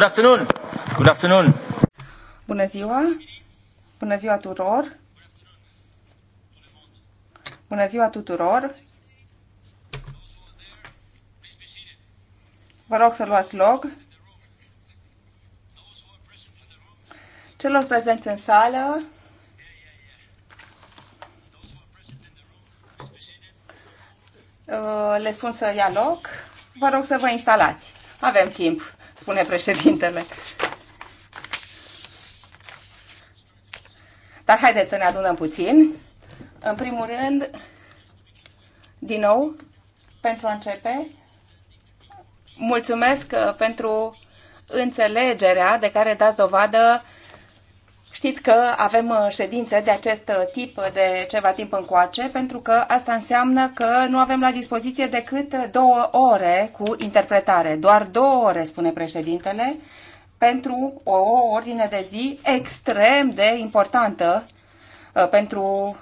Good afternoon! Good afternoon! Bună ziua! Bună ziua tuturor! Bună ziua tuturor! Vă rog să luați loc. Celor prezenți în sală, uh, le spun să ia loc. Vă rog să vă instalați. Avem timp spune președintele. Dar haideți să ne adunăm puțin. În primul rând, din nou, pentru a începe, mulțumesc uh, pentru înțelegerea de care dați dovadă Știți că avem uh, ședințe de acest uh, tip uh, de ceva timp încoace, pentru că asta înseamnă că nu avem la dispoziție decât două ore cu interpretare. Doar două ore, spune președintele, pentru o ordine de zi extrem de importantă pentru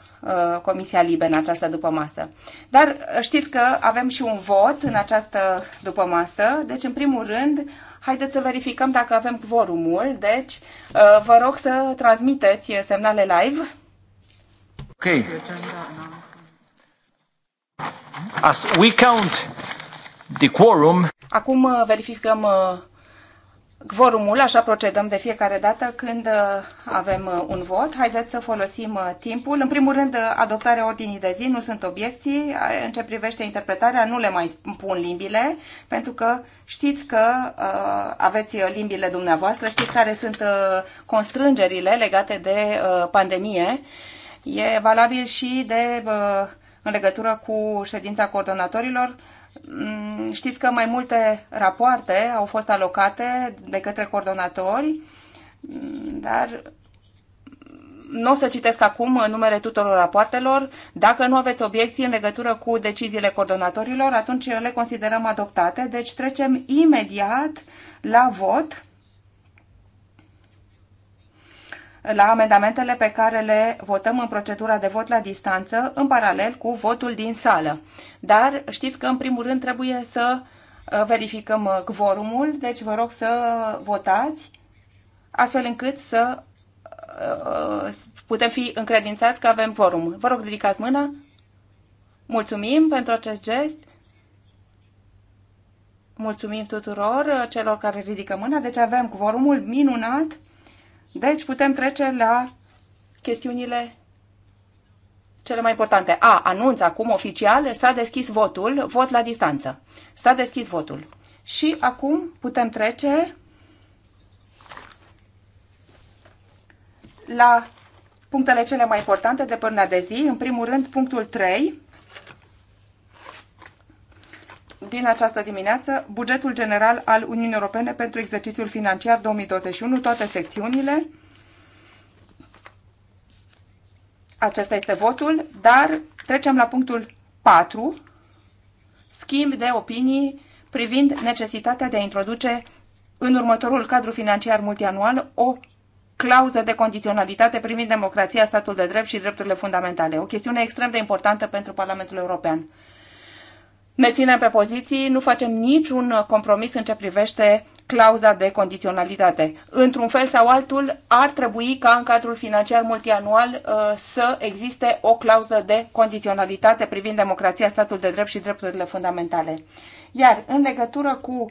Comisia Libe în această dupămasă. Dar știți că avem și un vot în această dupămasă, deci în primul rând Haideți să verificăm dacă avem quorumul, deci uh, vă rog să transmiteți semnale live. Ok. As we count the quorum. Acum uh, verificăm uh, Vorumul, așa procedăm de fiecare dată când uh, avem uh, un vot. Haideți să folosim uh, timpul. În primul rând, adoptarea ordinii de zi, nu sunt obiecții. În ce privește interpretarea, nu le mai pun limbile, pentru că știți că aveți limbile dumneavoastră, știți care sunt constrângerile legate de pandemie. E valabil și de, în legătură cu ședința coordonatorilor, Mm, știți că mai multe rapoarte au fost alocate de către coordonatori, mm, dar nu o să citesc acum numele tuturor rapoartelor. Dacă nu aveți obiecții în legătură cu deciziile coordonatorilor, atunci le considerăm adoptate. Deci trecem imediat la vot. la amendamentele pe care le votăm în procedura de vot la distanță, în paralel cu votul din sală. Dar știți că, în primul rând, trebuie să uh, verificăm uh, quorumul, deci vă rog să votați, astfel încât să uh, putem fi încredințați că avem quorum. Vă rog, ridicați mâna. Mulțumim pentru acest gest. Mulțumim tuturor celor care ridică mâna. Deci avem quorumul minunat. Deci putem trece la chestiunile cele mai importante. A, anunț acum oficial, s-a deschis votul, vot la distanță. S-a deschis votul. Și acum putem trece la punctele cele mai importante de până de zi. În primul rând, punctul 3, din această dimineață bugetul general al Uniunii Europene pentru exercițiul financiar 2021, toate secțiunile. Acesta este votul, dar trecem la punctul 4, schimb de opinii privind necesitatea de a introduce în următorul cadru financiar multianual o clauză de condiționalitate privind democrația, statul de drept și drepturile fundamentale. O chestiune extrem de importantă pentru Parlamentul European ne ținem pe poziții, nu facem niciun compromis în ce privește clauza de condiționalitate. Într-un fel sau altul, ar trebui ca în cadrul financiar multianual uh, să existe o clauză de condiționalitate privind democrația, statul de drept și drepturile fundamentale. Iar în legătură cu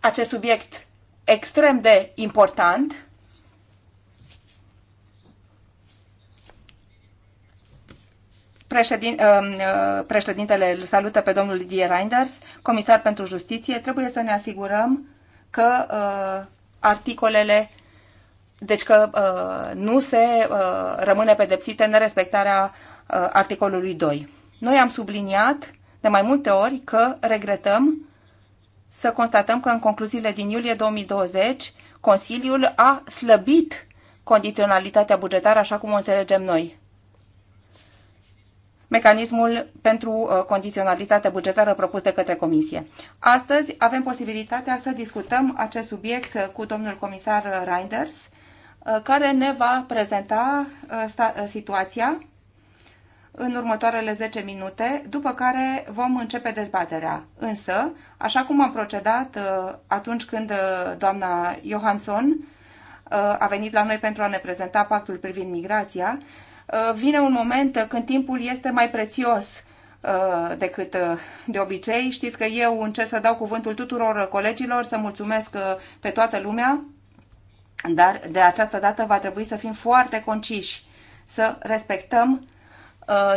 acest subiect extrem de important, Președin, um, uh, președintele îl salută pe domnul Didier Reinders, comisar pentru justiție. Trebuie să ne asigurăm că uh, articolele, deci că uh, nu se uh, rămâne pedepsite nerespectarea uh, articolului 2. Noi am subliniat de mai multe ori că regretăm să constatăm că în concluziile din iulie 2020 Consiliul a slăbit condiționalitatea bugetară așa cum o înțelegem noi mecanismul pentru uh, condiționalitate bugetară propus de către Comisie. Astăzi avem posibilitatea să discutăm acest subiect uh, cu domnul comisar uh, Reinders, care ne va prezenta situația în următoarele 10 minute, după care vom începe dezbaterea. Însă, așa cum am procedat atunci când doamna Johansson a venit la noi pentru a ne prezenta pactul privind migrația, Uh, vine un moment când timpul este mai prețios uh, decât uh, de obicei. Știți că eu încerc să dau cuvântul tuturor colegilor, să mulțumesc pe toată lumea, dar de această dată va trebui să fim foarte conciși, să respectăm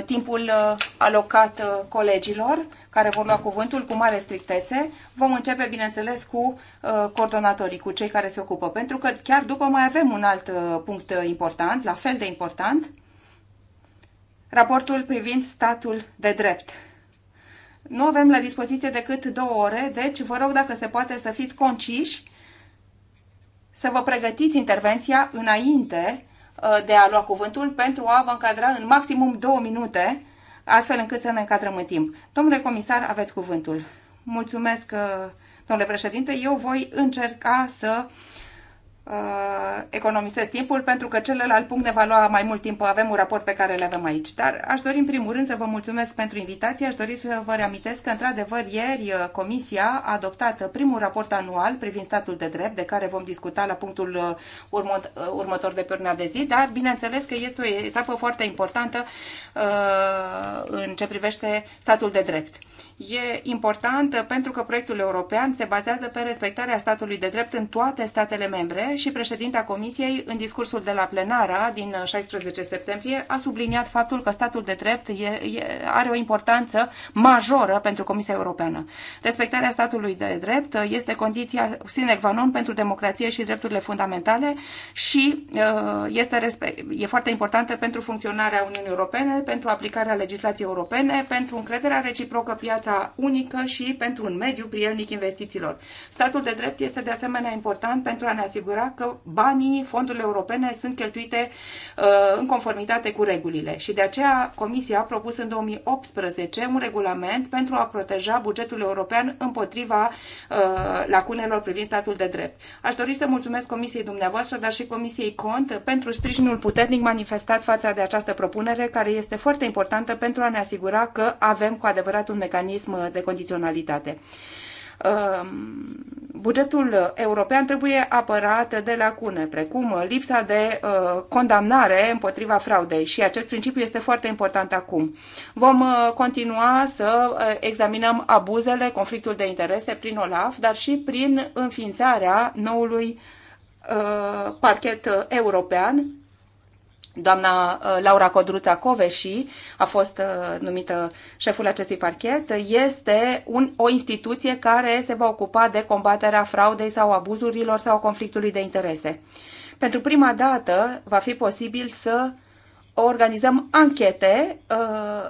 timpul alocat colegilor care vor lua cuvântul cu mare strictețe. Vom începe, bineînțeles, cu coordonatorii, cu cei care se ocupă, pentru că chiar după mai avem un alt punct important, la fel de important, raportul privind statul de drept. Nu avem la dispoziție decât două ore, deci vă rog dacă se poate să fiți conciși, să vă pregătiți intervenția înainte uh, de a lua cuvântul pentru a vă încadra în maximum două minute, astfel încât să ne încadrăm în timp. Domnule comisar, aveți cuvântul. Mulțumesc, uh, domnule președinte. Eu voi încerca să uh, Uh, economisesc timpul pentru că celălalt punct ne va lua mai mult timp. Avem un raport pe care le avem aici. Dar aș dori în primul rând să vă mulțumesc pentru invitație. Aș dori să vă reamintesc că într-adevăr ieri uh, Comisia a adoptat primul raport anual privind statul de drept de care vom discuta la punctul uh, urmă, următor de pe urmea de zi. Dar bineînțeles că este o etapă foarte importantă uh, în ce privește statul de drept e important pentru că proiectul european se bazează pe respectarea statului de drept în toate statele membre și președinta Comisiei, în discursul de la plenara din 16 septembrie, a subliniat faptul că statul de drept e, e, are o importanță majoră pentru Comisia Europeană. Respectarea statului de drept este condiția sine qua non pentru democrație și drepturile fundamentale și uh, este respect, e foarte importantă pentru funcționarea Uniunii Europene, pentru aplicarea legislației europene, pentru încrederea reciprocă piață piața unică și pentru un mediu prielnic investițiilor. Statul de drept este de asemenea important pentru a ne asigura că banii, fondurile europene sunt cheltuite uh, în conformitate cu regulile și de aceea Comisia a propus în 2018 un regulament pentru a proteja bugetul european împotriva uh, lacunelor privind statul de drept. Aș dori să mulțumesc Comisiei dumneavoastră, dar și Comisiei Cont pentru sprijinul puternic manifestat față de această propunere, care este foarte importantă pentru a ne asigura că avem cu adevărat un mecanism mecanism de condiționalitate um, bugetul european trebuie apărat de lacune, precum lipsa de uh, condamnare împotriva fraudei și acest principiu este foarte important acum. Vom uh, continua să uh, examinăm abuzele, conflictul de interese prin OLAF, dar și prin înființarea noului parchet european Doamna uh, Laura Codruța Coveși a fost uh, numită șeful acestui parchet. Este un, o instituție care se va ocupa de combaterea fraudei sau abuzurilor sau conflictului de interese. Pentru prima dată va fi posibil să organizăm anchete uh,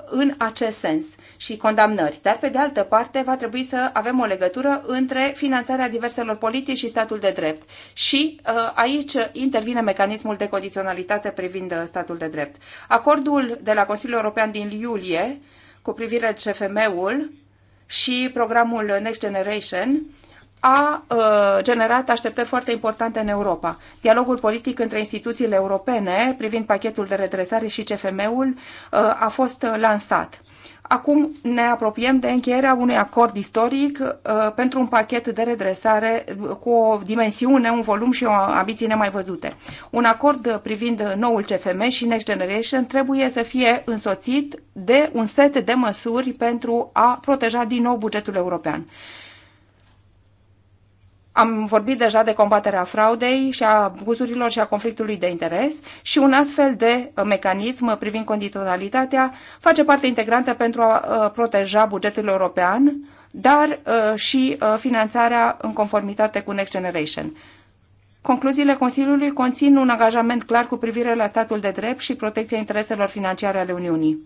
în acest sens și condamnări. Dar, pe de altă parte, va trebui să avem o legătură între finanțarea diverselor politici și statul de drept. Și uh, aici intervine mecanismul de condiționalitate privind uh, statul de drept. Acordul de la Consiliul European din iulie cu privire CFM-ul și programul Next Generation a uh, generat așteptări foarte importante în Europa. Dialogul politic între instituțiile europene privind pachetul de redresare și CFM-ul uh, a fost lansat. Acum ne apropiem de încheierea unui acord istoric uh, pentru un pachet de redresare cu o dimensiune, un volum și o ambiție nemaivăzute. Un acord privind noul CFM și Next Generation trebuie să fie însoțit de un set de măsuri pentru a proteja din nou bugetul european. Am vorbit deja de combaterea fraudei și a abuzurilor și a conflictului de interes și un astfel de uh, mecanism privind condiționalitatea face parte integrantă pentru a uh, proteja bugetul european, dar uh, și finanțarea în conformitate cu Next Generation. Concluziile Consiliului conțin un angajament clar cu privire la statul de drept și protecția intereselor financiare ale Uniunii.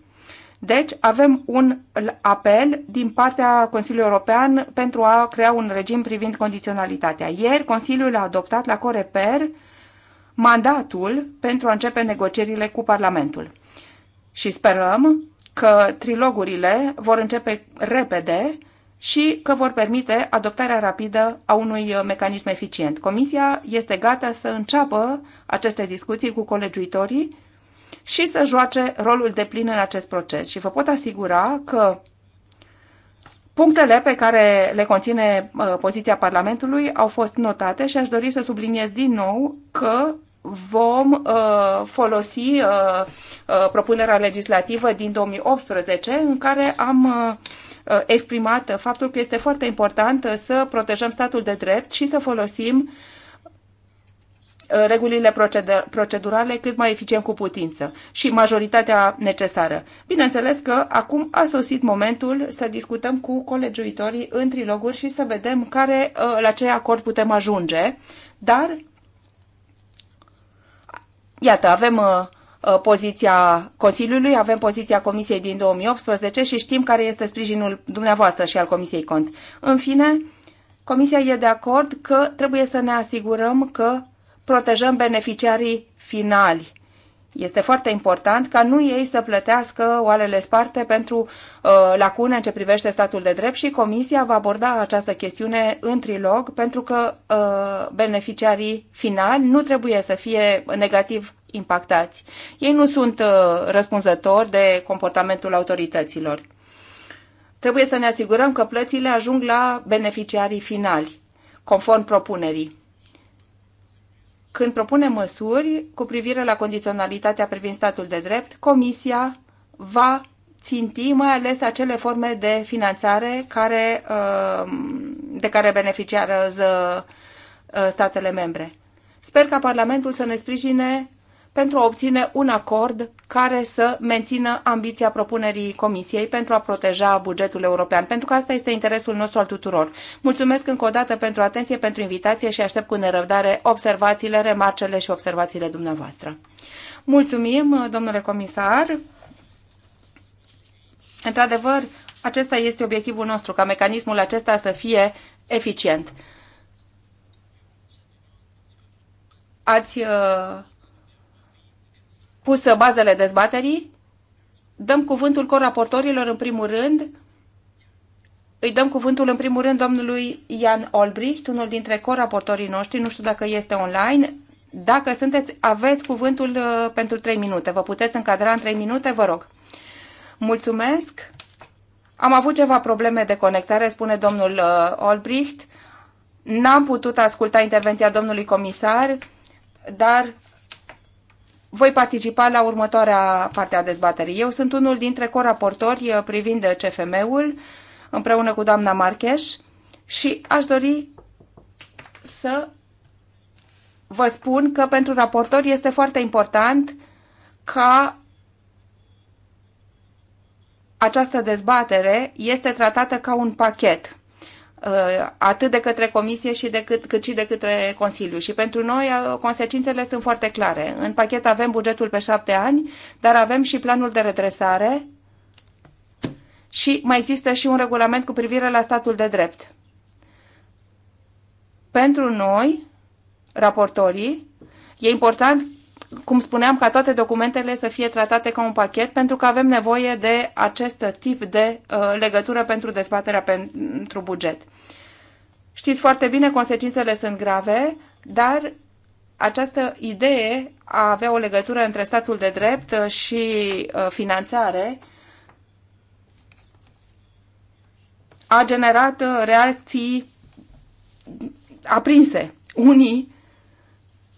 Deci avem un apel din partea Consiliului European pentru a crea un regim privind condiționalitatea. Ieri Consiliul a adoptat la Coreper mandatul pentru a începe negocierile cu Parlamentul. Și sperăm că trilogurile vor începe repede și că vor permite adoptarea rapidă a unui mecanism eficient. Comisia este gata să înceapă aceste discuții cu colegiuitorii și să joace rolul de plin în acest proces. Și vă pot asigura că Punctele pe care le conține uh, poziția Parlamentului au fost notate și aș dori să subliniez din nou că vom uh, folosi uh, uh, propunerea legislativă din 2018 în care am uh, uh, exprimat faptul că este foarte important să protejăm statul de drept și să folosim uh, Uh, regulile procedurale cât mai eficient cu putință și majoritatea necesară. Bineînțeles că acum a sosit momentul să discutăm cu colegiuitorii în triloguri și să vedem care, uh, la ce acord putem ajunge, dar iată, avem uh, poziția Consiliului, avem poziția Comisiei din 2018 și știm care este sprijinul dumneavoastră și al Comisiei Cont. În fine, Comisia e de acord că trebuie să ne asigurăm că protejăm beneficiarii finali. Este foarte important ca nu ei să plătească oalele sparte pentru uh, lacune în ce privește statul de drept și Comisia va aborda această chestiune în trilog pentru că uh, beneficiarii finali nu trebuie să fie negativ impactați. Ei nu sunt uh, răspunzători de comportamentul autorităților. Trebuie să ne asigurăm că plățile ajung la beneficiarii finali, conform propunerii. Când propune măsuri cu privire la condiționalitatea privind statul de drept, Comisia va ținti mai ales acele forme de finanțare care, uh, de care beneficiază uh, statele membre. Sper ca Parlamentul să ne sprijine pentru a obține un acord care să mențină ambiția propunerii Comisiei pentru a proteja bugetul european, pentru că asta este interesul nostru al tuturor. Mulțumesc încă o dată pentru atenție, pentru invitație și aștept cu nerăbdare observațiile, remarcele și observațiile dumneavoastră. Mulțumim, domnule comisar. Într-adevăr, acesta este obiectivul nostru, ca mecanismul acesta să fie eficient. Ați uh, pus bazele dezbaterii. Dăm cuvântul coraportorilor în primul rând. Îi dăm cuvântul în primul rând domnului Ian Olbricht, unul dintre coraportorii noștri, nu știu dacă este online. Dacă sunteți, aveți cuvântul uh, pentru 3 minute. Vă puteți încadra în 3 minute, vă rog. Mulțumesc. Am avut ceva probleme de conectare, spune domnul uh, Olbricht. N-am putut asculta intervenția domnului comisar, dar voi participa la următoarea parte a dezbaterii. Eu sunt unul dintre coraportori uh, privind CFM-ul împreună cu doamna Marcheș și aș dori să vă spun că pentru raportori este foarte important ca această dezbatere este tratată ca un pachet. Uh, atât de către Comisie și de cât și de către Consiliu. Și pentru noi uh, consecințele sunt foarte clare. În pachet avem bugetul pe șapte ani, dar avem și planul de redresare și mai există și un regulament cu privire la statul de drept. Pentru noi, raportorii, e important cum spuneam, ca toate documentele să fie tratate ca un pachet, pentru că avem nevoie de acest tip de uh, legătură pentru dezbaterea pentru buget. Știți foarte bine, consecințele sunt grave, dar această idee a avea o legătură între statul de drept uh, și uh, finanțare a generat uh, reacții aprinse. Unii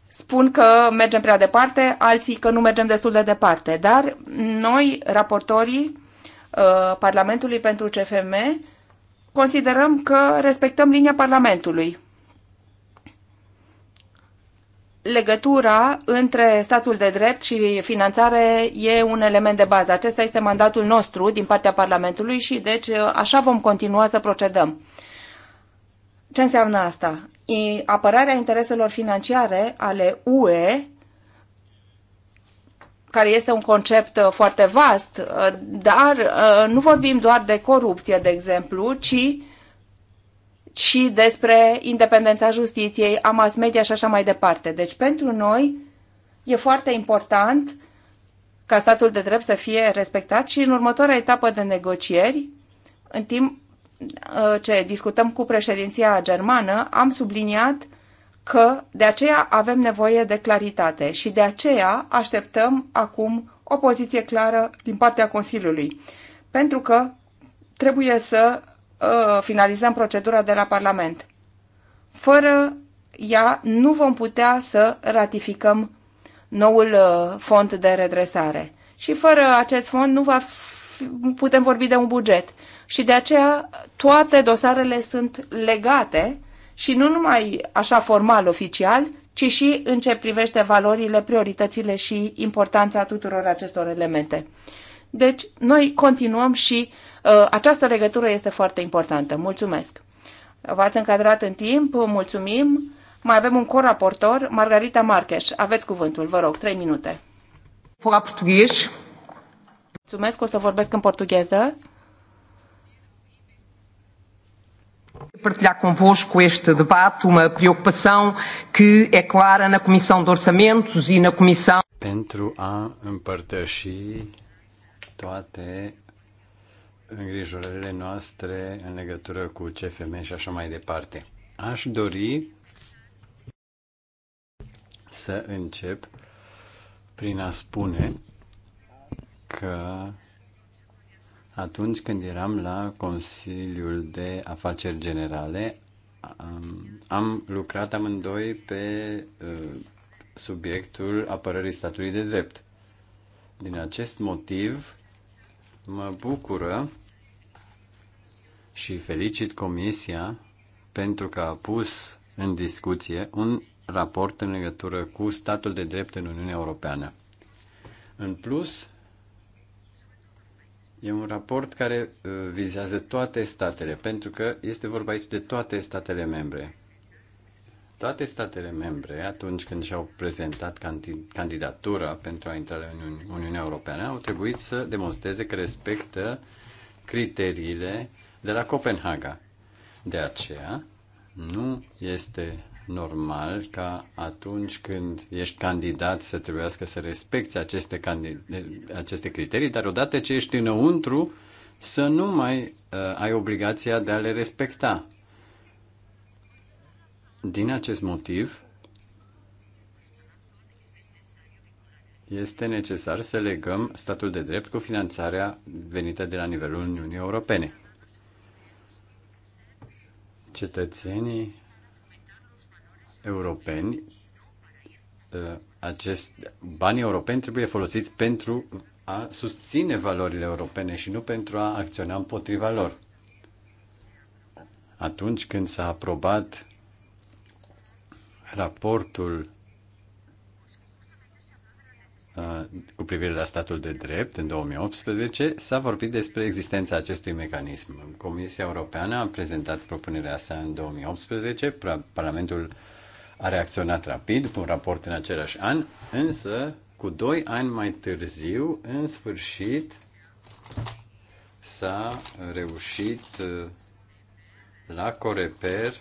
spun că mergem prea departe, alții că nu mergem destul de departe. Dar noi, raportorii Parlamentului pentru CFM, considerăm că respectăm linia Parlamentului. Legătura între statul de drept și finanțare e un element de bază. Acesta este mandatul nostru din partea Parlamentului și deci așa vom continua să procedăm. Ce înseamnă asta? Apărarea intereselor financiare ale UE care este un concept uh, foarte vast, uh, dar uh, nu vorbim doar de corupție, de exemplu, ci și despre independența justiției, a mass media și așa mai departe. Deci pentru noi e foarte important ca statul de drept să fie respectat și în următoarea etapă de negocieri, în timp ce discutăm cu președinția germană, am subliniat că de aceea avem nevoie de claritate și de aceea așteptăm acum o poziție clară din partea Consiliului, pentru că trebuie să uh, finalizăm procedura de la Parlament. Fără ea nu vom putea să ratificăm noul uh, fond de redresare. Și fără acest fond nu va fi, putem vorbi de un buget. Și de aceea toate dosarele sunt legate și nu numai așa formal, oficial, ci și în ce privește valorile, prioritățile și importanța tuturor acestor elemente. Deci, noi continuăm și uh, această legătură este foarte importantă. Mulțumesc! V-ați încadrat în timp, mulțumim! Mai avem un coraportor, Margarita Marcheș. Aveți cuvântul, vă rog, 3 minute. Portughez. Mulțumesc, o să vorbesc în portugheză. partilhar convosco este debate, uma preocupação que é clara na Comissão de Orçamentos e na Comissão. Pentru a împărtăși toate îngrijorările noastre în legătură cu CFM și așa mai departe. Aș dori să încep prin a spune că atunci când eram la Consiliul de Afaceri Generale, am, am lucrat amândoi pe uh, subiectul apărării statului de drept. Din acest motiv, mă bucură și felicit Comisia pentru că a pus în discuție un raport în legătură cu statul de drept în Uniunea Europeană. În plus, E un raport care uh, vizează toate statele, pentru că este vorba aici de toate statele membre. Toate statele membre, atunci când și-au prezentat candidatura pentru a intra în Uniunea Europeană, au trebuit să demonstreze că respectă criteriile de la Copenhaga. De aceea, nu este normal ca atunci când ești candidat să trebuiască să respecti aceste, aceste criterii, dar odată ce ești înăuntru, să nu mai uh, ai obligația de a le respecta. Din acest motiv, este necesar să legăm statul de drept cu finanțarea venită de la nivelul Uniunii Europene. Cetățenii europeni, ă, acest, banii europeni trebuie folosiți pentru a susține valorile europene și nu pentru a acționa împotriva lor. Atunci când s-a aprobat raportul ă, cu privire la statul de drept în 2018, s-a vorbit despre existența acestui mecanism. Comisia Europeană a prezentat propunerea sa în 2018, Parlamentul a reacționat rapid cu un raport în același an, însă cu doi ani mai târziu, în sfârșit, s-a reușit uh, la Coreper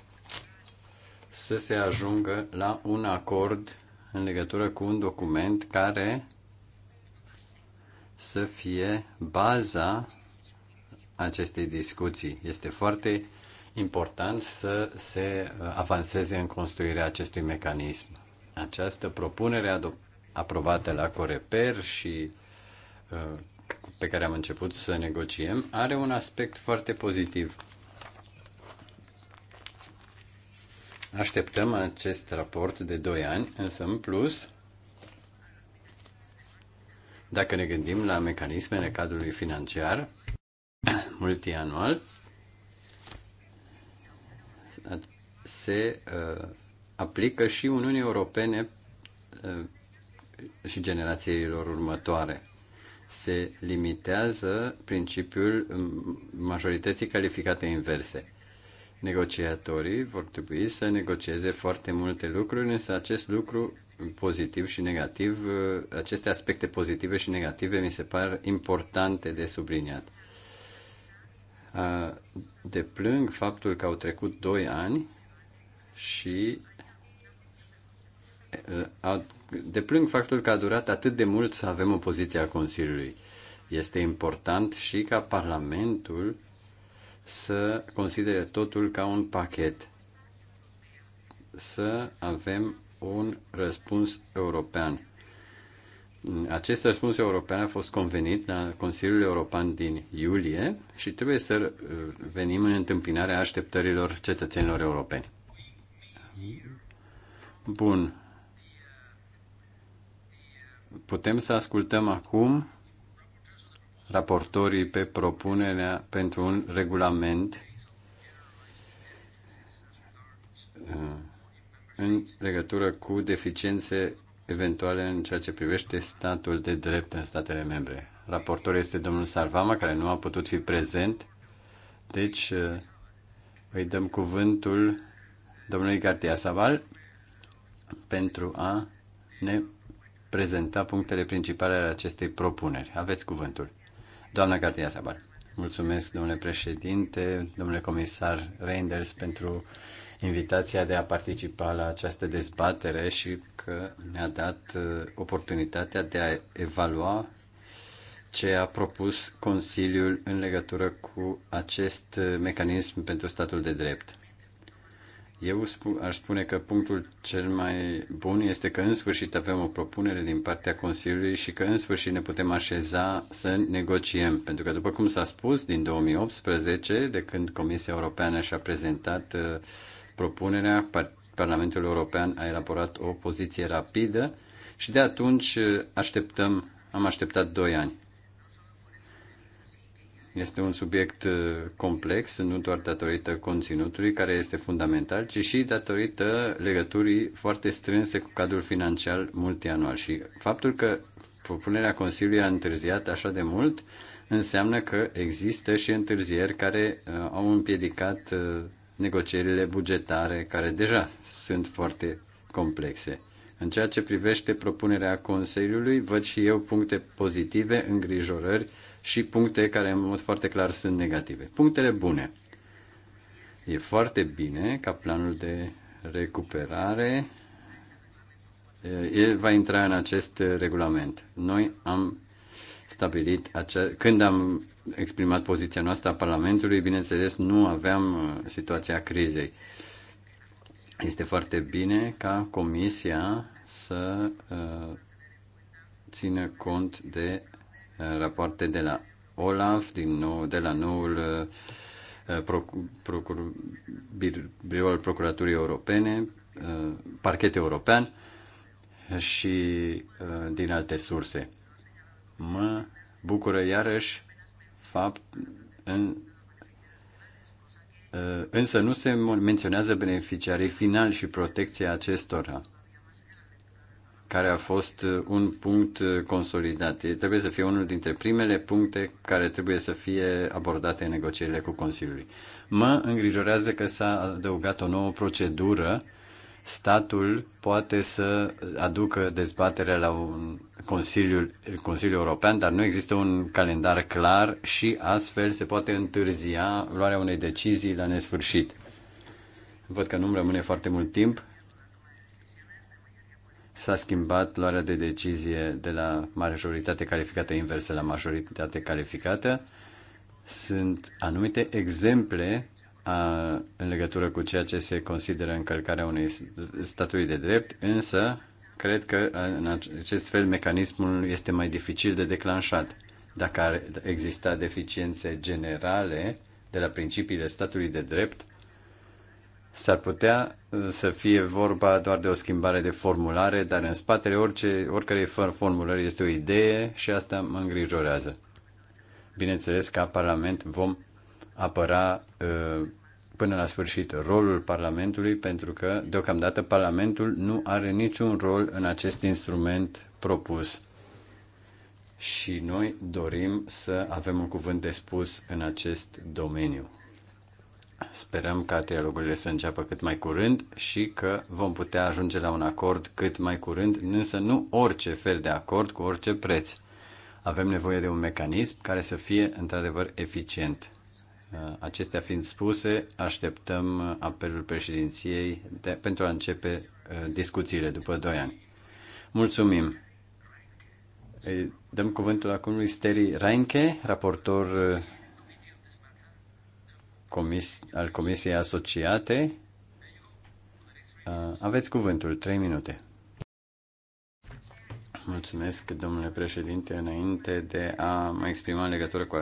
să se ajungă la un acord în legătură cu un document care să fie baza acestei discuții. Este foarte important să se uh, avanseze în construirea acestui mecanism. Această propunere aprobată la Coreper și uh, pe care am început să negociem are un aspect foarte pozitiv. Așteptăm acest raport de 2 ani, însă în plus, dacă ne gândim la mecanismele cadrului financiar multianual, se uh, aplică și Uniunii Europene uh, și generațiilor următoare. Se limitează principiul um, majorității calificate inverse. Negociatorii vor trebui să negocieze foarte multe lucruri, însă acest lucru pozitiv și negativ, uh, aceste aspecte pozitive și negative mi se par importante de subliniat. Uh, deplâng faptul că au trecut 2 ani și uh, deplâng faptul că a durat atât de mult să avem o poziție a Consiliului. Este important și ca Parlamentul să considere totul ca un pachet, să avem un răspuns european. Acest răspuns european a fost convenit la Consiliul European din iulie și trebuie să venim în întâmpinarea așteptărilor cetățenilor europeni. Bun. Putem să ascultăm acum raportorii pe propunerea pentru un regulament uh, în legătură cu deficiențe eventuale în ceea ce privește statul de drept în statele membre. Raportor este domnul Sarvama, care nu a putut fi prezent, deci uh, îi dăm cuvântul domnului Gartia Saval pentru a ne prezenta punctele principale ale acestei propuneri. Aveți cuvântul. Doamna Gartia Saval. Mulțumesc, domnule președinte, domnule comisar Reinders, pentru invitația de a participa la această dezbatere și că ne-a dat uh, oportunitatea de a evalua ce a propus Consiliul în legătură cu acest uh, mecanism pentru statul de drept. Eu sp- aș spune că punctul cel mai bun este că în sfârșit avem o propunere din partea Consiliului și că în sfârșit ne putem așeza să negociem. Pentru că, după cum s-a spus, din 2018, de când Comisia Europeană și-a prezentat uh, propunerea, Parlamentul European a elaborat o poziție rapidă și de atunci uh, așteptăm, am așteptat 2 ani. Este un subiect uh, complex, nu doar datorită conținutului, care este fundamental, ci și datorită legăturii foarte strânse cu cadrul financiar multianual. Și faptul că propunerea Consiliului a întârziat așa de mult înseamnă că există și întârzieri care uh, au împiedicat uh, negocierile bugetare, care deja sunt foarte complexe. În ceea ce privește propunerea Consiliului, văd și eu puncte pozitive, îngrijorări și puncte care în mod foarte clar sunt negative. Punctele bune. E foarte bine ca planul de recuperare el va intra în acest regulament. Noi am stabilit, acea, când am exprimat poziția noastră a Parlamentului, bineînțeles, nu aveam uh, situația crizei. Este foarte bine ca Comisia să uh, țină cont de rapoarte de la Olaf, din nou, de la noul uh, procur, birou al Procuraturii Europene, uh, parchet european și uh, din alte surse. Mă bucură iarăși fapt în însă nu se menționează beneficiarii finali și protecția acestora care a fost uh, un punct uh, consolidat. Trebuie să fie unul dintre primele puncte care trebuie să fie abordate în negocierile cu Consiliul. Mă îngrijorează că s-a adăugat o nouă procedură. Statul poate să aducă dezbaterea la un Consiliul, Consiliul European, dar nu există un calendar clar și astfel se poate întârzia luarea unei decizii la nesfârșit. Văd că nu-mi rămâne foarte mult timp s-a schimbat luarea de decizie de la majoritate calificată inversă la majoritate calificată. Sunt anumite exemple a, în legătură cu ceea ce se consideră încălcarea unei statului de drept, însă cred că în acest fel mecanismul este mai dificil de declanșat. Dacă ar exista deficiențe generale de la principiile statului de drept, S-ar putea uh, să fie vorba doar de o schimbare de formulare, dar în spatele orice, oricărei formulări este o idee și asta mă îngrijorează. Bineînțeles, ca Parlament vom apăra uh, până la sfârșit rolul Parlamentului, pentru că deocamdată Parlamentul nu are niciun rol în acest instrument propus. Și noi dorim să avem un cuvânt de spus în acest domeniu. Sperăm ca trialogurile să înceapă cât mai curând și că vom putea ajunge la un acord cât mai curând, însă nu orice fel de acord cu orice preț. Avem nevoie de un mecanism care să fie într-adevăr eficient. Uh, acestea fiind spuse, așteptăm uh, apelul președinției de, pentru a începe uh, discuțiile după 2 ani. Mulțumim! Dăm cuvântul acum lui Steri Reinke, raportor comis, al Comisiei Asociate. Uh, aveți cuvântul, trei minute. Mulțumesc, domnule președinte. Înainte de a mă exprima în legătură cu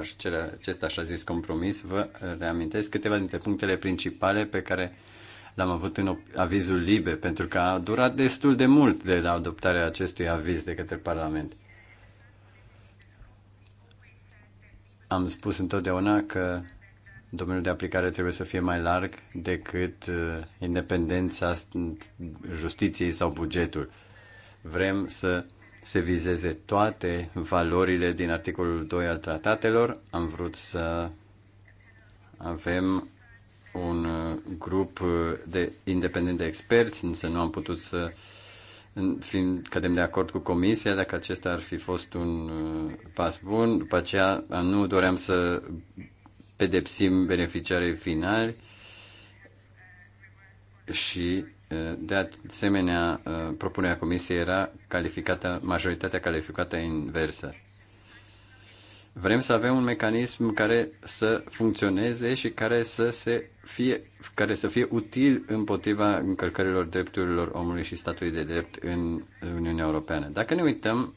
acest așa zis compromis, vă reamintesc câteva dintre punctele principale pe care l-am avut în avizul liber, pentru că a durat destul de mult de la adoptarea acestui aviz de către Parlament. Am spus întotdeauna că domeniul de aplicare trebuie să fie mai larg decât uh, independența justiției sau bugetul. Vrem să se vizeze toate valorile din articolul 2 al tratatelor. Am vrut să avem un uh, grup uh, de independent de experți, însă nu am putut să fiind cădem de acord cu comisia, dacă acesta ar fi fost un pas bun. După aceea nu doream să pedepsim beneficiarii finali și uh, de asemenea, uh, propunerea comisiei era calificată, majoritatea calificată inversă. Vrem să avem un mecanism care să funcționeze și care să, se fie, care să fie util împotriva încălcărilor drepturilor omului și statului de drept în Uniunea Europeană. Dacă ne uităm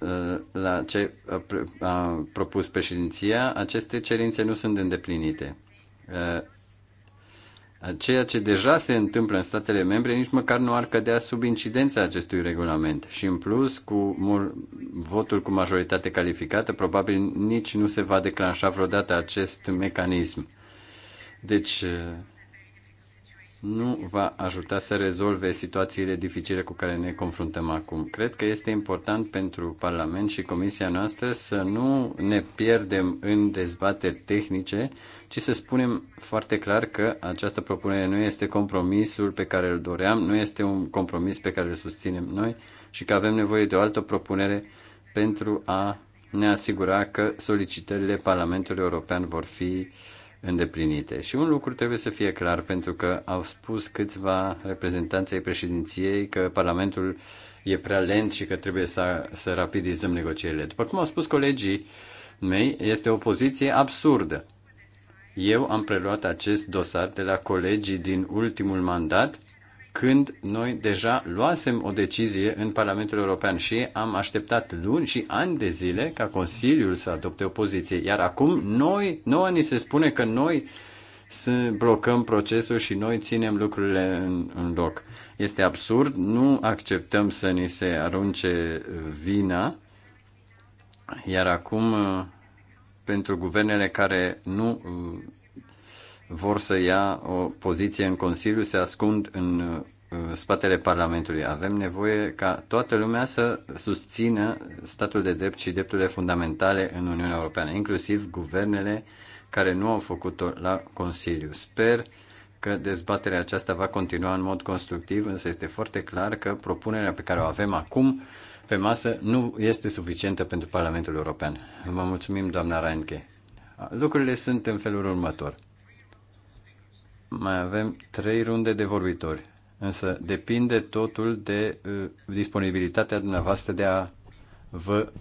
Uh, la ce a propus președinția, aceste cerințe nu sunt îndeplinite. Uh, ceea ce deja se întâmplă în statele membre nici măcar nu ar cădea sub incidența acestui regulament și în plus cu votul cu majoritate calificată probabil nici nu se va declanșa vreodată acest mecanism. Deci uh, nu va ajuta să rezolve situațiile dificile cu care ne confruntăm acum. Cred că este important pentru Parlament și Comisia noastră să nu ne pierdem în dezbateri tehnice, ci să spunem foarte clar că această propunere nu este compromisul pe care îl doream, nu este un compromis pe care îl susținem noi și că avem nevoie de o altă propunere pentru a ne asigura că solicitările Parlamentului European vor fi uh, îndeplinite. Și un lucru trebuie să fie clar, pentru că au spus câțiva reprezentanței președinției că Parlamentul e prea lent și că trebuie să, să rapidizăm negocierile. După cum au spus colegii mei, este o poziție absurdă. Eu am preluat acest dosar de la colegii din ultimul mandat când noi deja luasem o decizie în Parlamentul European și am așteptat luni și ani de zile ca Consiliul să adopte o poziție. Iar acum noi, nouă ni se spune că noi să blocăm procesul și noi ținem lucrurile în, în loc. Este absurd, nu acceptăm să ni se arunce vina, iar acum pentru guvernele care nu vor să ia o poziție în Consiliu, se ascund în uh, spatele Parlamentului. Avem nevoie ca toată lumea să susțină statul de drept și drepturile fundamentale în Uniunea Europeană, inclusiv guvernele care nu au făcut-o la Consiliu. Sper că dezbaterea aceasta va continua în mod constructiv, însă este foarte clar că propunerea pe care o avem acum pe masă nu este suficientă pentru Parlamentul European. Vă mulțumim, doamna Reinke. Lucrurile sunt în felul următor mai avem trei runde de vorbitori, însă depinde totul de uh, disponibilitatea dumneavoastră de a vă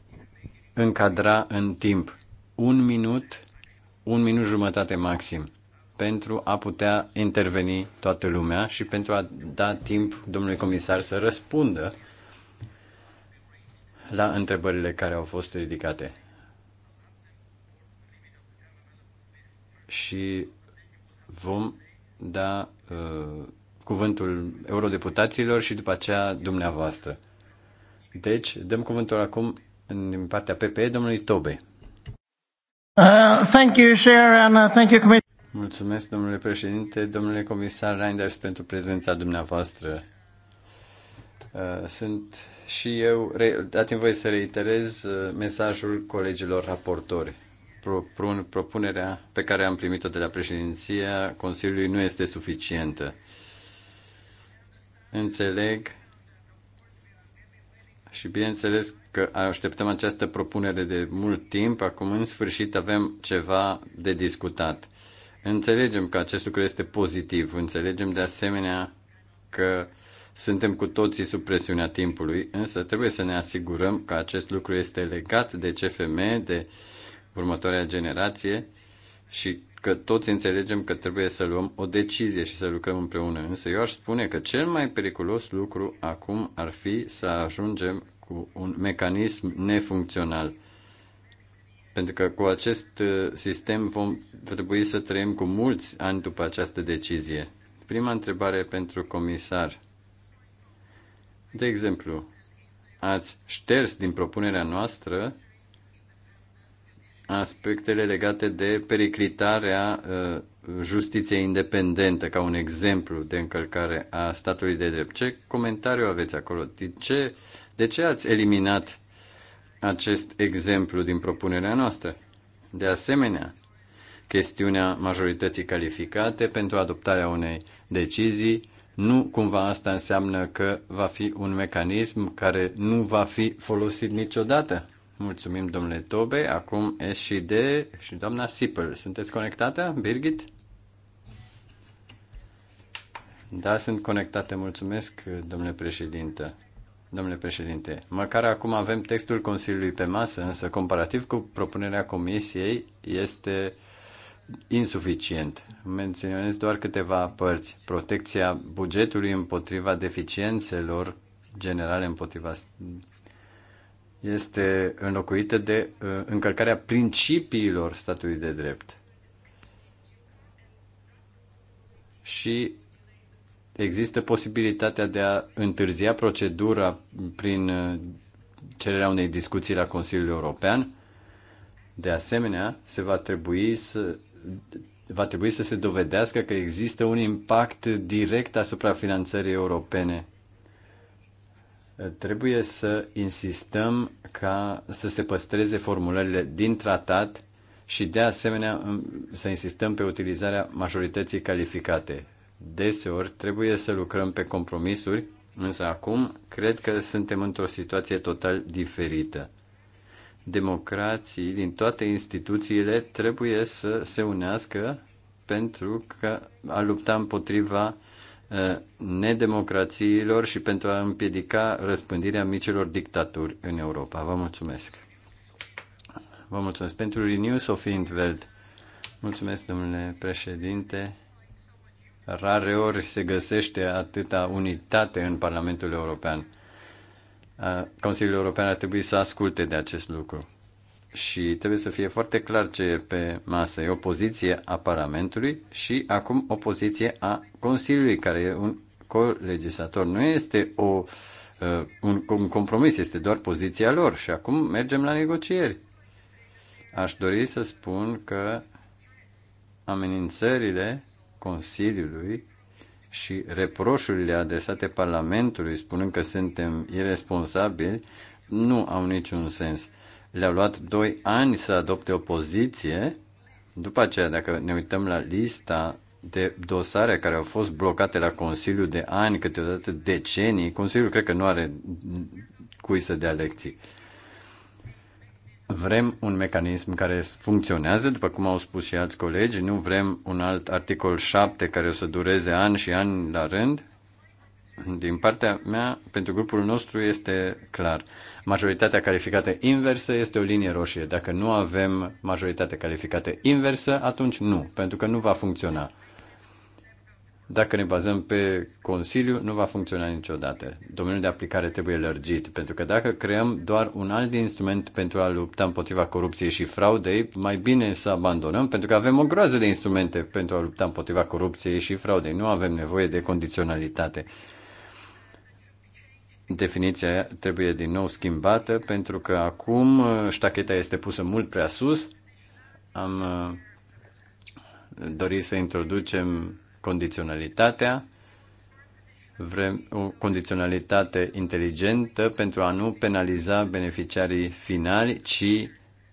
încadra în timp. Un minut, un minut jumătate maxim pentru a putea interveni toată lumea și pentru a da timp domnului comisar să răspundă la întrebările care au fost ridicate. Și vom da uh, cuvântul eurodeputaților și după aceea dumneavoastră. Deci, dăm cuvântul acum din partea PPE domnului Tobe. Uh, thank you, Chair, and uh, thank you, Mulțumesc, domnule președinte, domnule comisar Reinders, pentru prezența dumneavoastră. Uh, sunt și eu, dați-mi voi să reiterez uh, mesajul colegilor raportori propun, propunerea pe care am primit-o de la președinția Consiliului nu este suficientă. Înțeleg și bineînțeles că așteptăm această propunere de mult timp, acum în sfârșit avem ceva de discutat. Înțelegem că acest lucru este pozitiv, înțelegem de asemenea că suntem cu toții sub presiunea timpului, însă trebuie să ne asigurăm că acest lucru este legat de CFM, de uh, următoarea generație și că toți înțelegem că trebuie să luăm o decizie și să lucrăm împreună. Însă eu aș spune că cel mai periculos lucru acum ar fi să ajungem cu un mecanism nefuncțional. Pentru că cu acest uh, sistem vom trebui să trăim cu mulți ani după această decizie. Prima întrebare pentru comisar. De exemplu, ați șters din propunerea noastră aspectele legate de periclitarea uh, justiției independente, ca un exemplu de încălcare a statului de drept. Ce comentariu aveți acolo? De ce, de ce ați eliminat acest exemplu din propunerea noastră? De asemenea, chestiunea majorității calificate pentru adoptarea unei decizii, nu cumva asta înseamnă că va fi un mecanism care nu va fi folosit niciodată? Mulțumim, domnule Tobe. Acum S și D și doamna Sipel. Sunteți conectată, Birgit? Da, sunt conectate. Mulțumesc, domnule președinte. Domnule președinte, măcar acum avem textul Consiliului pe masă, însă comparativ cu propunerea Comisiei este insuficient. Menționez doar câteva părți. Protecția bugetului împotriva deficiențelor generale, împotriva este înlocuită de uh, încălcarea principiilor statului de drept. Și există posibilitatea de a întârzia procedura prin uh, cererea unei discuții la Consiliul European. De asemenea, se va trebui să va trebui să se dovedească că există un impact direct asupra finanțării europene. Trebuie să insistăm ca să se păstreze formulările din tratat și de asemenea să insistăm pe utilizarea majorității calificate. Deseori trebuie să lucrăm pe compromisuri, însă acum cred că suntem într-o situație total diferită. Democrații din toate instituțiile trebuie să se unească pentru că a lupta împotriva Uh, nedemocrațiilor și pentru a împiedica răspândirea micilor dictaturi în Europa. Vă mulțumesc! Vă mulțumesc pentru Renew, of Intveld. Mulțumesc, domnule președinte. Rare ori se găsește atâta unitate în Parlamentul European. Uh, Consiliul European ar trebui să asculte de acest lucru și trebuie să fie foarte clar ce e pe masă. E o poziție a Parlamentului și acum o poziție a Consiliului, care e un colegislator. Nu este o, uh, un, un compromis, este doar poziția lor și acum mergem la negocieri. Aș dori să spun că amenințările Consiliului și reproșurile adresate Parlamentului, spunând că suntem irresponsabili, nu au niciun sens le-au luat doi ani să adopte o poziție. După aceea, dacă ne uităm la lista de dosare care au fost blocate la Consiliu de ani, câteodată decenii, Consiliul cred că nu are cui să dea lecții. Vrem un mecanism care funcționează, după cum au spus și alți colegi, nu vrem un alt articol 7 care o să dureze ani și ani la rând din partea mea, pentru grupul nostru este clar. Majoritatea calificată inversă este o linie roșie. Dacă nu avem majoritatea calificată inversă, atunci nu, pentru că nu va funcționa. Dacă ne bazăm pe Consiliu, nu va funcționa niciodată. Domeniul de aplicare trebuie lărgit, pentru că dacă creăm doar un alt instrument pentru a lupta împotriva corupției și fraudei, mai bine să abandonăm, pentru că avem o groază de instrumente pentru a lupta împotriva corupției și fraudei. Nu avem nevoie de condiționalitate definiția trebuie din nou schimbată pentru că acum uh, ștacheta este pusă mult prea sus. Am uh, dorit să introducem condiționalitatea, vrem o condiționalitate inteligentă pentru a nu penaliza beneficiarii finali, ci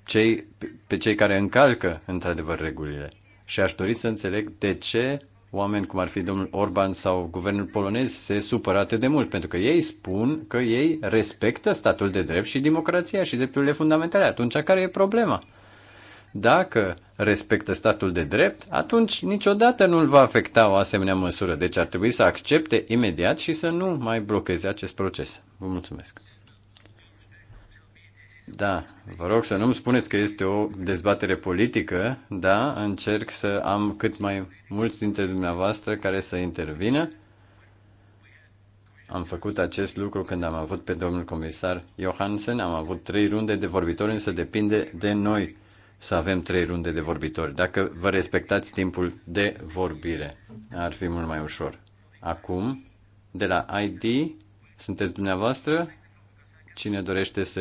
cei, pe cei care încalcă într-adevăr regulile. Și aș dori să înțeleg de ce oameni cum ar fi domnul Orban sau guvernul polonez se supără atât de mult, pentru că ei spun că ei respectă statul de drept și democrația și drepturile fundamentale. Atunci care e problema? Dacă respectă statul de drept, atunci niciodată nu îl va afecta o asemenea măsură. Deci ar trebui să accepte imediat și să nu mai blocheze acest proces. Vă mulțumesc! Da, vă rog să nu-mi spuneți că este o dezbatere politică, da, încerc să am cât mai mulți dintre dumneavoastră care să intervină. Am făcut acest lucru când am avut pe domnul comisar Johansen, am avut trei runde de vorbitori, însă depinde de noi să avem trei runde de vorbitori. Dacă vă respectați timpul de vorbire, ar fi mult mai ușor. Acum, de la ID, sunteți dumneavoastră? Cine dorește să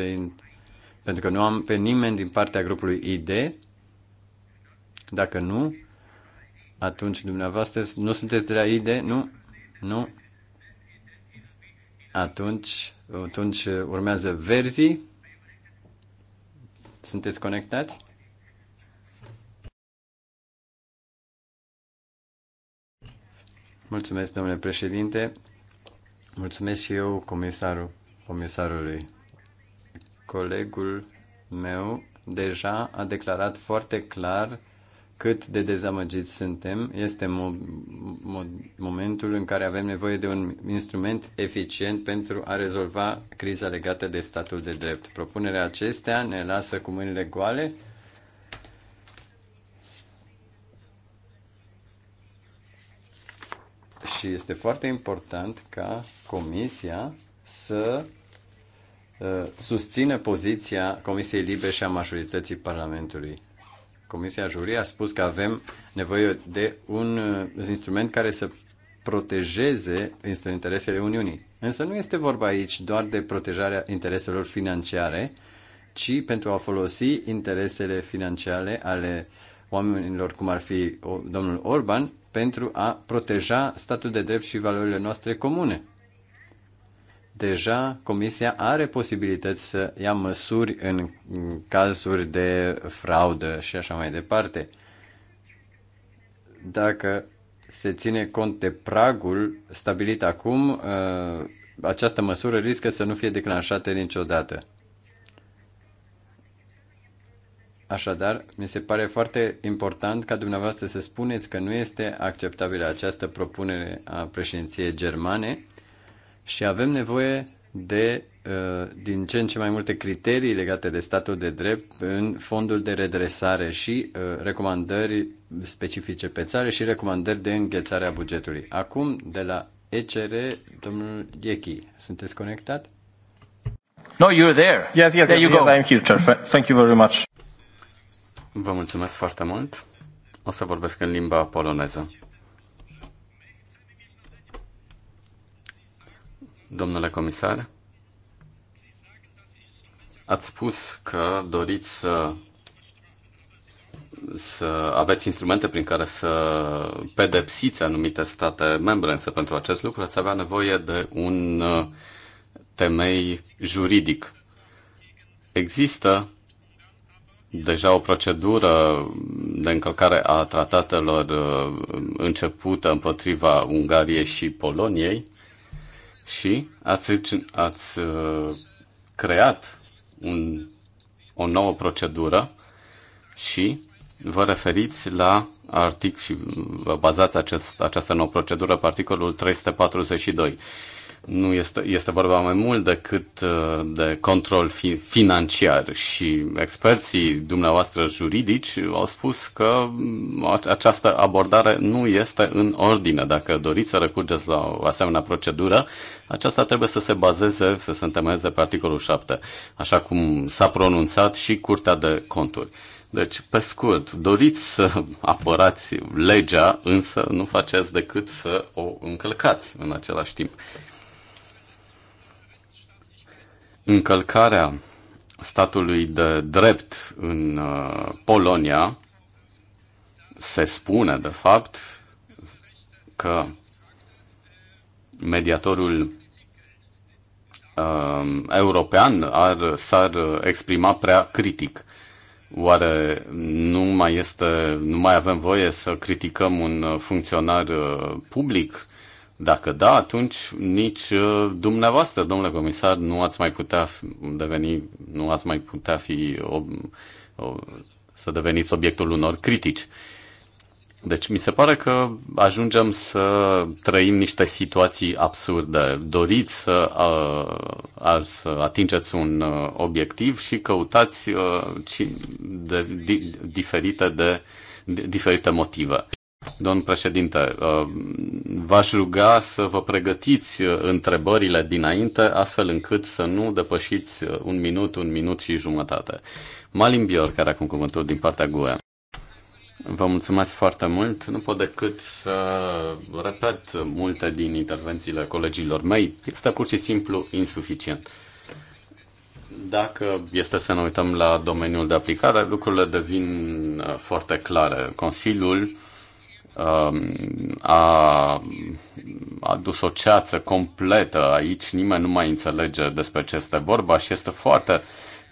pentru că nu am pe nimeni din partea grupului ID. Dacă nu, atunci dumneavoastră nu sunteți de la ID? Nu? Nu? Atunci, atunci urmează verzii. Sunteți conectați? Mulțumesc, domnule președinte. Mulțumesc și eu comisarul, comisarului colegul meu deja a declarat foarte clar cât de dezamăgiți suntem. Este mo- mo- momentul în care avem nevoie de un instrument eficient pentru a rezolva criza legată de statul de drept. Propunerea acestea ne lasă cu mâinile goale. Și este foarte important ca Comisia să Uh, susține poziția Comisiei Libe și a majorității Parlamentului. Comisia Jurii a spus că avem nevoie de uh, un instrument care să protejeze interesele Uniunii. Însă nu este vorba aici doar de protejarea intereselor financiare, ci pentru a folosi interesele financiare ale oamenilor cum ar fi domnul Orban pentru a proteja statul de drept și valorile noastre comune deja Comisia are posibilități să ia măsuri în cazuri de fraudă și așa mai departe. Dacă se ține cont de pragul stabilit acum, uh, această măsură riscă să nu fie declanșată niciodată. Așadar, mi se pare foarte important ca dumneavoastră să spuneți că nu este acceptabilă această propunere a președinției germane și avem nevoie de uh, din ce în ce mai multe criterii legate de statul de drept în fondul de redresare și uh, recomandări specifice pe țară și recomandări de înghețare a bugetului. Acum, de la ECR, domnul Iechi, sunteți conectat? No, you're there. Yes, yes, there you yes, go. yes I'm here. Thank you very much. Vă mulțumesc foarte mult. O să vorbesc în limba poloneză. Domnule comisar, ați spus că doriți să, să aveți instrumente prin care să pedepsiți anumite state membre, însă pentru acest lucru ați avea nevoie de un uh, temei juridic. Există deja o procedură de încălcare a tratatelor uh, începută împotriva Ungariei și Poloniei și ați, ați uh, creat un, o nouă procedură și vă referiți la articol și vă bazați acest, această nouă procedură pe articolul 342 nu este, este vorba mai mult decât uh, de control fi, financiar și experții dumneavoastră juridici au spus că mm, această abordare nu este în ordine. Dacă doriți să recurgeți la o asemenea procedură, aceasta trebuie să se bazeze, să se întemeieze pe articolul 7, așa cum s-a pronunțat și Curtea de Conturi. Deci, pe scurt, doriți să apărați legea, însă nu faceți decât să o încălcați în același timp încălcarea statului de drept în uh, Polonia, se spune, de fapt, că mediatorul uh, european ar, s-ar exprima prea critic. Oare nu mai, este, nu mai avem voie să criticăm un funcționar uh, public? Dacă da, atunci nici uh, dumneavoastră, domnule comisar, nu ați mai putea deveni, nu ați mai putea fi o, o, să deveniți obiectul unor critici. Deci mi se pare că ajungem să trăim niște situații absurde. Doriți să, uh, a, să atingeți un uh, obiectiv și căutați a, ci, de, di, diferite, de, diferite motive. Domn președinte, uh, v-aș ruga să vă pregătiți uh, întrebările dinainte, astfel încât să nu depășiți uh, un minut, un minut și jumătate. Malin Bior, care acum cuvântul din partea GUE. Vă mulțumesc foarte mult. Nu pot decât să repet multe din intervențiile colegilor mei. Este pur și simplu insuficient. Dacă este să ne uităm la domeniul de aplicare, lucrurile devin foarte clare. Consiliul Um, a adus o ceață completă aici, nimeni nu mai înțelege despre ce este vorba și este foarte,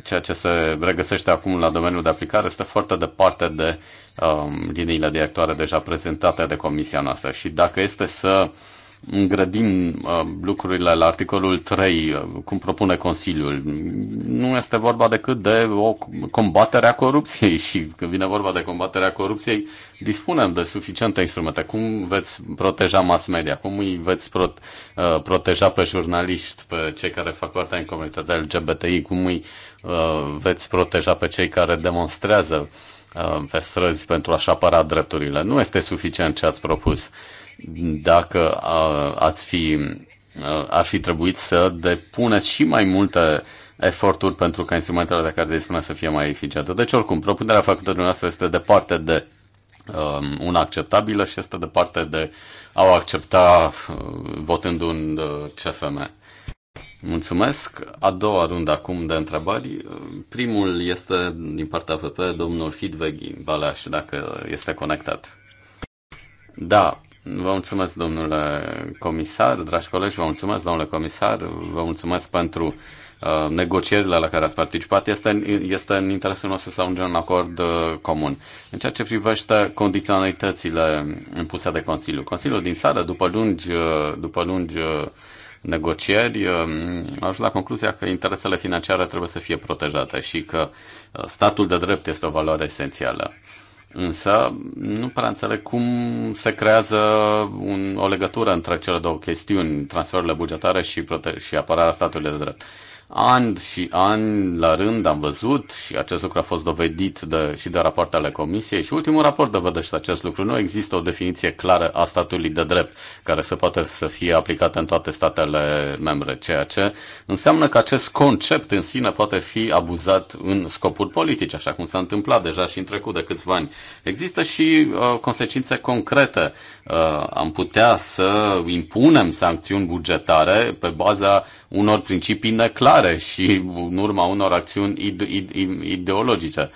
ceea ce se regăsește acum la domeniul de aplicare este foarte departe de um, liniile directoare deja prezentate de comisia noastră și dacă este să uh, îngrădim uh, lucrurile la articolul 3, uh, cum propune Consiliul. Nu este vorba decât de o combatere a corupției și când vine vorba de combaterea corupției, dispunem de suficiente instrumente. Cum veți proteja mass media? Cum îi veți pro- uh, proteja pe jurnaliști, pe cei care fac parte în comunitatea LGBTI? Cum îi veți proteja pe cei care demonstrează pe străzi pentru a-și apăra drepturile? Nu este suficient ce ați propus dacă ați fi, ar fi trebuit să depuneți și mai multe eforturi pentru ca instrumentele de care dispuneți să fie mai eficiente. Deci, oricum, propunerea făcută dumneavoastră este departe de um, una acceptabilă și este departe de a o accepta uh, votând un uh, CFM. Mulțumesc. A doua rundă acum de întrebări. Uh, primul este din partea FP, domnul Hidveghi Baleaș, dacă este conectat. Da, Vă mulțumesc, domnule comisar, dragi colegi, vă mulțumesc, domnule comisar, vă mulțumesc pentru uh, negocierile la care ați participat. Este, este în interesul nostru să ajungem un acord uh, comun. În ceea ce privește condiționalitățile impuse de Consiliu. Consiliul din sală, după lungi, uh, după lungi negocieri, a ajuns la concluzia că interesele financiare trebuie să fie protejate și că statul de drept este o valoare esențială. Însă nu prea înțeleg cum se creează un, o legătură între cele două chestiuni, transferurile bugetare și, prote- și apărarea statului de drept. Uh, An și an la rând am văzut și acest lucru a fost dovedit de, și de rapoartele comisiei și ultimul raport dovedește acest lucru. Nu există o definiție clară a statului de drept care să poate să fie aplicată în toate statele membre, ceea ce înseamnă că acest concept în sine poate fi abuzat în scopuri politice, așa cum s-a întâmplat deja și în trecut de câțiva ani. Există și uh, consecințe concrete. Uh, am putea să impunem sancțiuni bugetare pe baza unor principii neclare și în urma unor acțiuni ide- ide- ideologice.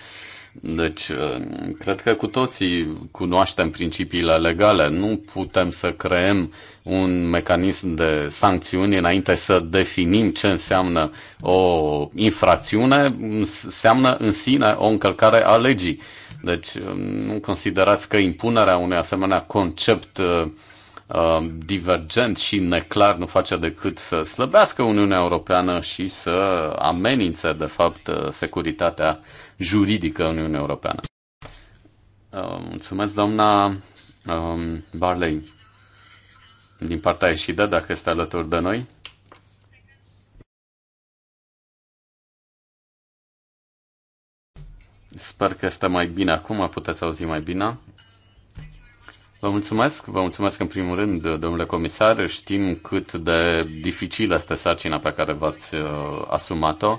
Deci, uh, cred că cu toții cunoaștem principiile legale. Nu putem să creăm un mecanism de sancțiuni înainte să definim ce înseamnă o infracțiune. Înseamnă în sine o încălcare a legii. Deci, uh, nu considerați că impunerea unui asemenea concept uh, Uh, divergent și neclar nu face decât să slăbească Uniunea Europeană și să amenințe, de fapt, uh, securitatea juridică în Uniunea Europeană. Uh, mulțumesc, doamna um, Barley, din partea ieșită, dacă este alături de noi. Sper că este mai bine acum, puteți auzi mai bine. Vă mulțumesc, vă mulțumesc în primul rând, domnule comisar. Știm cât de dificilă este sarcina pe care v-ați uh, asumat-o,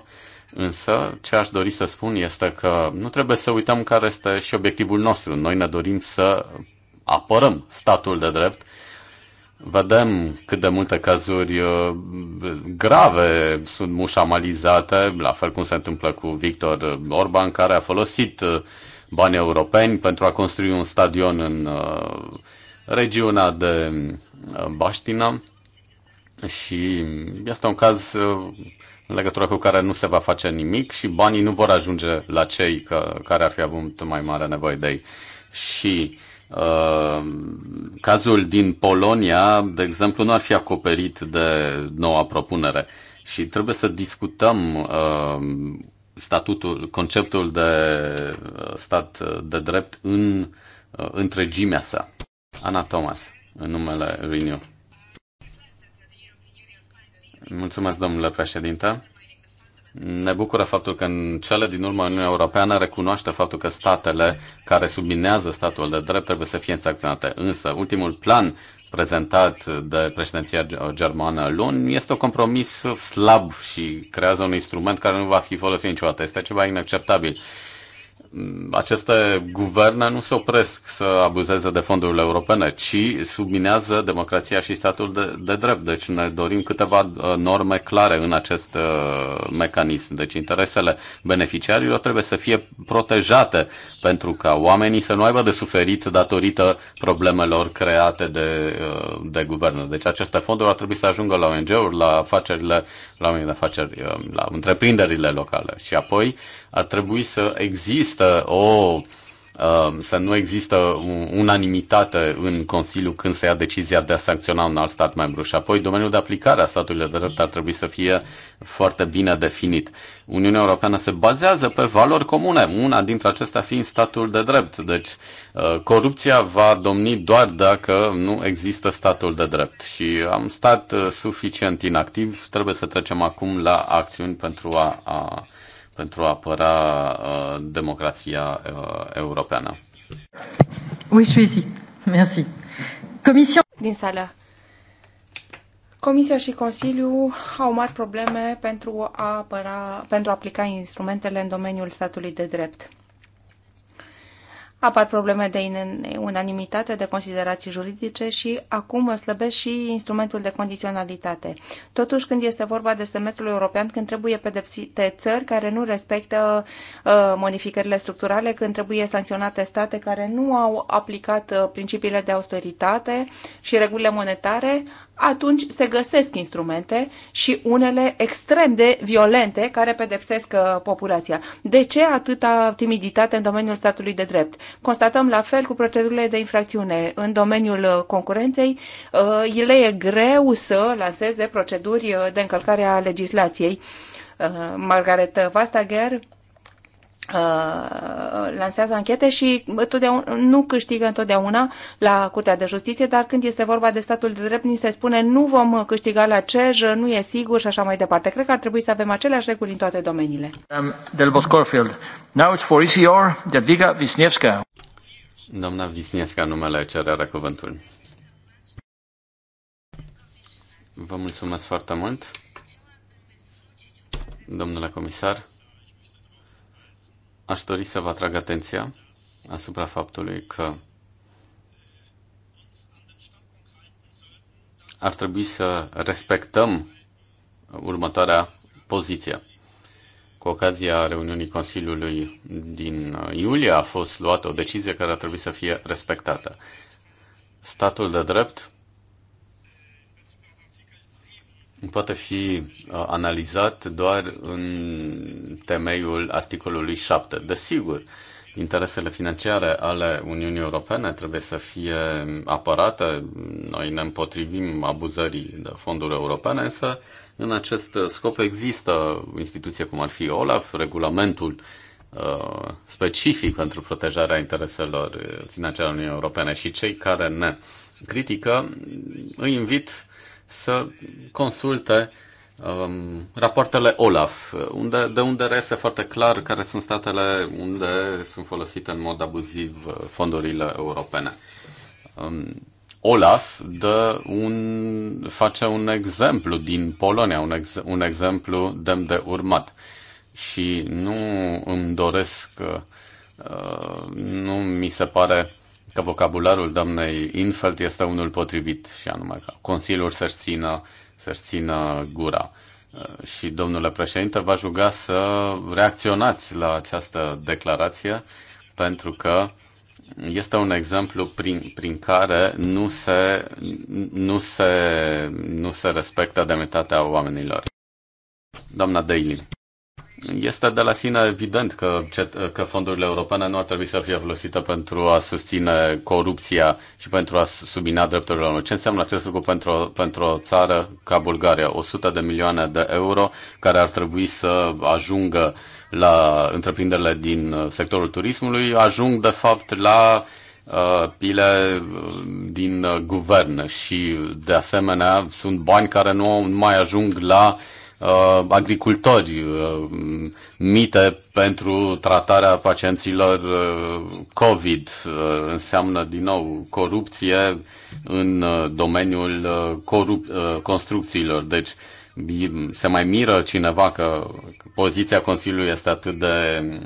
însă ce aș dori să spun este că nu trebuie să uităm care este și obiectivul nostru. Noi ne dorim să apărăm statul de drept, Vedem cât de multe cazuri uh, grave sunt mușamalizate, la fel cum se întâmplă cu Victor Orban, care a folosit uh, bani europeni pentru a construi un stadion în uh, regiunea de uh, Baștina și este un caz uh, în legătură cu care nu se va face nimic și banii nu vor ajunge la cei că, care ar fi avut mai mare nevoie de ei. Și uh, cazul din Polonia, de exemplu, nu ar fi acoperit de noua propunere. Și trebuie să discutăm uh, statutul, conceptul de uh, stat uh, de drept în uh, întregimea sa. Ana Thomas, în numele Renew. Mulțumesc, domnule președinte. Ne bucură faptul că în cele din urmă Uniunea Europeană recunoaște faptul că statele care subminează statul de drept trebuie să fie sancționate. Însă, ultimul plan prezentat de președinția germană luni este un compromis slab și creează un instrument care nu va fi folosit niciodată. Este ceva inacceptabil aceste guverne nu se opresc să abuzeze de fondurile europene, ci subminează democrația și statul de, de drept. Deci ne dorim câteva uh, norme clare în acest uh, mecanism. Deci interesele beneficiarilor trebuie să fie protejate pentru ca oamenii să nu aibă de suferit datorită problemelor create de, uh, de guverne. Deci aceste fonduri ar trebui să ajungă la ONG-uri, la afacerile la oamenii de afaceri, uh, la întreprinderile locale. Și apoi ar trebui să există o Um, să nu există unanimitate în Consiliu când se ia decizia de a sancționa un alt stat membru. Și apoi domeniul de aplicare a statului de drept ar trebui să fie foarte bine definit. Uniunea Europeană se bazează pe valori comune, una dintre acestea fiind statul de drept. Deci uh, corupția va domni doar dacă nu există statul de drept. Și am stat uh, suficient inactiv, trebuie să trecem acum la acțiuni pentru a, a pentru a apăra uh, democrația uh, europeană. Oui, je suis ici. Merci. Comisia din sală. Comisia și Consiliul au mari probleme pentru a, apăra, pentru a aplica instrumentele în domeniul statului de drept apar probleme de unanimitate, de considerații juridice și acum slăbesc și instrumentul de condiționalitate. Totuși, când este vorba de semestrul european, când trebuie pedepsite țări care nu respectă uh, modificările structurale, când trebuie sancționate state care nu au aplicat uh, principiile de austeritate și regulile monetare, atunci se găsesc instrumente și unele extrem de violente care pedepsesc uh, populația. De ce atâta timiditate în domeniul statului de drept? Constatăm la fel cu procedurile de infracțiune. În domeniul uh, concurenței, ele uh, e greu să lanseze proceduri de încălcare a legislației. Margaret Vastager Uh, lansează anchete și nu câștigă întotdeauna la Curtea de Justiție, dar când este vorba de statul de drept, ni se spune nu vom câștiga la CEJ, nu e sigur și așa mai departe. Cred că ar trebui să avem aceleași reguli în toate domeniile. Um, Del Now it's for ECR, Jadwiga Wisniewska. Doamna Wisniewska, numele cere are cuvântul. Vă mulțumesc foarte mult, domnule comisar. Aș dori să vă atrag atenția asupra faptului că ar trebui să respectăm următoarea poziție. Cu ocazia reuniunii Consiliului din iulie a fost luată o decizie care ar trebui să fie respectată. Statul de drept poate fi uh, analizat doar în temeiul articolului 7. Desigur, interesele financiare ale Uniunii Europene trebuie să fie apărate. Noi ne împotrivim abuzării de fonduri europene, însă în acest scop există instituție cum ar fi OLAF, regulamentul uh, specific pentru protejarea intereselor financiare ale Uniunii Europene și cei care ne critică îi invit să consulte um, rapoartele OLAF, unde, de unde reiese foarte clar care sunt statele unde sunt folosite în mod abuziv uh, fondurile europene. Um, Olaf dă un, face un exemplu din Polonia, un, ex, un exemplu demn de urmat. Și nu îmi doresc, uh, uh nu mi se pare că vocabularul doamnei Infeld este unul potrivit și anume că Consiliul să-și țină, să țină gura. Uh, și domnule președinte, v-aș ruga să reacționați la această declarație pentru că este un exemplu prin, prin care nu se, nu, se, nu se respectă demnitatea oamenilor. Doamna Daly. Este de la sine evident că, că fondurile europene nu ar trebui să fie folosite pentru a susține corupția și pentru a submina drepturile omului. Ce înseamnă acest lucru pentru, pentru o țară ca Bulgaria? 100 de milioane de euro care ar trebui să ajungă la întreprinderile din sectorul turismului ajung de fapt la uh, pile uh, din guvern și de asemenea sunt bani care nu mai ajung la uh, uh, agricultori, uh, mite pentru tratarea pacienților uh, COVID, uh, înseamnă din nou corupție în uh, domeniul uh, corup- uh, construcțiilor. Deci se mai miră cineva că poziția Consiliului este atât de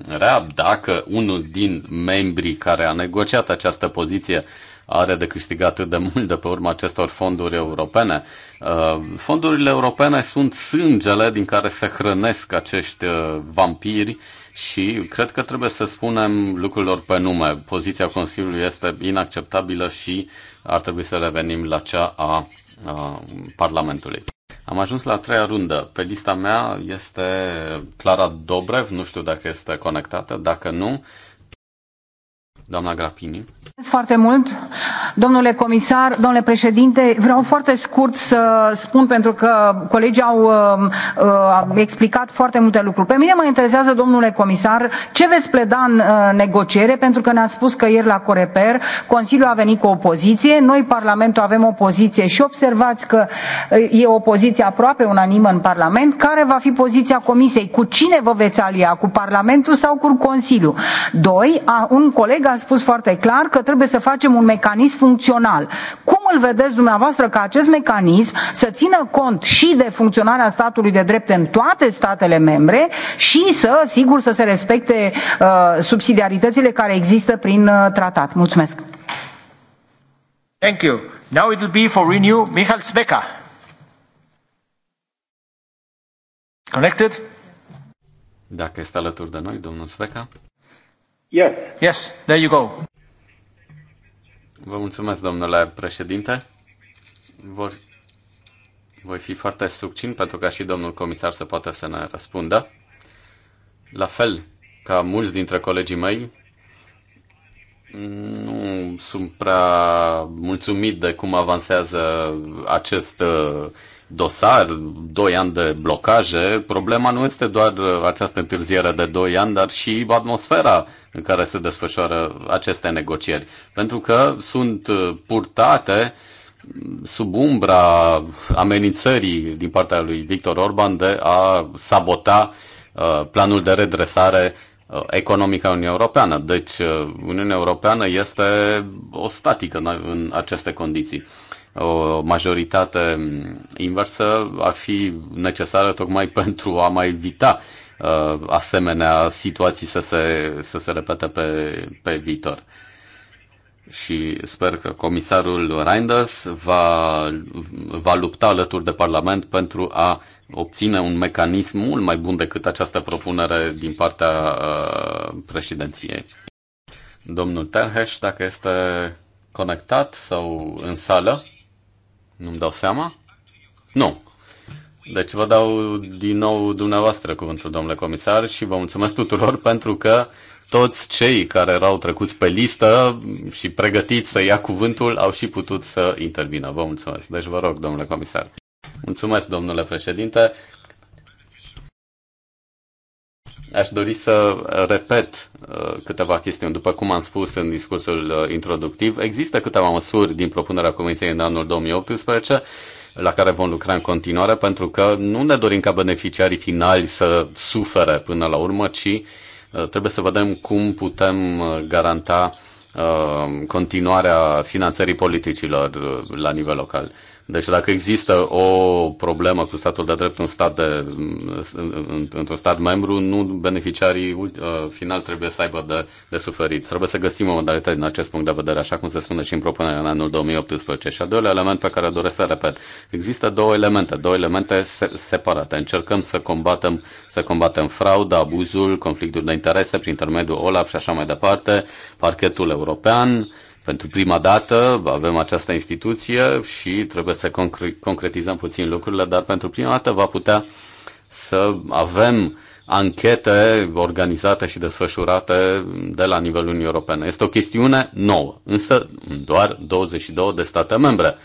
rea dacă unul din membrii care a negociat această poziție uh, are de câștigat atât de mult de pe urma acestor fonduri europene. Uh, fondurile europene sunt sângele din care se hrănesc acești uh, vampiri și cred că trebuie să spunem lucrurilor pe nume. Poziția Consiliului este inacceptabilă și ar trebui să revenim la cea a, a Parlamentului. Am ajuns la a treia rundă. Pe lista mea este Clara Dobrev, nu știu dacă este conectată, dacă nu, Doamna Grapini. Foarte mult. Domnule comisar, domnule președinte, vreau foarte scurt să spun, pentru că colegii au uh, uh, explicat foarte multe lucruri. Pe mine mă interesează, domnule comisar, ce veți pleda în uh, negociere, pentru că ne-ați spus că ieri la Coreper Consiliul a venit cu o poziție, noi Parlamentul avem o poziție și observați că uh, e o poziție aproape unanimă în Parlament. Care va fi poziția Comisiei? Cu cine vă veți alia? Cu Parlamentul sau cu Consiliul? Doi, a, un coleg a spus foarte clar că trebuie să facem un mecanism funcțional. Cum îl vedeți dumneavoastră ca acest mecanism să țină cont și de funcționarea statului de drept în toate statele membre și să, sigur, să se respecte uh, subsidiaritățile care există prin uh, tratat? Mulțumesc! Thank you. Now it will be for renew Michael Speca. Connected? Dacă este alături de noi, domnul Sveca. Yes. Yes, there you go. Vă mulțumesc, domnule președinte. Vor... Voi fi foarte succint pentru ca și domnul comisar să poată să ne răspundă. La fel ca mulți dintre colegii mei, nu sunt prea mulțumit de cum avansează acest uh, dosar, 2 ani de blocaje, problema nu este doar această întârziere de 2 ani, dar și atmosfera în care se desfășoară aceste negocieri. Pentru că sunt uh, purtate sub umbra amenințării din partea lui Victor Orban de a sabota uh, planul de redresare uh, economică a Uniunii Europeană. Deci Uniunea Europeană este o statică în aceste condiții o majoritate inversă ar fi necesară tocmai pentru a mai evita uh, asemenea situații să se, să se repete pe, pe viitor. Și sper că comisarul Reinders va, va lupta alături de Parlament pentru a obține un mecanism mult mai bun decât această propunere din partea uh, președinției. Domnul Terheș, dacă este conectat sau în sală. Nu-mi dau seama? Nu. Deci vă dau din nou dumneavoastră cuvântul, domnule comisar, și vă mulțumesc tuturor pentru că toți cei care erau trecuți pe listă și pregătiți să ia cuvântul au și putut să intervină. Vă mulțumesc. Deci vă rog, domnule comisar. Mulțumesc, domnule președinte. Aș dori să uh, repet uh, câteva chestiuni. După cum am spus în discursul uh, introductiv, există câteva măsuri din propunerea Comisiei în anul 2018 la care vom lucra în continuare, pentru că nu ne dorim ca beneficiarii finali să sufere până la urmă, ci trebuie să vedem cum putem garanta continuarea finanțării politicilor la nivel local. Deci dacă există o problemă cu statul de drept în stat de, într-un stat membru, nu beneficiarii uh, final trebuie să aibă de, de suferit. Trebuie să găsim o modalitate din acest punct de vedere, așa cum se spune și în propunerea în anul 2018. Și al doilea element pe care doresc să repet, există două elemente, două elemente se, separate. Încercăm să combatem, să combatem frauda, abuzul, conflictul de interese prin intermediul OLAF și așa mai departe, parchetul european, pentru prima dată avem această instituție și trebuie să concre- concretizăm puțin lucrurile, dar pentru prima dată va putea să avem anchete organizate și desfășurate de la nivelul Uniunii Europene. Este o chestiune nouă, însă doar 22 de state membre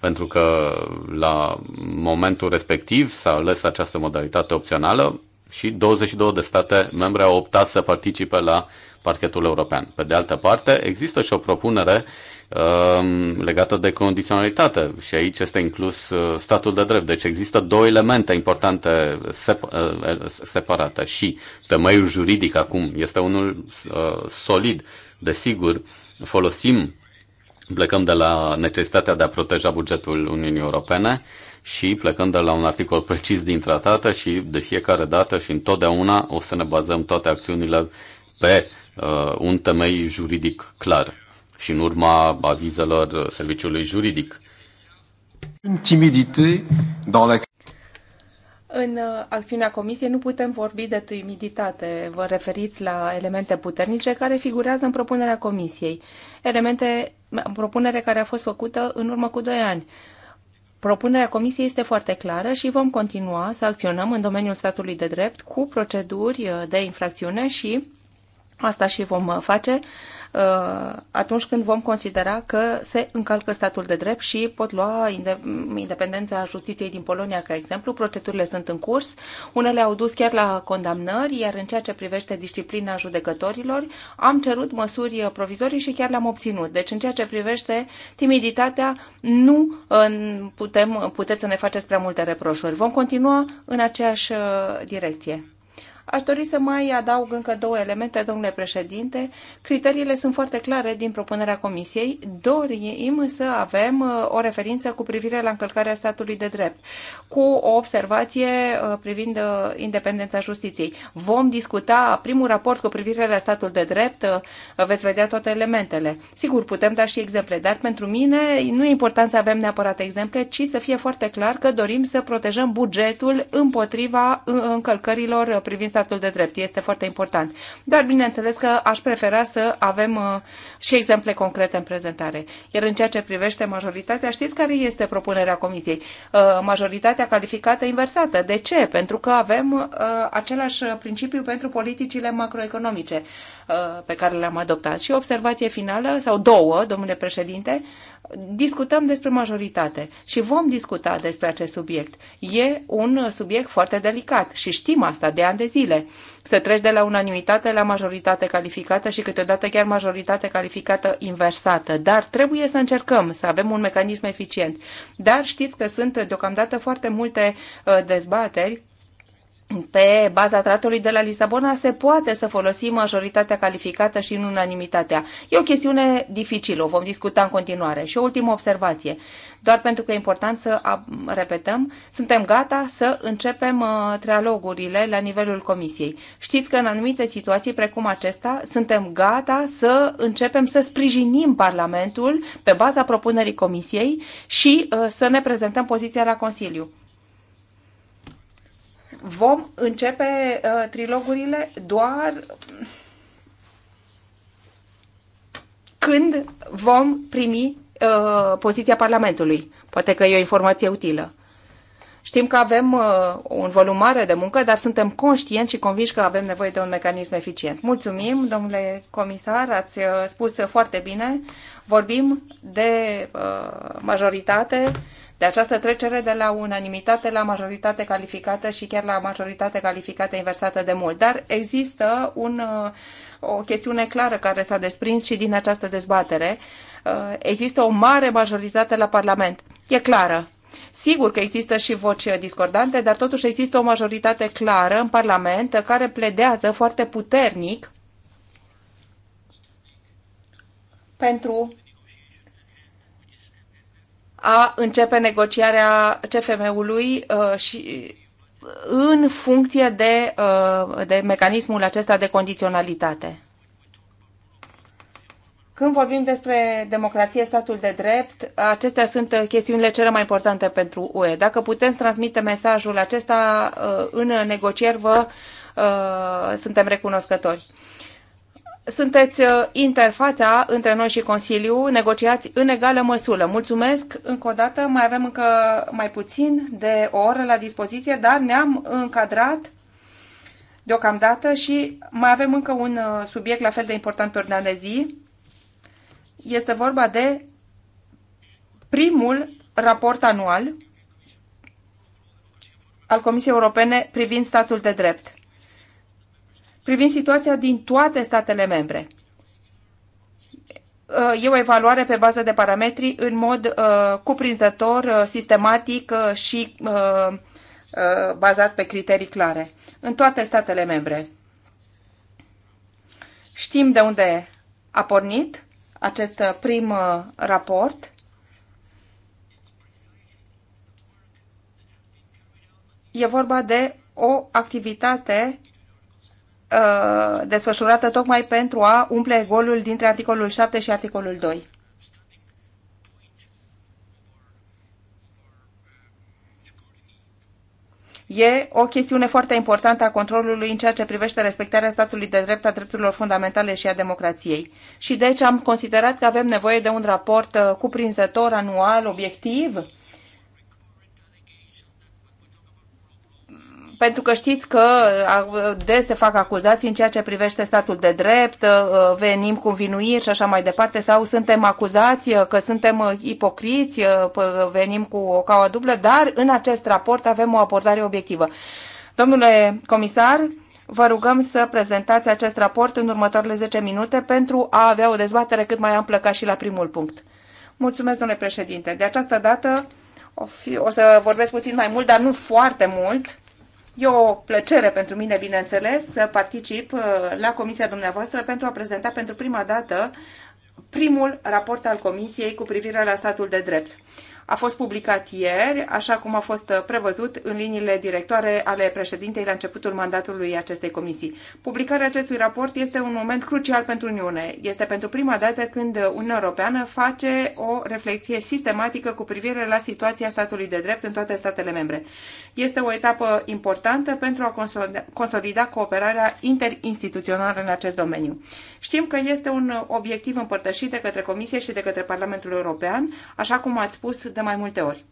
pentru că la momentul respectiv s-a ales această modalitate opțională și 22 de state membre au optat să participe la parchetul european. Pe de altă parte, există și o propunere um, legată de condiționalitate și aici este inclus uh, statul de drept. Deci există două elemente importante uh, separate și temeiul juridic acum este unul uh, solid. Desigur, folosim, plecăm de la necesitatea de a proteja bugetul Uniunii Europene, și plecând de la un articol precis din tratată și de fiecare dată și întotdeauna o să ne bazăm toate acțiunile pe uh, un temei juridic clar și în urma avizelor serviciului juridic. Timidite În uh, acțiunea Comisiei nu putem vorbi de timiditate. Vă referiți la elemente puternice care figurează în propunerea Comisiei. Elemente, propunere care a fost făcută în urmă cu doi ani. Propunerea Comisiei este foarte clară și vom continua să acționăm în domeniul statului de drept cu proceduri uh, de infracțiune și Asta și vom uh, face uh, atunci când vom considera că se încalcă statul de drept și pot lua independența justiției din Polonia, ca exemplu. Procedurile sunt în curs, unele au dus chiar la condamnări, iar în ceea ce privește disciplina judecătorilor, am cerut măsuri uh, provizorii și chiar le-am obținut. Deci, în ceea ce privește timiditatea, nu putem, puteți să ne faceți prea multe reproșuri. Vom continua în aceeași direcție. Aș dori să mai adaug încă două elemente, domnule președinte. Criteriile sunt foarte clare din propunerea Comisiei. Dorim să avem uh, o referință cu privire la încălcarea statului de drept, cu o observație uh, privind uh, independența justiției. Vom discuta primul raport cu privire la statul de drept, veți vedea toate elementele. Sigur, putem da și exemple, dar pentru mine nu e important să avem neapărat exemple, ci să fie foarte clar că dorim să protejăm bugetul împotriva încălcărilor privind statul de drept. Este foarte important. Dar bineînțeles că aș prefera să avem uh, și exemple concrete în prezentare. Iar în ceea ce privește majoritatea, știți care este propunerea Comisiei? Uh, majoritatea calificată inversată. De ce? Pentru că avem uh, același principiu pentru politicile macroeconomice pe care le-am adoptat. Și observație finală, sau două, domnule președinte, discutăm despre majoritate și vom discuta despre acest subiect. E un subiect foarte delicat și știm asta de ani de zile. Să treci de la unanimitate la majoritate calificată și câteodată chiar majoritate calificată inversată. Dar trebuie să încercăm să avem un mecanism eficient. Dar știți că sunt deocamdată foarte multe uh, dezbateri pe baza tratului de la Lisabona se poate să folosim majoritatea calificată și în unanimitatea. E o chestiune dificilă, o vom discuta în continuare. Și o ultimă observație, doar pentru că e important să repetăm, suntem gata să începem uh, trialogurile la nivelul comisiei. Știți că în anumite situații precum acesta suntem gata să începem să sprijinim Parlamentul pe baza propunerii comisiei și uh, să ne prezentăm poziția la Consiliu vom începe uh, trilogurile doar când vom primi uh, poziția Parlamentului. Poate că e o informație utilă. Știm că avem uh, un volum mare de muncă, dar suntem conștienți și convinși că avem nevoie de un mecanism eficient. Mulțumim, domnule comisar, ați uh, spus foarte bine. Vorbim de uh, majoritate de această trecere de la unanimitate la majoritate calificată și chiar la majoritate calificată inversată de mult. Dar există un, uh, o chestiune clară care s-a desprins și din această dezbatere. Uh, există o mare majoritate la Parlament. E clară. Sigur că există și voci discordante, dar totuși există o majoritate clară în Parlament care pledează foarte puternic pentru a începe negocierea CFM-ului uh, și în funcție de, uh, de mecanismul acesta de condiționalitate. Când vorbim despre democrație, statul de drept, acestea sunt chestiunile cele mai importante pentru UE. Dacă putem transmite mesajul acesta uh, în negocieri, vă suntem recunoscători sunteți uh, interfața între noi și Consiliu, negociați în egală măsură. Mulțumesc încă o dată, mai avem încă mai puțin de o oră la dispoziție, dar ne-am încadrat deocamdată și mai avem încă un uh, subiect la fel de important pe ordinea de zi. Este vorba de primul raport anual al Comisiei Europene privind statul de drept privind situația din toate statele membre. Uh, e o evaluare pe bază de parametri în mod uh, cuprinzător, uh, sistematic uh, și uh, uh, bazat pe criterii clare în toate statele membre. Știm de unde a pornit acest uh, prim raport. E vorba de o activitate Uh, desfășurată tocmai pentru a umple golul dintre articolul 7 și articolul 2. E o chestiune foarte importantă a controlului în ceea ce privește respectarea statului de drept, a drepturilor fundamentale și a democrației. Și deci am considerat că avem nevoie de un raport uh, cuprinzător, anual, obiectiv, pentru că știți că de se fac acuzații în ceea ce privește statul de drept, venim cu vinuiri și așa mai departe, sau suntem acuzați că suntem ipocriți, venim cu o caua dublă, dar în acest raport avem o abordare obiectivă. Domnule comisar, vă rugăm să prezentați acest raport în următoarele 10 minute pentru a avea o dezbatere cât mai amplă ca și la primul punct. Mulțumesc, domnule președinte. De această dată o, fi, o să vorbesc puțin mai mult, dar nu foarte mult E o plăcere pentru mine, bineînțeles, să particip uh, la comisia dumneavoastră pentru a prezenta pentru prima dată primul raport al comisiei cu privire la statul de drept a fost publicat ieri, așa cum a fost uh, prevăzut în liniile directoare ale președintei la începutul mandatului acestei comisii. Publicarea acestui raport este un moment crucial pentru Uniune. Este pentru prima dată când Uniunea Europeană face o reflexie sistematică cu privire la situația statului de drept în toate statele membre. Este o etapă importantă pentru a consolida cooperarea interinstituțională în acest domeniu. Știm că este un obiectiv împărtășit de către Comisie și de către Parlamentul European, așa cum ați spus de mai multe ori.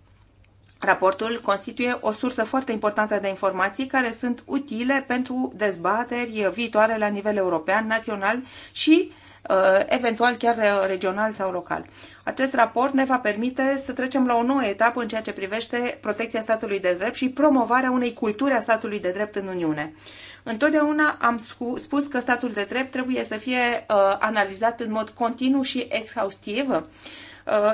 Raportul constituie o sursă foarte importantă de informații care sunt utile pentru dezbateri viitoare la nivel european, național și uh, eventual chiar uh, regional sau local. Acest raport ne va permite să trecem la o nouă etapă în ceea ce privește protecția statului de drept și promovarea unei culturi a statului de drept în Uniune. Întotdeauna am spus că statul de drept trebuie să fie uh, analizat în mod continuu și exhaustiv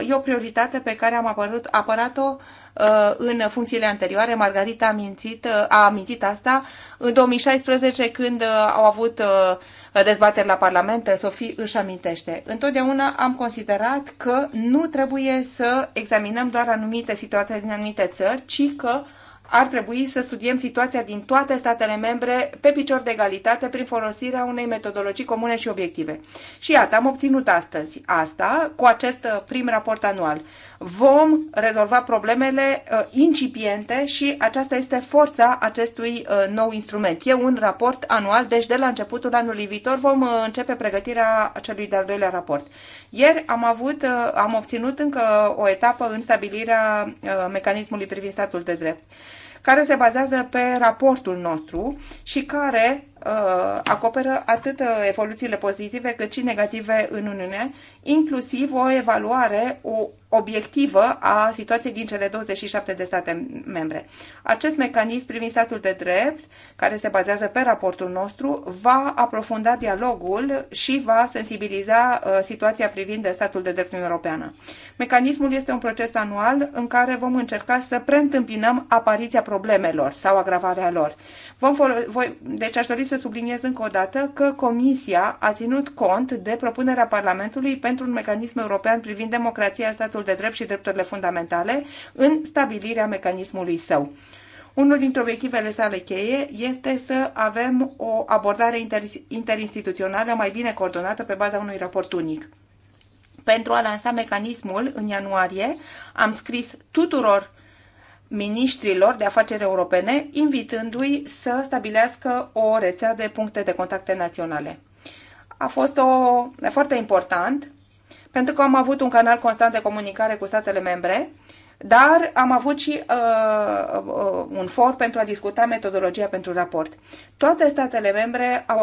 E o prioritate pe care am apărut, apărat-o uh, în funcțiile anterioare. Margarita a, mințit, a amintit asta în 2016 când uh, au avut uh, dezbateri la Parlament, Sofie își amintește. Întotdeauna am considerat că nu trebuie să examinăm doar anumite situații din anumite țări, ci că uh, ar trebui să studiem situația din toate statele membre pe picior de egalitate prin folosirea unei metodologii comune și obiective. Și iată, am obținut astăzi asta cu acest uh, prim raport anual. Vom rezolva problemele uh, incipiente și aceasta este forța acestui uh, nou instrument. E un raport anual, deci de la începutul anului viitor vom începe pregătirea celui de-al doilea raport. Ieri am, avut, am obținut încă o etapă în stabilirea mecanismului privind statul de drept care se bazează pe raportul nostru și care Uh, acoperă atât uh, evoluțiile pozitive cât și negative în Uniune, inclusiv o evaluare o obiectivă a situației din cele 27 de state membre. Acest mecanism privind statul de drept, care se bazează pe raportul nostru, va aprofunda dialogul și va sensibiliza uh, situația privind statul de drept în Europeană. Mecanismul este un proces anual în care vom încerca să preîntâmpinăm apariția problemelor sau agravarea lor. Vom fol- voi, deci aș dori să să subliniez încă o dată că Comisia a ținut cont de propunerea Parlamentului pentru un mecanism european privind democrația, statul de drept și drepturile fundamentale în stabilirea mecanismului său. Unul dintre obiectivele sale cheie este să avem o abordare inter- interinstituțională mai bine coordonată pe baza unui raport unic. Pentru a lansa mecanismul în ianuarie, am scris tuturor miniștrilor de afaceri europene, invitându-i să stabilească o rețea de puncte de contacte naționale. A fost o, foarte important pentru că am avut un canal constant de comunicare cu statele membre dar am avut și uh, uh, un for pentru a discuta metodologia pentru raport. Toate statele membre au,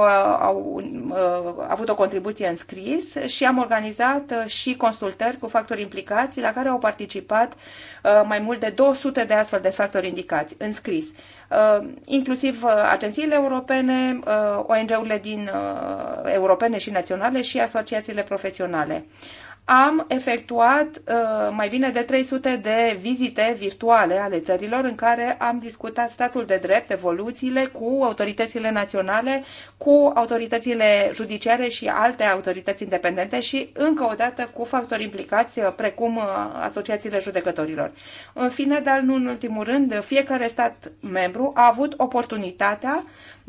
au uh, avut o contribuție în scris și am organizat uh, și consultări cu factori implicați la care au participat uh, mai mult de 200 de astfel de factori indicați în scris. Uh, inclusiv uh, agențiile europene, uh, ONG-urile din uh, europene și naționale și asociațiile profesionale. Uh, am efectuat uh, mai bine de 300 de vizite virtuale ale țărilor în care am discutat statul de drept, evoluțiile cu autoritățile naționale, cu autoritățile judiciare și alte autorități independente și încă o dată cu factori implicați uh, precum uh, asociațiile judecătorilor. În fine, dar nu în ultimul rând, fiecare stat membru a avut oportunitatea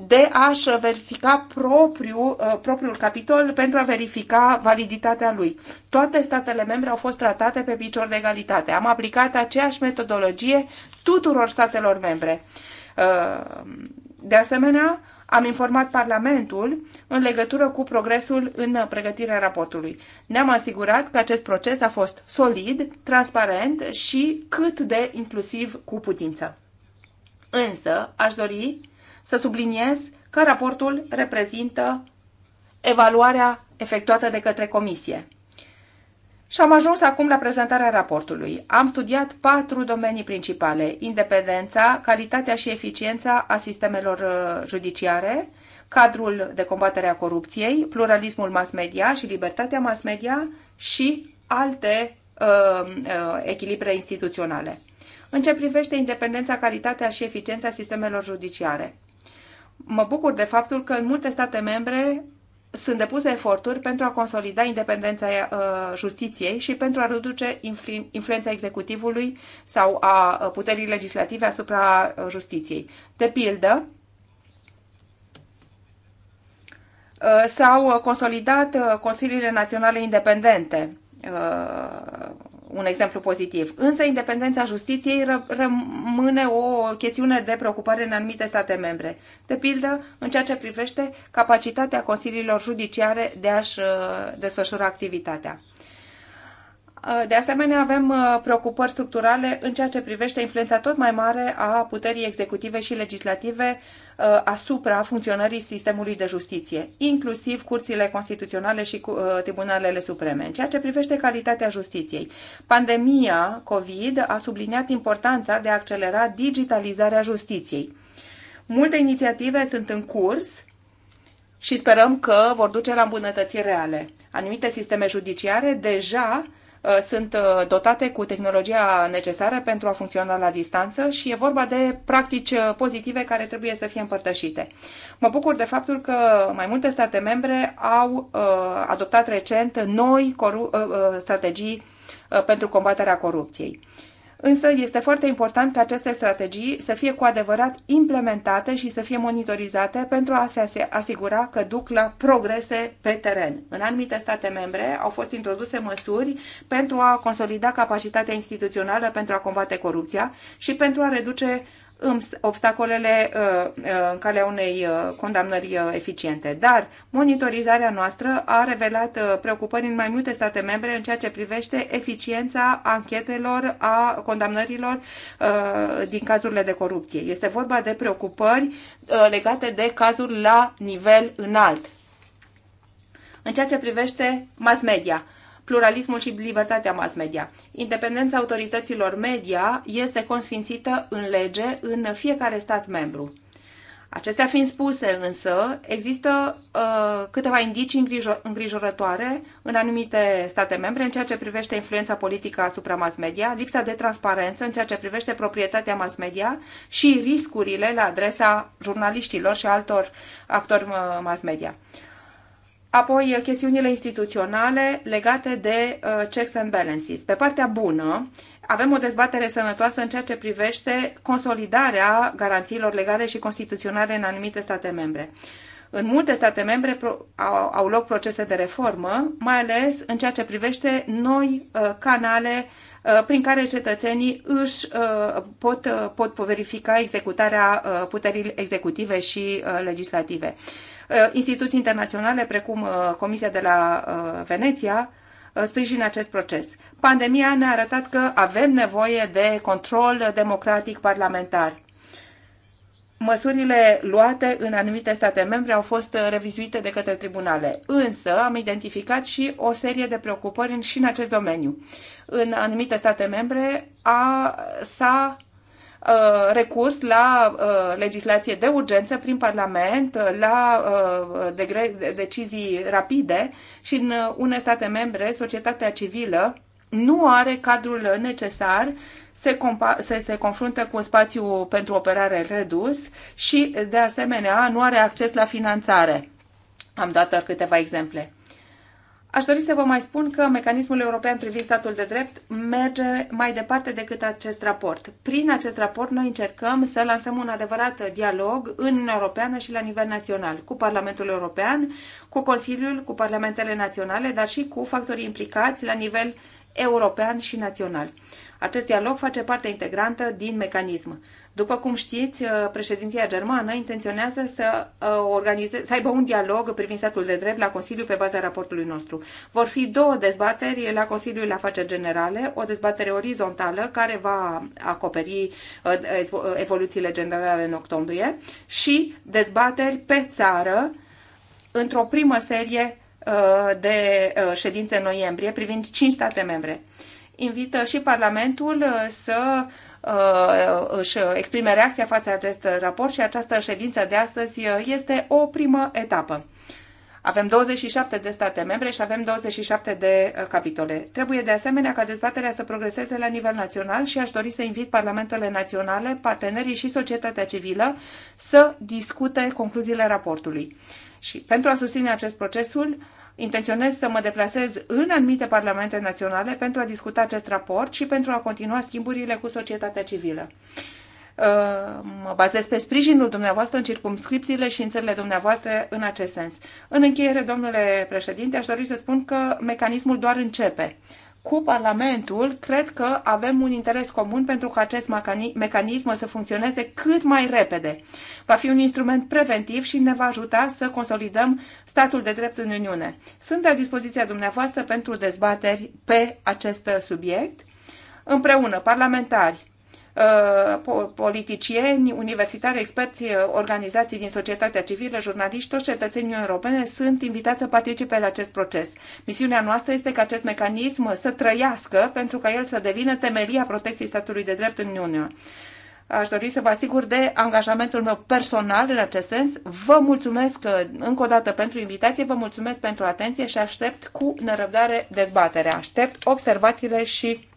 de a-și verifica propriu, uh, propriul capitol pentru a verifica validitatea lui. Toate statele membre au fost tratate pe picior de egalitate. Am aplicat aceeași metodologie tuturor statelor membre. Uh, de asemenea, am informat Parlamentul în legătură cu progresul în pregătirea raportului. Ne-am asigurat că acest proces a fost solid, transparent și cât de inclusiv cu putință. Însă, aș dori să subliniez că raportul reprezintă evaluarea efectuată de către comisie. Și am ajuns acum la prezentarea raportului. Am studiat patru domenii principale. Independența, calitatea și eficiența a sistemelor uh, judiciare, cadrul de combatere a corupției, pluralismul mass media și libertatea mass media și alte uh, uh echilibre instituționale. În ce privește independența, calitatea și eficiența sistemelor judiciare mă bucur de faptul că în multe state membre sunt depuse eforturi pentru a consolida independența uh, justiției și pentru a reduce influența executivului sau a uh, puterii legislative asupra uh, justiției. De pildă, s-au consolidat Consiliile Naționale Independente un exemplu pozitiv. Însă independența justiției rămâne o chestiune de preocupare în anumite state membre. De pildă, în ceea ce privește capacitatea consiliilor judiciare de a-și uh, desfășura activitatea. Uh, de asemenea, avem uh, preocupări structurale în ceea ce privește influența tot mai mare a puterii executive și legislative Uh, asupra funcționării sistemului de justiție, inclusiv curțile constituționale și uh, tribunalele supreme. În ceea ce privește calitatea justiției, pandemia COVID a subliniat importanța de a accelera digitalizarea justiției. Multe inițiative sunt în curs și sperăm că vor duce la îmbunătățiri reale. Anumite sisteme judiciare deja Uh, sunt uh, dotate cu tehnologia necesară pentru a funcționa la distanță și e vorba de practici uh, pozitive care trebuie să fie împărtășite. Mă bucur de faptul că mai multe state membre au adoptat recent noi strategii pentru combaterea corupției. Însă este foarte important ca aceste strategii să fie cu adevărat implementate și să fie monitorizate pentru a se asigura că duc la progrese pe teren. În anumite state membre au fost introduse măsuri pentru a consolida capacitatea instituțională pentru a combate corupția și pentru a reduce obstacolele uh, uh, în calea unei uh, condamnări eficiente. Dar monitorizarea noastră a revelat preocupări în mai multe state membre în ceea ce privește eficiența anchetelor a condamnărilor din cazurile de corupție. Este vorba de preocupări legate de cazuri la nivel înalt. În ceea ce privește mass media, pluralismul și libertatea mass media. Independența autorităților media este consfințită în lege în fiecare stat membru. Acestea fiind spuse, însă, există uh, câteva indicii îngrijorătoare în anumite state membre în ceea ce privește influența politică asupra mass media, lipsa de transparență în ceea ce privește proprietatea mass media și riscurile la adresa jurnaliștilor și altor actori uh, mass media. Apoi, eh, chestiunile instituționale legate de uh, checks and balances. Pe partea bună, avem o dezbatere sănătoasă în ceea ce privește consolidarea garanțiilor legale și constituționale în anumite state membre. În multe state membre au, au loc procese de reformă, mai ales în ceea ce privește noi uh, canale prin care cetățenii își pot, pot verifica executarea puterii executive și legislative. Uh, instituții internaționale precum uh, Comisia de la uh, Veneția sprijină acest proces. Pandemia ne-a arătat că avem nevoie de control democratic parlamentar. Măsurile luate în anumite state membre au fost revizuite de către tribunale, însă am identificat și o serie de preocupări și în acest domeniu. În anumite state membre a, s-a Uh, recurs la uh, legislație de urgență prin Parlament, uh, la decizii rapide și în unele state membre societatea civilă nu are cadrul necesar se, se, se confruntă cu un spațiu pentru operare redus și, de asemenea, nu are acces la finanțare. Am dat doar câteva exemple. Aș dori să vă mai spun că mecanismul european privind statul de drept merge mai departe decât acest raport. Prin acest raport noi încercăm să lansăm un adevărat dialog în Uniunea Europeană și la nivel național, cu Parlamentul European, cu Consiliul, cu Parlamentele Naționale, dar și cu factorii implicați la nivel european și național. Acest dialog face parte integrantă din mecanism. După cum știți, uh, președinția germană intenționează să, uh, organize, să aibă un dialog privind statul de drept la Consiliu pe baza raportului nostru. Vor fi două dezbateri la Consiliul Afaceri Generale, o dezbatere orizontală care va acoperi uh, evoluțiile generale în octombrie și dezbateri pe țară într-o primă serie de ședințe în noiembrie privind cinci state membre. Invită și Parlamentul să uh, Uh, își exprime reacția față de acest raport și această ședință de astăzi uh, este o primă etapă. Avem 27 de state membre și avem 27 de uh, capitole. Trebuie de asemenea ca dezbaterea să progreseze la nivel național și aș dori să invit parlamentele naționale, partenerii și societatea civilă să discute concluziile raportului. Și pentru a susține acest procesul, intenționez să mă deplasez în anumite parlamente naționale pentru a discuta acest raport și pentru a continua schimburile cu societatea civilă. Uh, mă bazez pe sprijinul dumneavoastră în circumscripțiile și în țările dumneavoastră în acest sens. În încheiere, domnule președinte, aș dori să spun că mecanismul doar începe cu Parlamentul, cred că avem un interes comun pentru ca acest mecanism să funcționeze cât mai repede. Va fi un instrument preventiv și ne va ajuta să consolidăm statul de drept în Uniune. Sunt la dispoziția dumneavoastră pentru dezbateri pe acest subiect. Împreună, parlamentari, Uh, politicieni, universitari, experți, uh, organizații din societatea civilă, jurnaliști, toți cetățenii europene sunt invitați să participe la acest proces. Misiunea noastră este ca acest mecanism să trăiască pentru ca el să devină temelia protecției statului de drept în Uniunea aș dori să vă asigur de angajamentul meu personal în acest sens. Vă mulțumesc uh, încă o dată pentru invitație, vă mulțumesc pentru atenție și aștept cu nerăbdare dezbaterea. Aștept observațiile și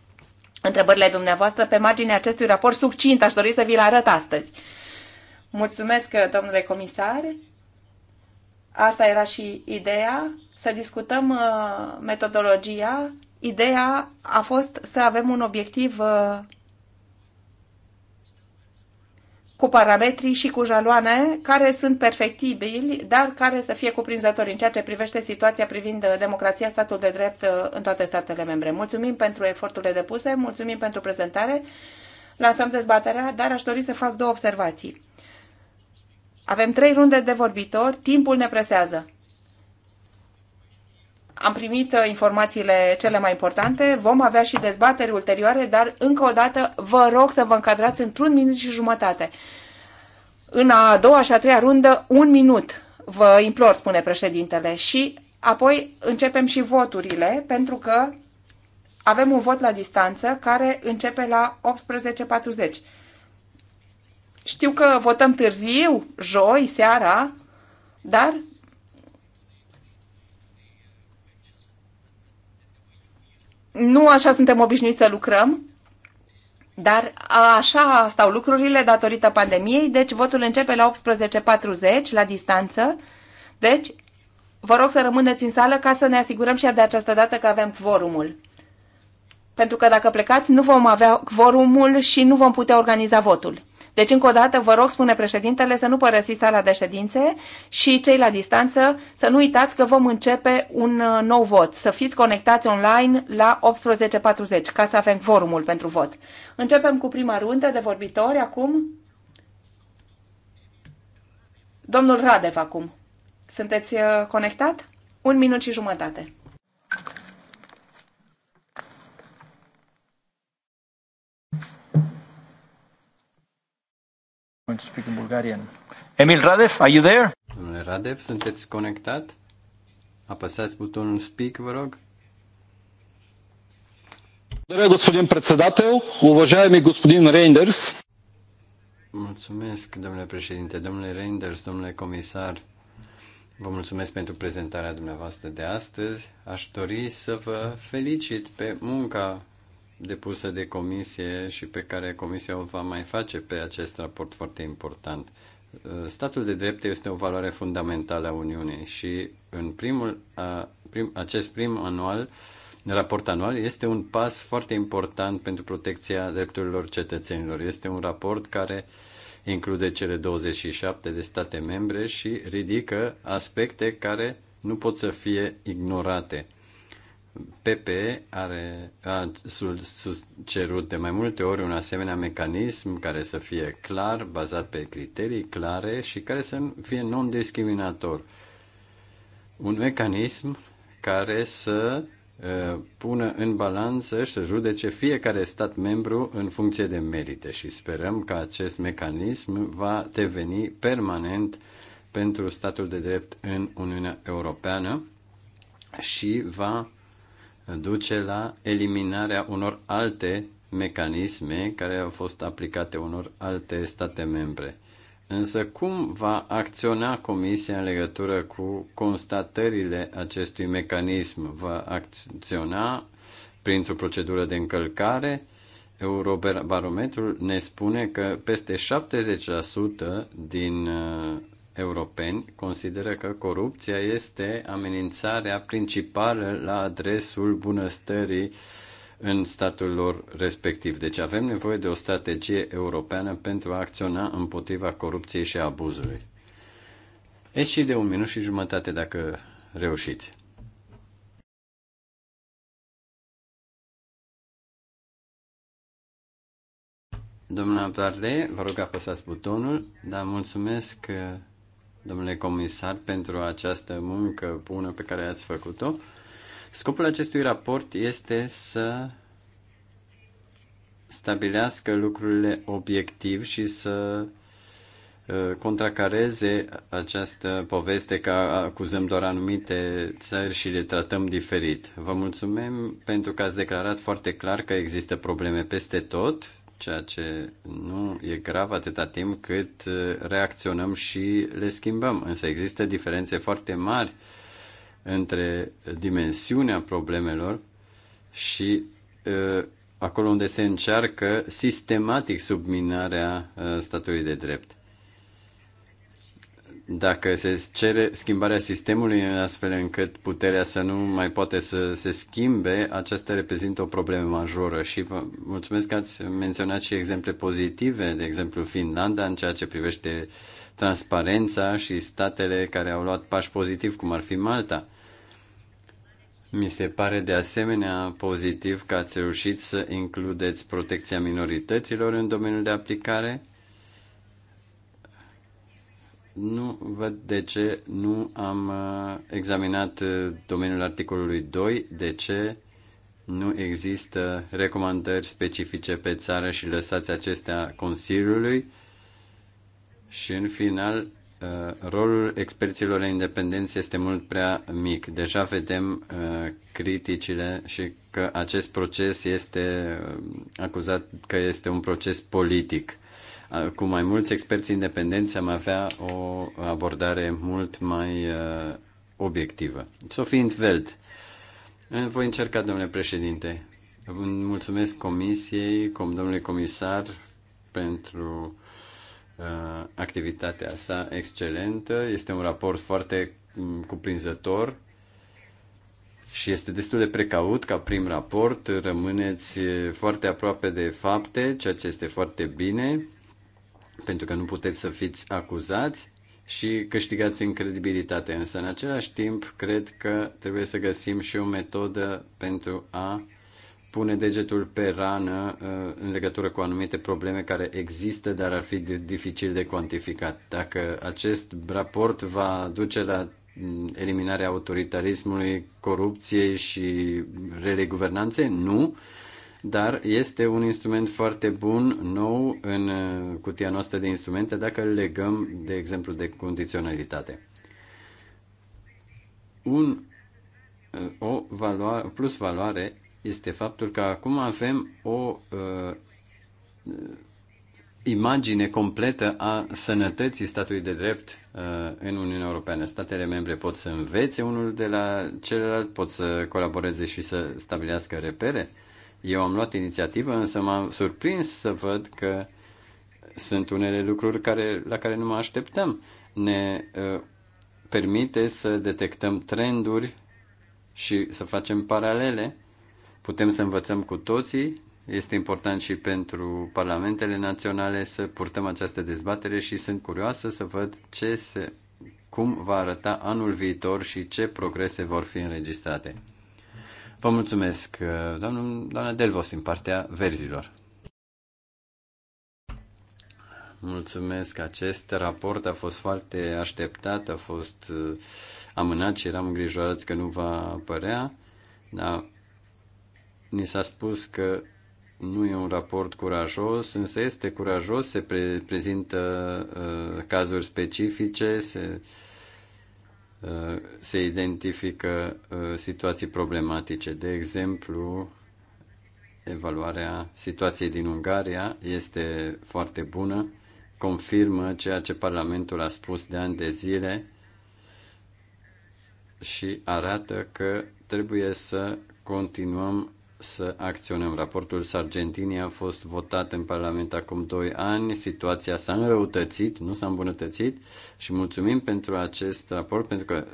întrebările dumneavoastră pe marginea acestui raport succint. Aș dori să vi-l arăt astăzi. Mulțumesc, domnule comisar. Asta era și ideea, să discutăm uh, metodologia. Ideea a fost să avem un obiectiv uh, cu parametrii și cu jaloane care sunt perfectibili, dar care să fie cuprinzători în ceea ce privește situația privind uh, democrația, statul de drept uh, în toate statele membre. Mulțumim pentru eforturile depuse, mulțumim pentru prezentare. Lansăm dezbaterea, dar aș dori să fac două observații. Avem trei runde de vorbitori, timpul ne presează. Am primit uh, informațiile cele mai importante, vom avea și dezbateri ulterioare, dar încă o dată vă rog să vă încadrați într-un minut și jumătate. În a doua și a treia rundă, un minut, vă implor, spune președintele, și apoi începem și voturile, pentru că avem un vot la distanță care începe la 18.40. Știu că votăm târziu, joi, seara, dar nu așa suntem obișnuiți să lucrăm, dar așa stau lucrurile datorită pandemiei, deci votul începe la 18.40 la distanță. Deci, vă rog să rămâneți în sală ca să ne asigurăm și de această dată că avem quorumul pentru că dacă plecați nu vom avea vorumul și nu vom putea organiza votul. Deci, încă o dată, vă rog, spune președintele, să nu părăsiți sala de ședințe și cei la distanță să nu uitați că vom începe un uh, nou vot. Să fiți conectați online la 18.40 ca să avem forumul pentru vot. Începem cu prima rundă de vorbitori acum. Domnul Radev acum. Sunteți uh, conectat? Un minut și jumătate. going to speak in Bulgarian. Emil Radev, are you there? Domnule Radev, sunteți conectat? Apăsați butonul speak, vă rog. Благодаря, господин председател. Уважаеми господин Рейндерс. Mulțumesc, domnule președinte, domnule Reinders, domnule comisar. Vă mulțumesc pentru prezentarea dumneavoastră de astăzi. Aș dori să vă felicit pe munca depusă de comisie și pe care comisia o va mai face pe acest raport foarte important. Statul de drept este o valoare fundamentală a Uniunii și în primul, prim, acest prim anual, raport anual este un pas foarte important pentru protecția drepturilor cetățenilor. Este un raport care include cele 27 de state membre și ridică aspecte care nu pot să fie ignorate PP are, a cerut de mai multe ori un asemenea mecanism care să fie clar, bazat pe criterii clare și care să fie non-discriminator. Un mecanism care să uh, pună în balanță și să judece fiecare stat membru în funcție de merite și sperăm că acest mecanism va deveni permanent pentru statul de drept în Uniunea Europeană și va duce la eliminarea unor alte mecanisme care au fost aplicate unor alte state membre. Însă cum va acționa Comisia în legătură cu constatările acestui mecanism? Va acționa printr-o procedură de încălcare? Eurobarometrul ne spune că peste 70% din uh, europeni consideră că corupția este amenințarea principală la adresul bunăstării în statul lor respectiv. Deci avem nevoie de o strategie europeană pentru a acționa împotriva corupției și abuzului. Ești și de un minut și jumătate dacă reușiți. Domnule Abdarle, vă rog apăsați butonul, dar mulțumesc domnule comisar, pentru această muncă bună pe care ați făcut-o. Scopul acestui raport este să stabilească lucrurile obiectiv și să uh, contracareze această poveste că acuzăm doar anumite țări și le tratăm diferit. Vă mulțumim pentru că ați declarat foarte clar că există probleme peste tot ceea ce nu e grav atâta timp cât uh, reacționăm și le schimbăm. Însă există diferențe foarte mari între dimensiunea problemelor și uh, acolo unde se încearcă sistematic subminarea uh, statului de drept dacă se cere schimbarea sistemului astfel încât puterea să nu mai poate să se schimbe, aceasta reprezintă o problemă majoră și vă mulțumesc că ați menționat și exemple pozitive, de exemplu Finlanda în ceea ce privește transparența și statele care au luat pași pozitiv, cum ar fi Malta. Mi se pare de asemenea pozitiv că ați reușit să includeți protecția minorităților în domeniul de aplicare nu văd de ce nu am uh, examinat uh, domeniul articolului 2, de ce nu există recomandări specifice pe țară și lăsați acestea Consiliului. Și în final, uh, rolul experților independenți este mult prea mic. Deja vedem criticile și că acest proces este acuzat că este un proces politic cu mai mulți experți independenți am avea o abordare mult mai uh, obiectivă. fiind velt, eh, voi încerca, domnule președinte. Mulțumesc comisiei, com domnule comisar, pentru uh, activitatea sa excelentă. Este un raport foarte mm, cuprinzător și este destul de precaut ca prim raport. Rămâneți foarte aproape de fapte, ceea ce este foarte bine pentru că nu puteți să fiți acuzați și câștigați în credibilitate. Însă, în același timp, cred că trebuie să găsim și o metodă pentru a pune degetul pe rană uh, în legătură cu anumite probleme care există, dar ar fi dificil de cuantificat. Dacă acest raport va duce la mm, eliminarea autoritarismului, corupției și relei Nu dar este un instrument foarte bun, nou, în uh, cutia noastră de instrumente, dacă îl legăm, de exemplu, de condiționalitate. Un, uh, o valoare, plus valoare este faptul că acum avem o uh, imagine completă a sănătății statului de drept uh, în Uniunea Europeană. Statele membre pot să învețe unul de la celălalt, pot să colaboreze și să stabilească repere eu am luat inițiativă, însă m-am surprins să văd că sunt unele lucruri care, la care nu mă așteptam. Ne uh, permite să detectăm trenduri și să facem paralele. Putem să învățăm cu toții. Este important și pentru parlamentele naționale să purtăm această dezbatere și sunt curioasă să văd ce se, cum va arăta anul viitor și ce progrese vor fi înregistrate. Vă mulțumesc, uh, doamnă, doamna Delvos, din partea verzilor. Mulțumesc, acest raport a fost foarte așteptat, a fost uh, amânat și eram îngrijorați că nu va apărea, dar ni s-a spus că nu e un raport curajos, însă este curajos, se pre- prezintă uh, cazuri specifice, se uh, Uh, se identifică uh, situații problematice. De exemplu, evaluarea situației din Ungaria este foarte bună, confirmă ceea ce Parlamentul a spus de ani de zile și arată că trebuie să continuăm să acționăm. Raportul Sargentini a fost votat în Parlament acum 2 ani, situația s-a înrăutățit, nu s-a îmbunătățit și mulțumim pentru acest raport, pentru că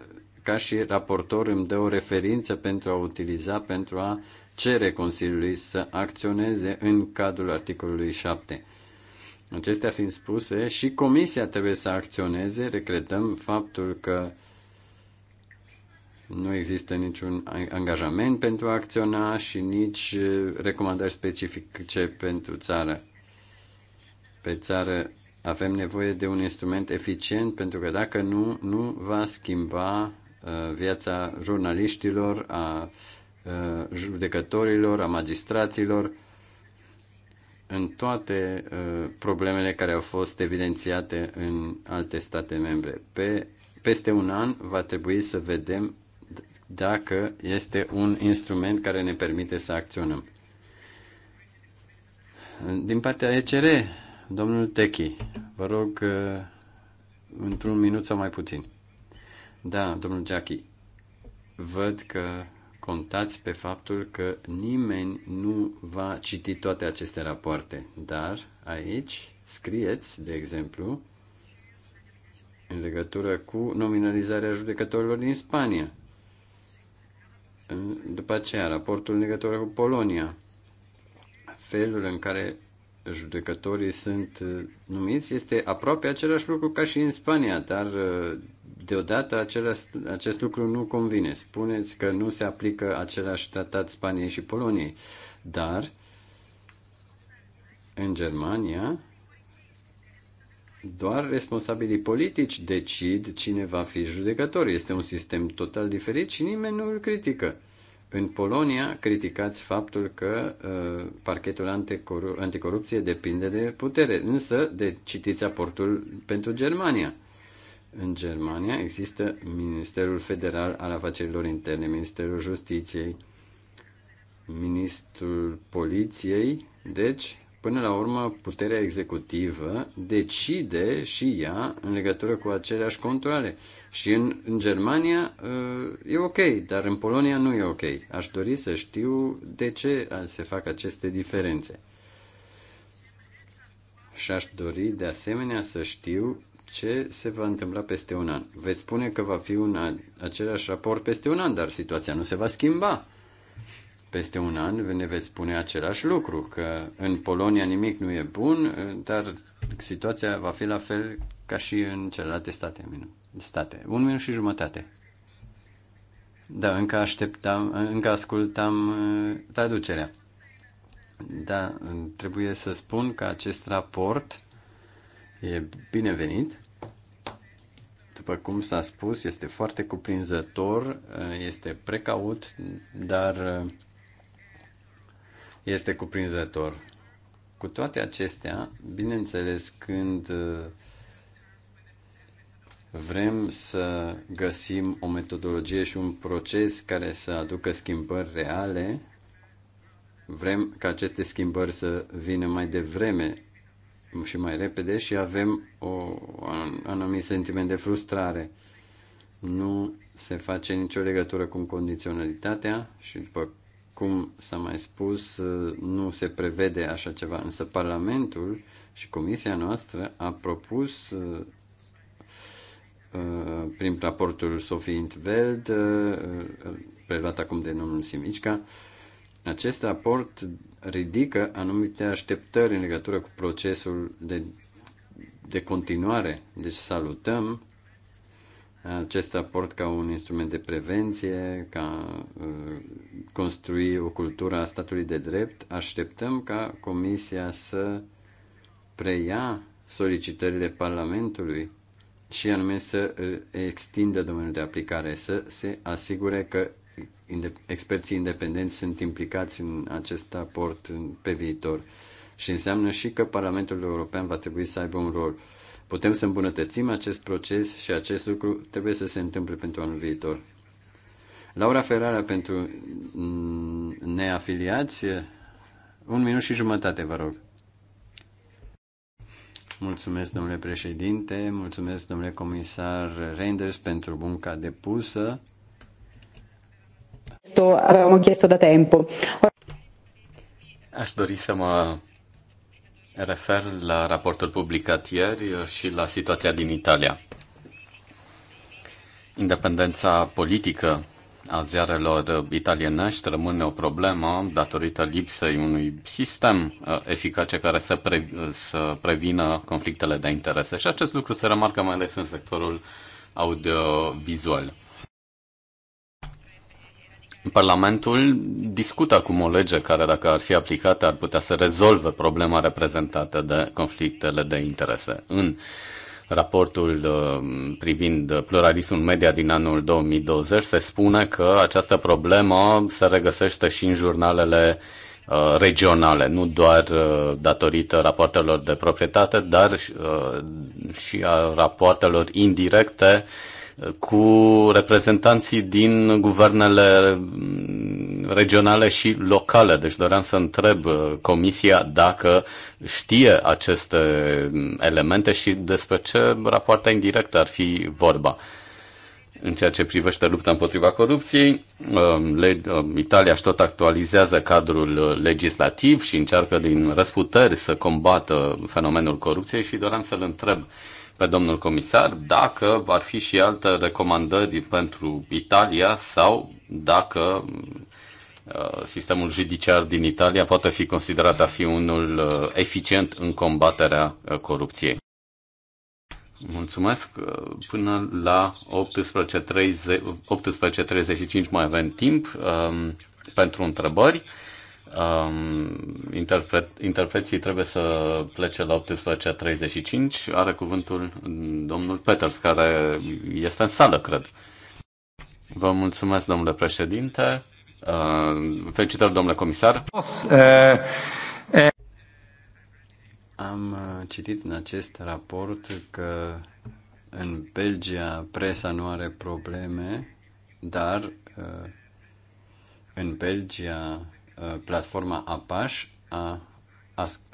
ca și raportor îmi dă o referință pentru a utiliza, pentru a cere Consiliului să acționeze în cadrul articolului 7. Acestea fiind spuse, și Comisia trebuie să acționeze, recretăm faptul că nu există niciun angajament pentru a acționa și nici recomandări specifice pentru țară. Pe țară avem nevoie de un instrument eficient pentru că dacă nu, nu va schimba viața jurnaliștilor, a judecătorilor, a magistraților, în toate problemele care au fost evidențiate în alte state membre. Pe, peste un an va trebui să vedem dacă este un instrument care ne permite să acționăm. Din partea ECR, domnul Techi, vă rog uh, într-un minut sau mai puțin. Da, domnul Jackie, văd că contați pe faptul că nimeni nu va citi toate aceste rapoarte, dar aici scrieți, de exemplu, în legătură cu nominalizarea judecătorilor din Spania. După aceea, raportul în cu Polonia, felul în care judecătorii sunt uh, numiți este aproape același lucru ca și în Spania, dar uh, deodată același, acest lucru nu convine. Spuneți că nu se aplică același tratat Spaniei și Poloniei, dar în Germania doar responsabilii politici decid cine va fi judecător. Este un sistem total diferit și nimeni nu îl critică. În Polonia criticați faptul că uh, parchetul anticoru- anticorupție depinde de putere, însă de citiți aportul pentru Germania. În Germania există Ministerul Federal al Afacerilor Interne, Ministerul Justiției, Ministrul Poliției, deci Până la urmă, puterea executivă decide și ea în legătură cu aceleași controle. Și în, în Germania uh, e ok, dar în Polonia nu e ok. Aș dori să știu de ce se fac aceste diferențe. Și aș dori de asemenea să știu ce se va întâmpla peste un an. Veți spune că va fi un același raport peste un an, dar situația nu se va schimba peste un an ne veți spune același lucru, că în Polonia nimic nu e bun, dar situația va fi la fel ca și în celelalte state. state. Un minut și jumătate. Da, încă așteptam, încă ascultam uh, traducerea. Da, trebuie să spun că acest raport e binevenit. După cum s-a spus, este foarte cuprinzător, uh, este precaut, dar uh, este cuprinzător. Cu toate acestea, bineînțeles, când uh, vrem să găsim o metodologie și un proces care să aducă schimbări reale, vrem ca aceste schimbări să vină mai devreme și mai repede și avem o, un anumit sentiment de frustrare. Nu se face nicio legătură cu condiționalitatea și după cum s-a mai spus, nu se prevede așa ceva, însă Parlamentul și Comisia noastră a propus uh, prin raportul Sophie Intveld, uh, preluat acum de domnul Simicca, acest raport ridică anumite așteptări în legătură cu procesul de, de continuare. Deci salutăm acest raport ca un instrument de prevenție, ca uh, construi o cultură a statului de drept, așteptăm ca Comisia să preia solicitările Parlamentului și anume să extindă domeniul de aplicare, să se asigure că experții independenți sunt implicați în acest raport pe viitor. Și înseamnă și că Parlamentul European va trebui să aibă un rol. Putem să îmbunătățim acest proces și acest lucru trebuie să se întâmple pentru anul viitor. Laura Ferrara pentru neafiliați, un minut și jumătate, vă rog. Mulțumesc, domnule președinte, mulțumesc, domnule comisar Reinders, pentru munca depusă. Avevamo chiesto de timp. Aș dori să mă refer la raportul publicat ieri și la situația din Italia. Independența politică a ziarelor italienești rămâne o problemă datorită lipsei unui sistem uh, eficace care să, pre- uh, să prevină conflictele de interese. Și acest lucru se remarcă mai ales în sectorul audiovizual. Parlamentul discută acum o lege care, dacă ar fi aplicată, ar putea să rezolve problema reprezentată de conflictele de interese. În raportul uh, privind pluralismul media din anul 2020 se spune că această problemă se regăsește și în jurnalele uh, regionale, nu doar uh, datorită rapoartelor de proprietate, dar și a rapoartelor indirecte cu reprezentanții din guvernele regionale și locale. Deci doream să întreb uh, Comisia dacă știe aceste elemente și despre ce rapoarte indirect ar fi vorba. În ceea ce privește lupta împotriva corupției, um, um, Italia își tot actualizează cadrul legislativ și încearcă din răsputeri să combată fenomenul corupției și doream să-l întreb pe domnul comisar dacă ar fi și alte recomandări pentru Italia sau dacă uh, sistemul judiciar din Italia poate fi considerat a fi unul uh, eficient în combaterea uh, corupției. Mulțumesc. Până la 18.30, 18.35 mai avem timp um, pentru întrebări. Um, interpre- interpreții trebuie să plece la 18.35. Are cuvântul domnul Peters, care este în sală, cred. Vă mulțumesc, domnule președinte. Uh, felicitări, domnule comisar. Am uh, citit în acest raport că în Belgia presa nu are probleme, dar uh, în Belgia Uh, platforma Apache a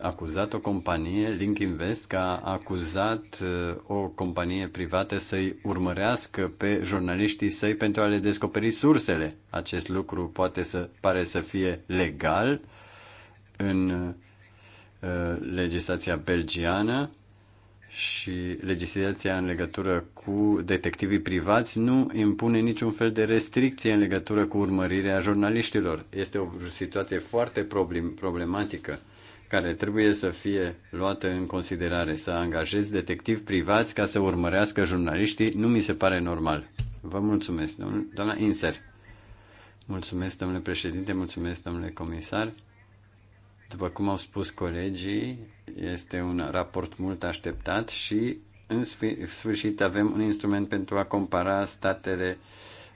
acuzat o companie, Link Invest, că a acuzat uh, o companie privată să-i urmărească pe jurnaliștii săi pentru a le descoperi sursele. Acest lucru poate să pare să fie legal în uh, legislația belgiană, și legislația în legătură cu detectivii privați nu impune niciun fel de restricție în legătură cu urmărirea jurnaliștilor. Este o situație foarte problematică care trebuie să fie luată în considerare. Să angajezi detectivi privați ca să urmărească jurnaliștii nu mi se pare normal. Vă mulțumesc, doamna Inser. Mulțumesc, domnule președinte, mulțumesc, domnule comisar. După cum au spus colegii, este un raport mult așteptat și în sfârșit avem un instrument pentru a compara statele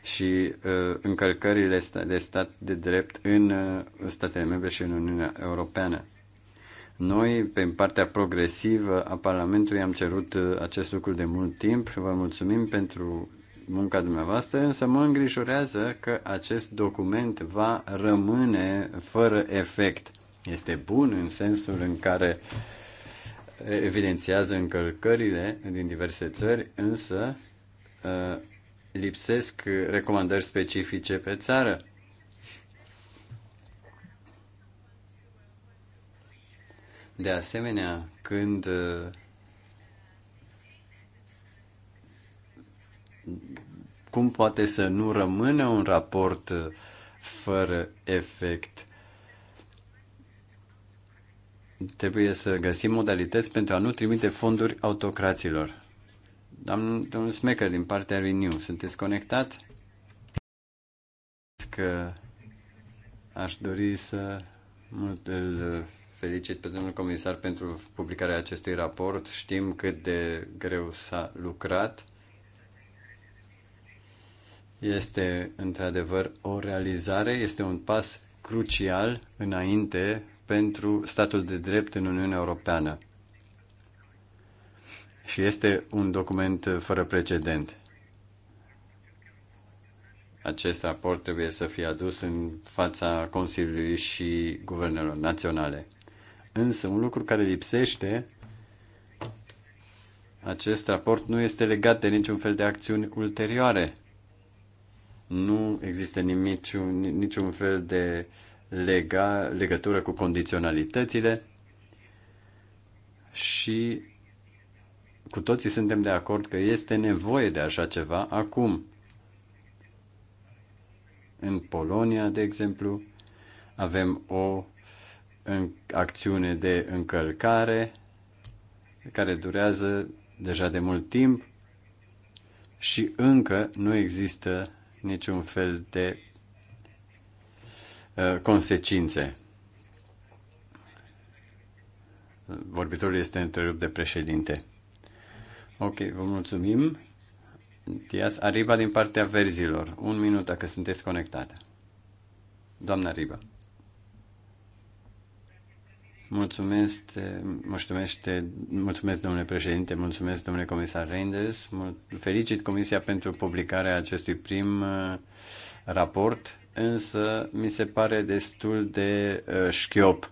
și uh, încălcările de stat de drept în uh, statele membre și în Uniunea Europeană. Noi, pe partea progresivă a Parlamentului, am cerut uh, acest lucru de mult timp. Vă mulțumim pentru munca dumneavoastră, însă mă îngrijorează că acest document va rămâne fără efect. Este bun în sensul în care evidențiază încălcările din diverse țări, însă uh, lipsesc recomandări specifice pe țară. De asemenea, când uh, cum poate să nu rămână un raport uh, fără efect? Trebuie să găsim modalități pentru a nu trimite fonduri autocraților. Domnul Smecker, din partea Renew, sunteți conectat? Că aș dori să îl felicit pe domnul comisar pentru publicarea acestui raport. Știm cât de greu s-a lucrat. Este într-adevăr o realizare, este un pas crucial înainte pentru statul de drept în Uniunea Europeană. Și este un document fără precedent. Acest raport trebuie să fie adus în fața Consiliului și guvernelor naționale. Însă, un lucru care lipsește, acest raport nu este legat de niciun fel de acțiuni ulterioare. Nu există nimic, niciun fel de uh, lega, legătură cu condiționalitățile și cu toții suntem de acord că este nevoie de așa ceva acum. În Polonia, de exemplu, avem o acțiune de încălcare care durează deja de mult timp și încă nu există niciun fel de Uh, consecințe. Vorbitorul este întrerupt de președinte. Ok, vă mulțumim. Tias Ariba din partea verzilor. Un minut dacă sunteți conectate. Doamna Ariba. Mulțumesc, mulțumesc, mulțumesc, domnule președinte, mulțumesc, domnule comisar Reinders, felicit Comisia pentru publicarea acestui prim uh, raport însă mi se pare destul de uh, șchiop,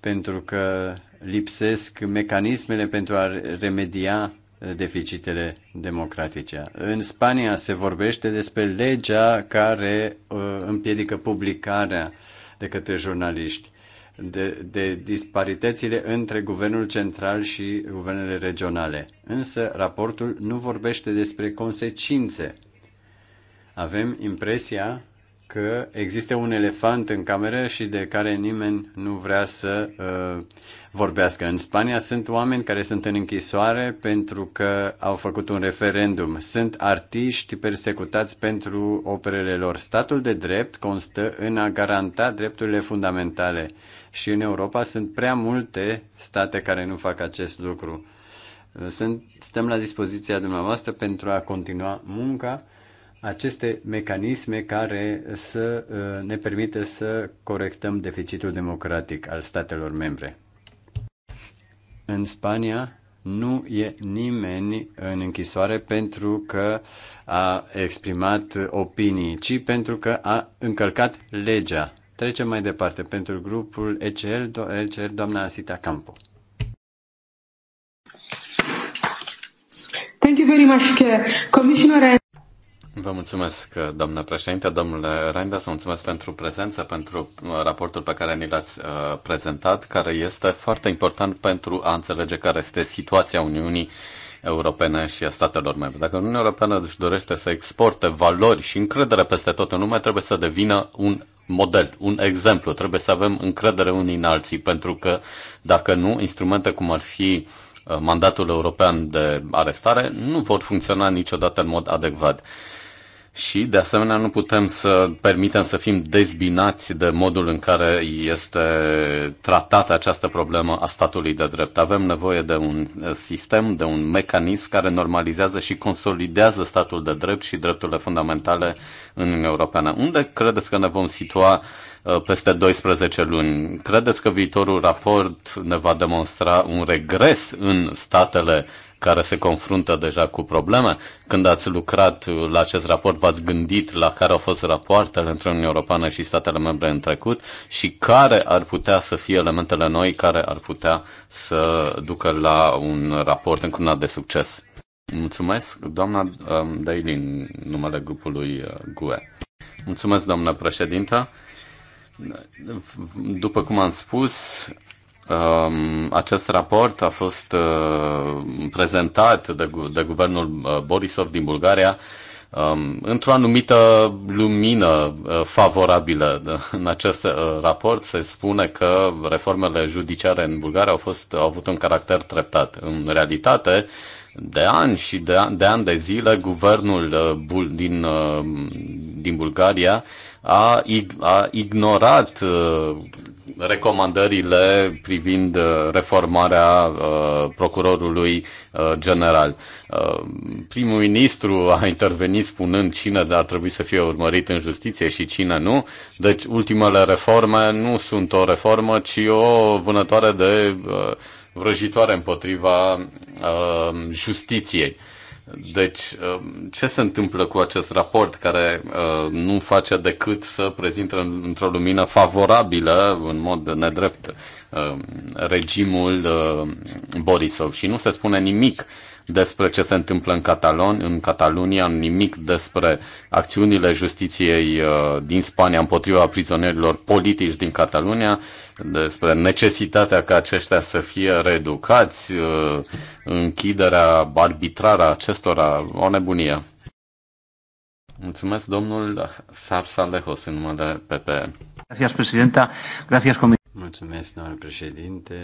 pentru că lipsesc mecanismele pentru a remedia uh, deficitele democratice. În Spania se vorbește despre legea care uh, împiedică publicarea de către jurnaliști, de, de disparitățile între guvernul central și guvernele regionale. Însă raportul nu vorbește despre consecințe. Avem impresia că există un elefant în cameră și de care nimeni nu vrea să uh, vorbească. În Spania sunt oameni care sunt în închisoare pentru că au făcut un referendum. Sunt artiști persecutați pentru operele lor. Statul de drept constă în a garanta drepturile fundamentale. Și în Europa sunt prea multe state care nu fac acest lucru. Sunt, stăm la dispoziția dumneavoastră pentru a continua munca aceste mecanisme care să uh, ne permită să corectăm deficitul democratic al statelor membre. În Spania nu e nimeni în închisoare pentru că a exprimat opinii, ci pentru că a încălcat legea. Trecem mai departe pentru grupul ECL, do- ECL doamna Asita Campo. Thank you very much, Commissioner. Vă mulțumesc, doamnă președinte, domnule Reinda, să mulțumesc pentru prezență, pentru uh, raportul pe care ni l-ați uh, prezentat, care este foarte important pentru a înțelege care este situația Uniunii Europene și a statelor membre. Dacă Uniunea Europeană își dorește să exporte valori și încredere peste tot în lume, trebuie să devină un model, un exemplu. Trebuie să avem încredere unii în alții, pentru că dacă nu, instrumente cum ar fi uh, mandatul european de arestare nu vor funcționa niciodată în mod adecvat și, de asemenea, nu putem să permitem să fim dezbinați de modul în care este tratată această problemă a statului de drept. Avem nevoie de un eh, sistem, de un mecanism care normalizează și consolidează statul de drept și drepturile fundamentale în Uniunea Europeană. Unde credeți că ne vom situa eh, peste 12 luni? Credeți că viitorul raport ne va demonstra un regres în statele care se confruntă deja cu probleme? Când ați lucrat la acest raport, v-ați gândit la care au fost rapoartele între Uniunea Europeană și statele membre în trecut și care ar putea să fie elementele noi care ar putea să ducă la un raport încunat de succes? Mulțumesc, doamna um, Dailin, numele grupului uh, GUE. Mulțumesc, doamnă președintă. După cum am spus, Um, acest raport a fost uh, prezentat de, de guvernul uh, Borisov din Bulgaria um, într-o anumită lumină uh, favorabilă. În acest raport se spune că reformele judiciare în Bulgaria au, fost, au avut un caracter treptat. În realitate, de ani și de, an, de ani de zile, guvernul din, din Bulgaria a, a ignorat recomandările privind uh, reformarea uh, procurorului uh, general. Primul ministru a intervenit spunând cine ar trebui să fie urmărit în justiție și cine nu. Deci ultimele reforme nu sunt o reformă, ci o vânătoare de vrăjitoare împotriva justiției. Deci, um, ce se întâmplă cu acest raport care uh, nu face decât să prezinte într-o lumină favorabilă, în mod nedrept, um, regimul uh, Borisov și nu se spune nimic despre ce se întâmplă în, Catalon, în Catalunia, nimic despre acțiunile justiției uh, din Spania împotriva prizonierilor politici din Catalunia despre necesitatea ca aceștia să fie reeducați, uh, închiderea arbitrară a acestora, o nebunie. Mulțumesc, domnul Sarsalehos, în numele PPE. Gracias, presidenta. Gracias, Mulțumesc, domnule președinte.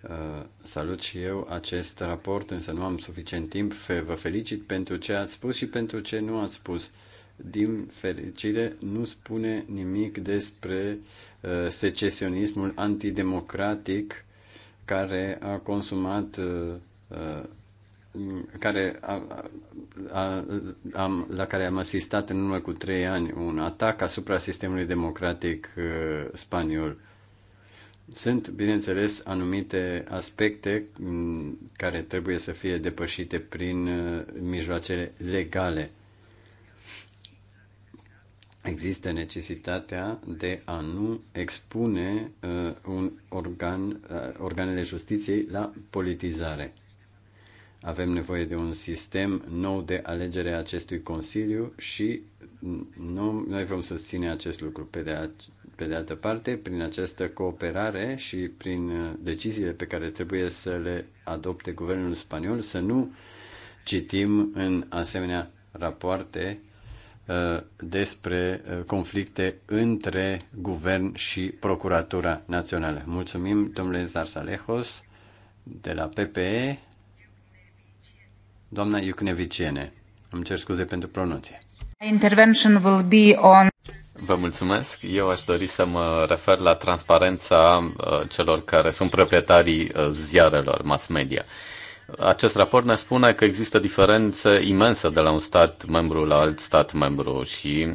Uh, salut și eu acest raport, însă nu am suficient timp. Vă felicit pentru ce ați spus și pentru ce nu ați spus din fericire, nu spune nimic despre uh, secesionismul antidemocratic care a consumat, uh, uh care a, a, a, la care am asistat în urmă cu trei ani, un atac asupra sistemului democratic uh, spaniol. Sunt, bineînțeles, anumite aspecte mm, care trebuie să fie depășite prin uh, mijloacele legale există necesitatea de a nu expune uh, un organ, uh, organele justiției la politizare. Avem nevoie de un sistem nou de alegere a acestui Consiliu și nu, noi vom susține acest lucru. Pe de, a, pe de altă parte, prin această cooperare și prin uh, deciziile pe care trebuie să le adopte guvernul spaniol, să nu citim în asemenea rapoarte uh, Uh, despre uh, conflicte între guvern și Procuratura Națională. Mulțumim, domnule Zarsalehos, de la PPE, doamna Iucneviciene. Îmi cer scuze pentru pronunție. Intervention will be on... Vă mulțumesc. Eu aș dori să mă refer la transparența uh, celor care sunt proprietarii ziarelor mass media. Acest raport ne spune că există diferențe imense de la un stat membru la alt stat membru și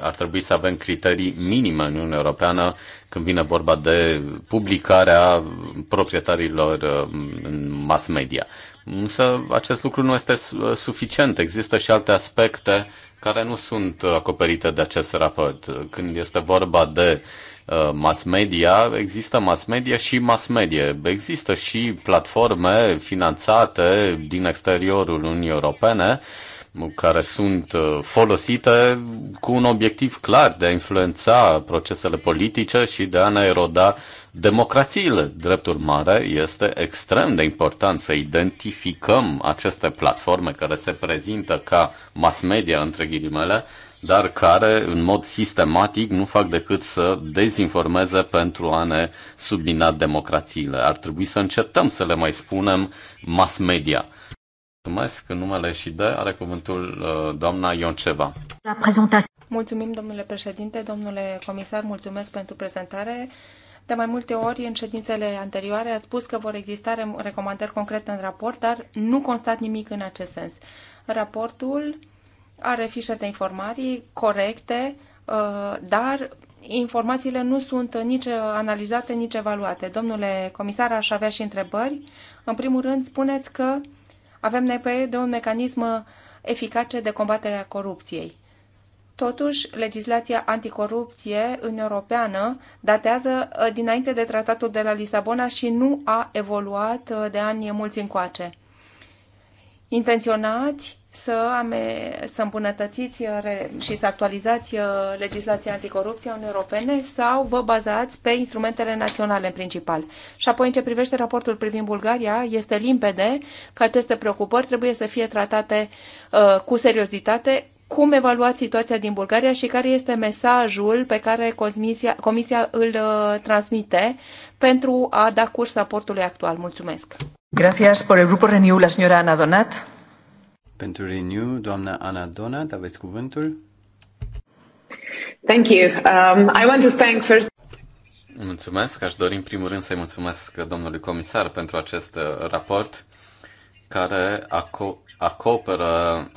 ar trebui să avem criterii minime în Uniunea Europeană când vine vorba de publicarea proprietarilor uh, în mass media. Însă acest lucru nu este uh, suficient. Există și alte aspecte care nu sunt acoperite de acest raport. Când este vorba de uh, Uh, mass media, există mass media și mass media. Există și platforme finanțate din exteriorul Uniunii Europene care sunt uh, folosite cu un obiectiv clar de a influența procesele politice și de a ne eroda democrațiile. Drept urmare, este extrem de important să identificăm aceste platforme care se prezintă ca mass media, între ghilimele, dar care în mod sistematic nu fac decât să dezinformeze pentru a ne submina democrațiile. Ar trebui să încetăm să le mai spunem mass media. Mulțumesc. În numele și de are cuvântul uh, doamna Ionceva. La Mulțumim, domnule președinte, domnule comisar, mulțumesc pentru prezentare. De mai multe ori, în ședințele anterioare, ați spus că vor exista recomandări concrete în raport, dar nu constat nimic în acest sens. Raportul are fișe de informații corecte, uh, dar informațiile nu sunt nici uh, analizate, nici evaluate. Domnule comisar, aș avea și întrebări. În primul rând, spuneți că avem nevoie de un mecanism eficace de combatere a corupției. Totuși, legislația anticorupție în europeană datează uh, dinainte de tratatul de la Lisabona și nu a evoluat de ani mulți încoace. Intenționați să, ame, să îmbunătățiți uh, și să actualizați uh, legislația anticorupție în Europene sau vă bazați pe instrumentele naționale în principal? Și apoi, în ce privește raportul privind Bulgaria, este limpede că aceste preocupări trebuie să fie tratate uh, cu seriozitate. Cum evaluați situația din Bulgaria și care este mesajul pe care Comisia, comisia îl uh, transmite pentru a da curs raportului actual? Mulțumesc! Gracias por el grupo Renew, la señora Ana Donat. Pentru Renew, doamna Ana Donat, aveți cuvântul. Thank you. Um, I want to thank first... Mulțumesc. Aș dori în primul rând să-i mulțumesc domnului comisar pentru acest uh, raport care aco- acoperă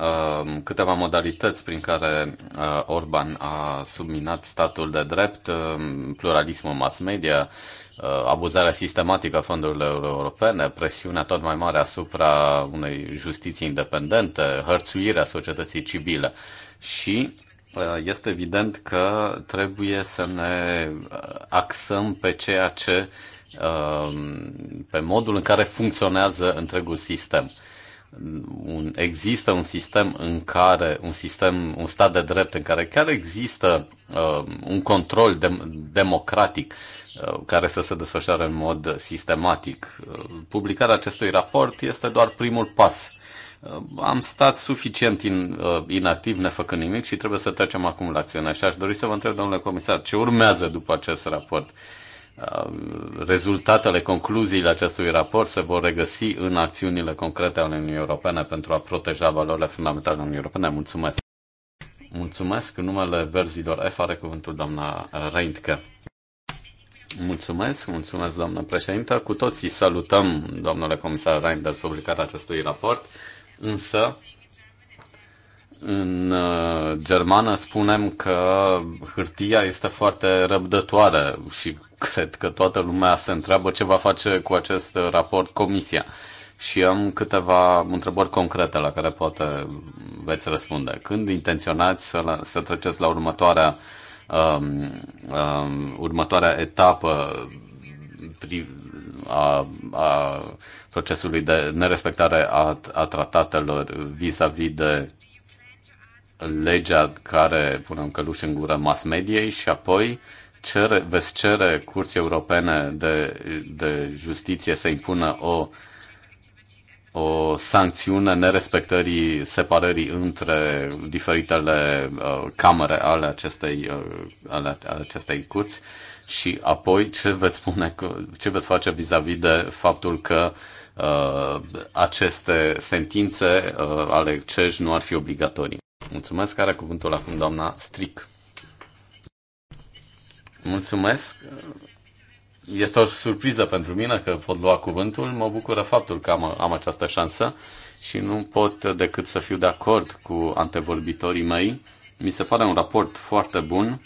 uh, câteva modalități prin care uh, Orban a subminat statul de drept, uh, pluralismul mass media, Uh, abuzarea sistematică a fondurilor europene, presiunea tot mai mare asupra unei justiții independente, hărțuirea societății civile. Și uh, este evident că trebuie să ne uh, axăm pe ceea ce pe modul în care funcționează întregul sistem. Un, există un sistem în care, un sistem, un stat de drept în care chiar există uh, un control de, democratic uh, Uh, care să se desfășoare în mod sistematic. Uh, publicarea acestui raport este doar primul pas. Uh, am stat suficient in, inactiv, nefăcând nimic și trebuie să trecem acum la acțiune. Și aș dori să vă întreb, domnule comisar, ce urmează după acest raport? Rezultatele, concluziile acestui raport se vor regăsi în acțiunile concrete ale Uniunii Europene pentru a proteja valorile fundamentale ale Uniunii Europene. Mulțumesc! Mulțumesc în numele verzilor F are cuvântul doamna Reintke. Mulțumesc, mulțumesc, doamnă președintă. Cu toții salutăm, domnule comisar Reinders, publicarea acestui raport, însă în uh, germană spunem că hârtia este foarte răbdătoare și cred că toată lumea se întreabă ce va face cu acest raport comisia. Și am câteva întrebări concrete la care poate veți răspunde. Când intenționați să, să treceți la următoarea uh, um, um, următoarea etapă a, a procesului de nerespectare a, a tratatelor vis-a-vis -vis de legea care pune un căluș în gură mass mediei și apoi cere, veți cere Curții Europene de, de Justiție să impună o o sancțiune nerespectării separării între diferitele uh, camere ale acestei, uh, ale, ale acestei curți și apoi ce veți, spune, ce veți face vis-a-vis -vis de faptul că uh, aceste sentințe uh, ale CEJ nu ar fi obligatorii. Mulțumesc, are cuvântul acum doamna Stric. Mulțumesc este o surpriză pentru mine că pot lua cuvântul. Mă bucură faptul că am, am această șansă și nu pot decât să fiu de acord cu antevorbitorii mei. Mi se pare un raport foarte bun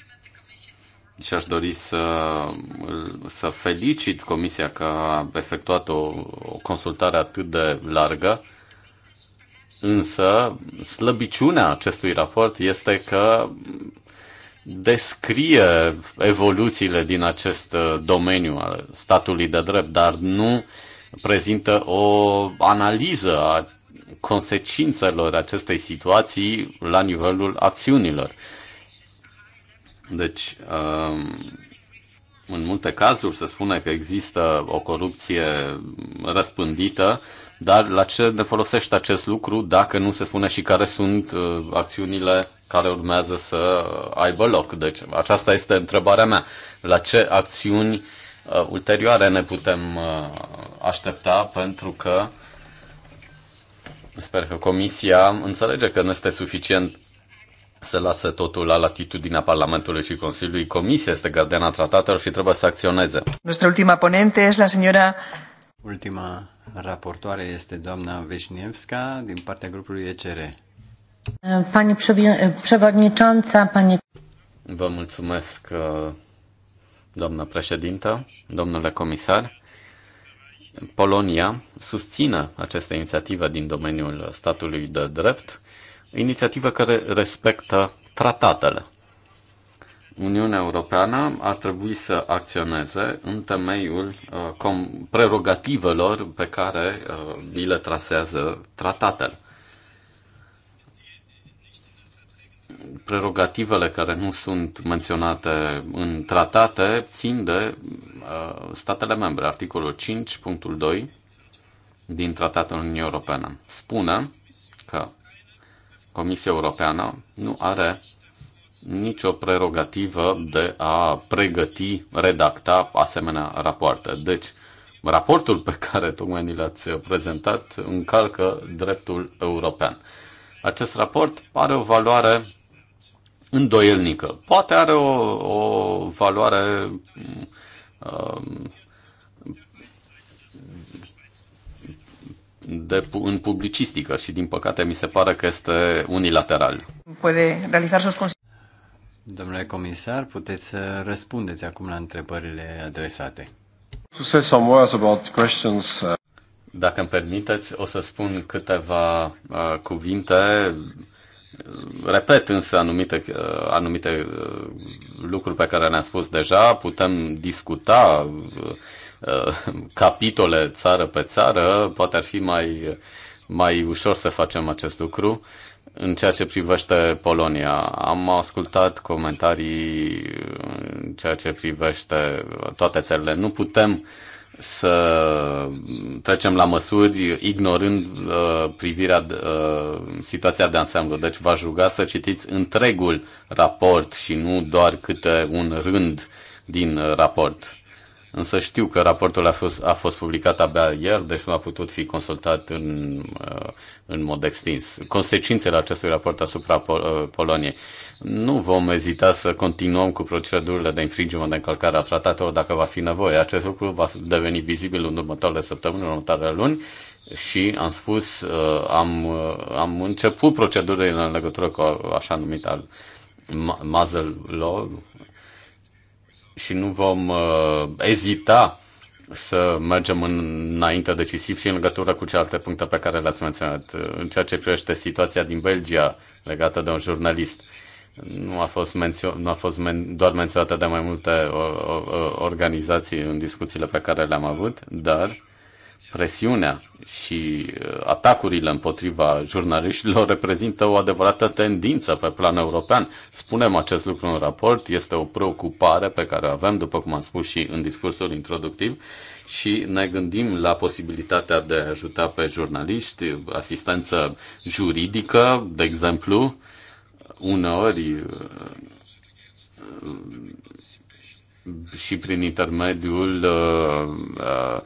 și aș dori să, să felicit Comisia că a efectuat o, o consultare atât de largă. Însă, slăbiciunea acestui raport este că descrie evoluțiile din acest uh, domeniu al statului de drept, dar nu prezintă o analiză a consecințelor acestei situații la nivelul acțiunilor. Deci, um, în multe cazuri se spune că există o corupție răspândită, dar la ce ne folosește acest lucru dacă nu se spune și care sunt uh, acțiunile care urmează să aibă loc. Deci aceasta este întrebarea mea. La ce acțiuni uh, ulterioare ne putem uh, aștepta pentru că sper că Comisia înțelege că nu este suficient să lasă totul la latitudinea Parlamentului și Consiliului. Comisia este gardiana tratatelor și trebuie să acționeze. Nuestra ultima ponente este la señora Ultima raportoare este doamna Veșnievska din partea grupului ECR. Pani Przewodnicząca, Pani... Vă mulțumesc, uh, doamnă președintă, domnule comisar. Polonia susține această inițiativă din domeniul statului de drept, inițiativă care respectă tratatele. Uniunea Europeană ar trebui să acționeze în temeiul uh, prerogativelor pe care uh, le trasează tratatele. prerogativele care nu sunt menționate în tratate țin de uh, statele membre. Articolul 5.2 din Tratatul Uniunii Europene spune că Comisia Europeană nu are nicio prerogativă de a pregăti, redacta asemenea rapoarte. Deci, raportul pe care tocmai ni l-ați prezentat încalcă dreptul european. Acest raport are o valoare îndoielnică. Poate are o, o valoare um, de, în publicistică și din păcate mi se pare că este unilateral. Domnule comisar, puteți să răspundeți acum la întrebările adresate. Uh, Dacă îmi permiteți, o să spun câteva uh, cuvinte Repet însă anumite, uh, anumite uh, lucruri pe care ne am spus deja, putem discuta uh, capitole țară pe țară, poate ar fi mai, mai ușor să facem acest lucru. În ceea ce privește Polonia, am ascultat comentarii în ceea ce privește toate țările. Nu putem uh, să trecem la măsuri ignorând uh, privirea uh, situația de ansamblu. Deci v-aș ruga să citiți întregul raport și nu doar câte un rând din uh, raport însă știu că raportul a fost, a fost publicat abia ieri, deci nu a putut fi consultat în, uh, în mod extins. Consecințele acestui raport asupra Pol- uh, Poloniei. Nu vom ezita să continuăm cu procedurile de infringement de încălcare a tratatelor dacă va fi nevoie. Acest lucru va deveni vizibil în următoarele săptămâni, în următoarele luni și am spus, uh, am, am început procedurile în legătură cu așa numit al Mazel Law, și nu vom uh, ezita să mergem înainte decisiv și în legătură cu celelalte puncte pe care le-ați menționat. Uh, în ceea ce privește situația din Belgia legată de un jurnalist, nu a fost, mențio- nu a fost men- doar menționată de mai multe o- o- organizații în discuțiile pe care le-am avut, dar presiunea și uh, atacurile împotriva jurnaliștilor reprezintă o adevărată tendință pe plan european. Spunem acest lucru în raport, este o preocupare pe care o avem, după cum am spus și în discursul introductiv, și ne gândim la posibilitatea de a ajuta pe jurnaliști, asistență juridică, de exemplu, uneori uh, și prin intermediul uh, uh,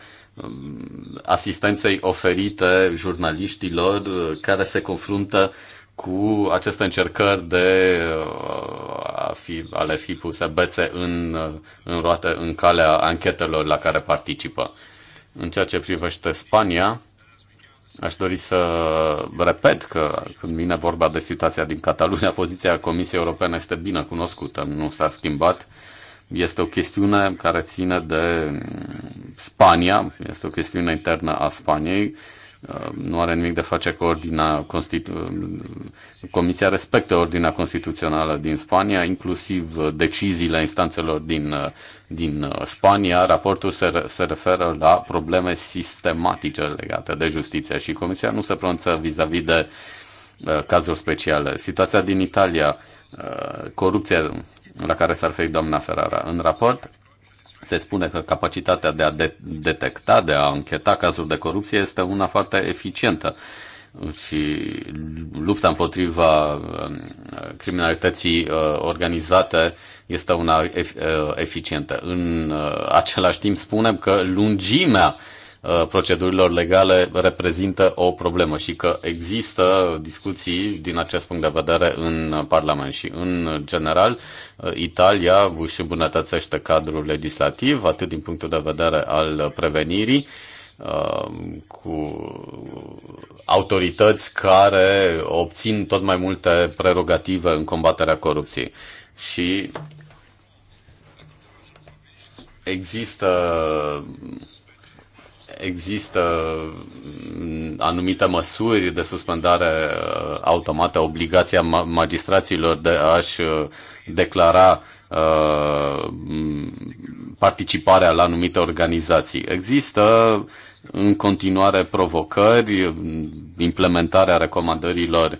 asistenței oferite jurnaliștilor care se confruntă cu aceste încercări de uh, a, fi, a le fi puse bețe în, uh, în roate în calea anchetelor la care participă. În ceea ce privește Spania, aș dori să repet că când vine vorba de situația din Catalunia, poziția Comisiei Europene este bine cunoscută, nu s-a schimbat este o chestiune care ține de Spania, este o chestiune internă a Spaniei, uh, nu are nimic de face cu ordinea Constitu- uh, Comisia respectă ordinea constituțională din Spania, inclusiv uh, deciziile instanțelor din, din Spania. Raportul se, se referă la probleme sistematice legate de justiție și Comisia nu se pronunță vis-a-vis de uh, cazuri speciale. Situația din Italia, uh, corupția la care s-ar fi doamna Ferrara. În raport se spune că capacitatea de a de- detecta, de a încheta cazuri de corupție este una foarte eficientă și lupta împotriva um, criminalității uh, organizate este una uh, eficientă. În uh, același timp spunem că lungimea Uh, procedurilor legale reprezintă o problemă și că există discuții din acest punct de vedere în Parlament și în general uh, Italia își îmbunătățește cadrul legislativ atât din punctul de vedere al prevenirii uh, cu autorități care obțin tot mai multe prerogative în combaterea corupției. Și există există mm, anumite măsuri de suspendare uh, automată, obligația magistraților de a-și uh, declara uh, mm, participarea la anumite organizații. Există în continuare provocări, mm, implementarea recomandărilor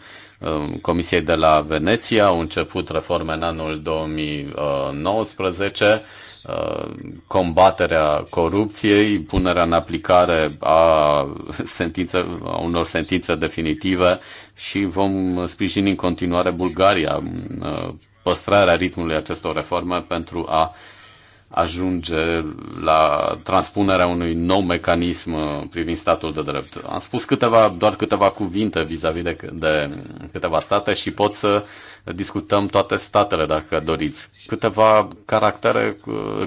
Comisiei de la Veneția, au început reforme în anul 2019 combaterea corupției, punerea în aplicare a, sentință, a unor sentințe definitive și vom sprijini în continuare Bulgaria uh, păstrarea ritmului acestor reforme pentru a ajunge la transpunerea unui nou mecanism uh, privind statul de drept. Am spus câteva, doar câteva cuvinte vis-a-vis -vis de, de câteva state și pot să uh, discutăm toate statele, dacă doriți. Câteva caractere,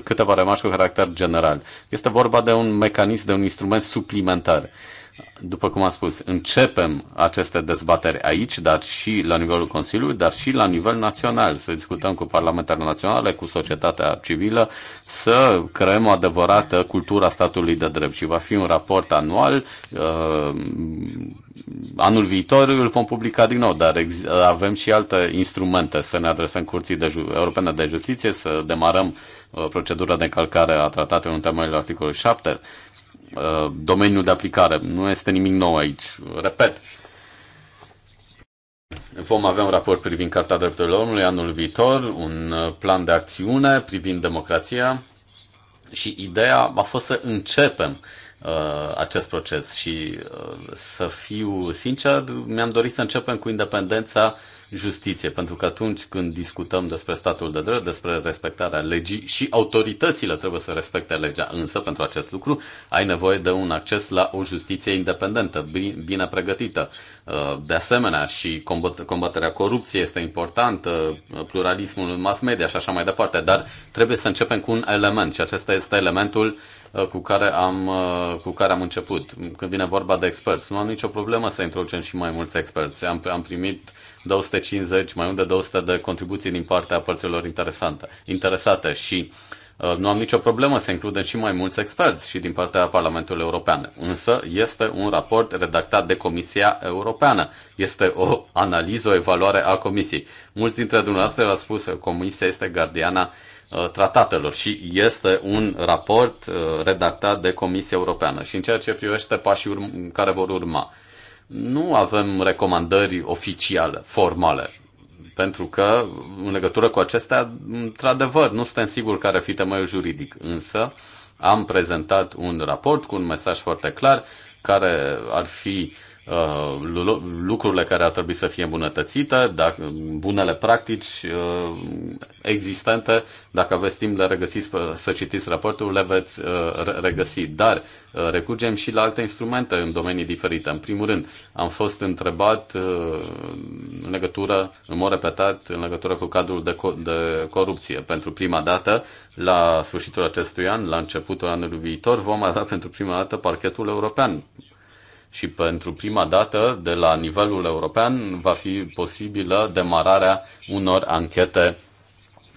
câteva remarci cu caracter general. Este vorba de un mecanism, de un instrument suplimentar după cum am spus, începem aceste dezbateri aici, dar și la nivelul Consiliului, dar și la nivel național, să discutăm cu parlamentele naționale, cu societatea civilă, să creăm o adevărată cultură a statului de drept și va fi un raport anual. Uh, anul viitor îl vom publica din nou, dar avem și alte instrumente să ne adresăm Curții de Ju- Europene de Justiție, să demarăm uh, procedura de încălcare a tratatelor în temeiul articolului 7 Uh, domeniul de aplicare. Nu este nimic nou aici. Repet, Vom avea un raport privind Carta Drepturilor Omului anul viitor, un uh, plan de acțiune privind democrația și ideea a fost să începem uh, acest proces și uh, să fiu sincer, mi-am dorit să începem cu independența justiție, pentru că atunci când discutăm despre statul de drept, despre respectarea legii și autoritățile trebuie să respecte legea, însă pentru acest lucru ai nevoie de un acces la o justiție independentă, bine pregătită. Uh, de asemenea, și combaterea corupției este importantă, uh, pluralismul în mass media și așa mai departe, dar trebuie să începem cu un element și acesta este elementul uh, cu care am, cu care am început. Când vine vorba de experți, nu am nicio problemă să introducem și mai mulți experți. Am, am primit 250, mai mult de 200 de contribuții din partea părților interesante, interesate și uh, nu am nicio problemă să includem și mai mulți experți și din partea Parlamentului European. Însă este un raport redactat de Comisia Europeană. Este o analiză, o evaluare a Comisiei. Mulți dintre dumneavoastră au spus că Comisia este gardiana uh, tratatelor și este un raport uh, redactat de Comisia Europeană. Și în ceea ce privește pașii care vor urma, nu avem recomandări oficiale, formale, pentru că în legătură cu acestea, într-adevăr, nu suntem siguri care ar fi temeiul juridic, însă am prezentat un raport cu un mesaj foarte clar care ar fi uh, Uh, lucrurile care ar trebui să fie îmbunătățite, dacă, bunele practici uh, existente. Dacă aveți timp le regăsiți, să citiți raportul, le veți uh, regăsi. Dar recurgem și la alte instrumente în domenii diferite. În primul rând, am fost întrebat în legătură, în mod repetat, în legătură cu cadrul de, co- de corupție. Pentru prima dată, la sfârșitul acestui an, la începutul anului viitor, vom avea pentru prima dată parchetul european și pentru prima dată, de la nivelul european, va fi posibilă demararea unor anchete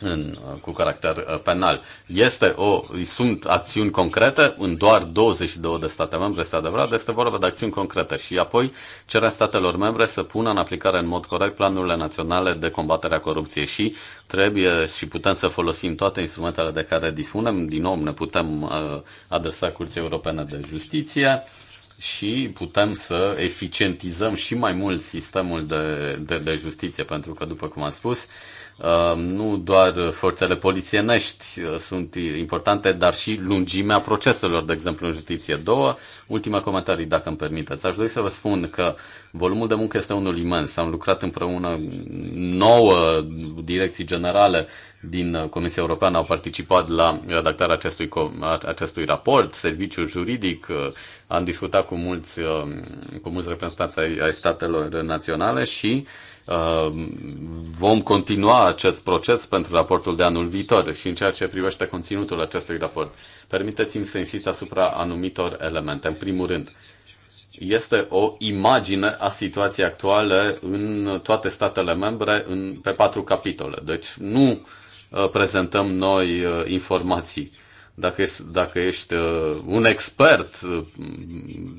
în, cu caracter uh, penal. Este o, sunt acțiuni concrete în doar 22 de state membre, este adevărat, este vorba de acțiuni concrete și apoi cerem statelor membre să pună în aplicare în mod corect planurile naționale de combatere a corupției și trebuie și putem să folosim toate instrumentele de care dispunem. Din nou ne putem uh, adresa Curții Europene de Justiție și putem să eficientizăm și mai mult sistemul de, de, de justiție, pentru că, după cum am spus, uh, nu doar forțele polițienești uh, sunt importante, dar și lungimea proceselor, de exemplu, în justiție. Două ultime comentarii, dacă îmi permiteți. Aș dori să vă spun că volumul de muncă este unul imens. Am lucrat împreună nouă direcții generale din uh, Comisia Europeană au participat la redactarea acestui, acestui raport, serviciul juridic, uh, am discutat cu mulți, um, cu mulți reprezentanți ai, ai statelor naționale și uh, vom continua acest proces pentru raportul de anul viitor și în ceea ce privește conținutul acestui raport. Permiteți-mi să insist asupra anumitor elemente. În primul rând, este o imagine a situației actuale în toate statele membre în, pe patru capitole. Deci nu uh, Uh, prezentăm noi uh, informații. Dacă ești, dacă ești uh, un expert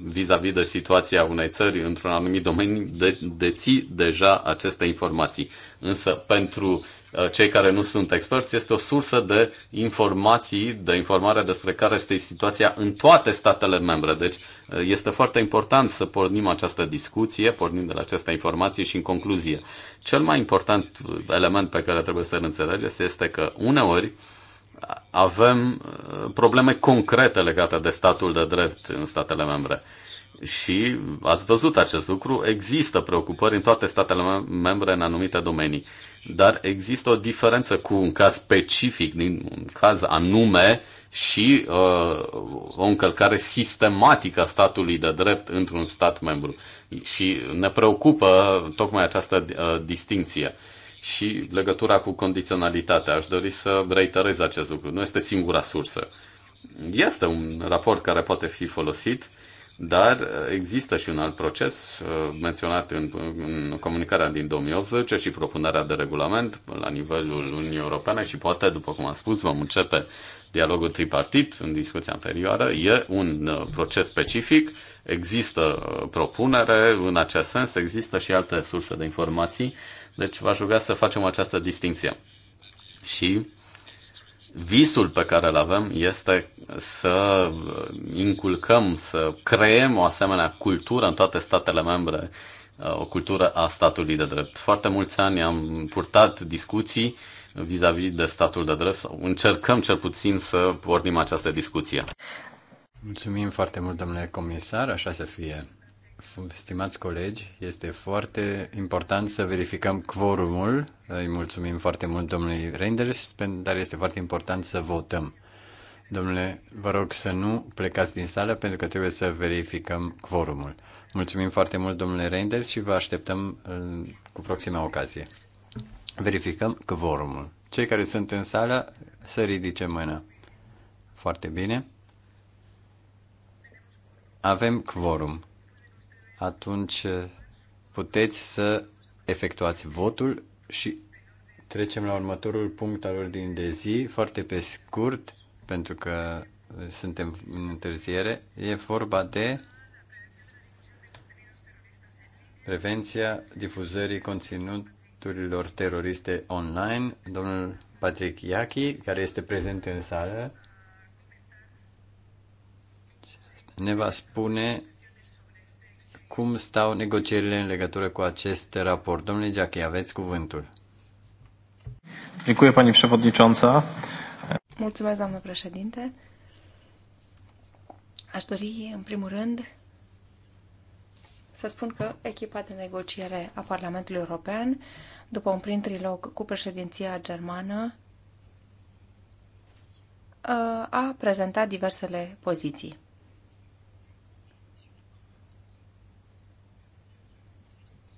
vis-a-vis -vis de situația unei țări într-un anumit domeniu, de, deții deja aceste informații. Însă pentru Uh, cei care nu sunt experți, este o sursă de informații, de informare despre care este situația în toate statele membre. Deci uh, este foarte important să pornim această discuție, pornim de la aceste informații și în concluzie. Cel mai important uh, element pe care trebuie să-l înțelegeți este că uneori avem probleme concrete legate de statul de drept în statele membre. Și ați văzut acest lucru, există preocupări în toate statele membre în anumite domenii dar există o diferență cu un caz specific, din un caz anume, și uh, o încălcare sistematică a statului de drept într-un stat membru. Și ne preocupă tocmai această uh, distinție și legătura cu condiționalitatea. Aș dori să reiterez acest lucru. Nu este singura sursă. Este un raport care poate fi folosit uh, dar uh, există și un alt proces uh, menționat în, în comunicarea din 2018 și propunerea de regulament la nivelul Uniunii Europene și poate, după cum am spus, vom începe dialogul tripartit în discuția anterioară. E un uh, proces specific, există propunere în acest sens, există și alte surse de informații, deci v-aș ruga să facem această distinție. Și visul pe care îl avem este să inculcăm, să creăm o asemenea cultură în toate statele membre, uh, o cultură a statului de drept. Foarte mulți ani am purtat discuții vis-a-vis -vis de statul de drept sau încercăm cel puțin să pornim această discuție. Mulțumim foarte mult, domnule comisar, așa să fie stimați colegi, este foarte important să verificăm quorumul. Îi mulțumim foarte mult domnului Reinders, dar este foarte important să votăm. Domnule, vă rog să nu plecați din sală pentru că trebuie să verificăm quorumul. Mulțumim foarte mult, domnule Reinders, și vă așteptăm cu proxima ocazie. Verificăm quorumul. Cei care sunt în sală să ridice mâna. Foarte bine. Avem quorum atunci eh, puteți să efectuați votul și trecem la următorul punct al ordinii de zi, foarte pe scurt, pentru că eh, suntem în întârziere. E vorba de prevenția difuzării conținuturilor teroriste online. Domnul Patrick Iachi, care este prezent în sală, ne va spune cum stau negocierile în legătură cu acest raport. Domnule Giachei, aveți cuvântul. Dziękuję Pani Przewodnicząca. Mulțumesc, doamnă președinte. Aș dori, în primul rând, să spun că echipa de negociere a Parlamentului European, după un prim trilog cu președinția germană, a prezentat diversele poziții.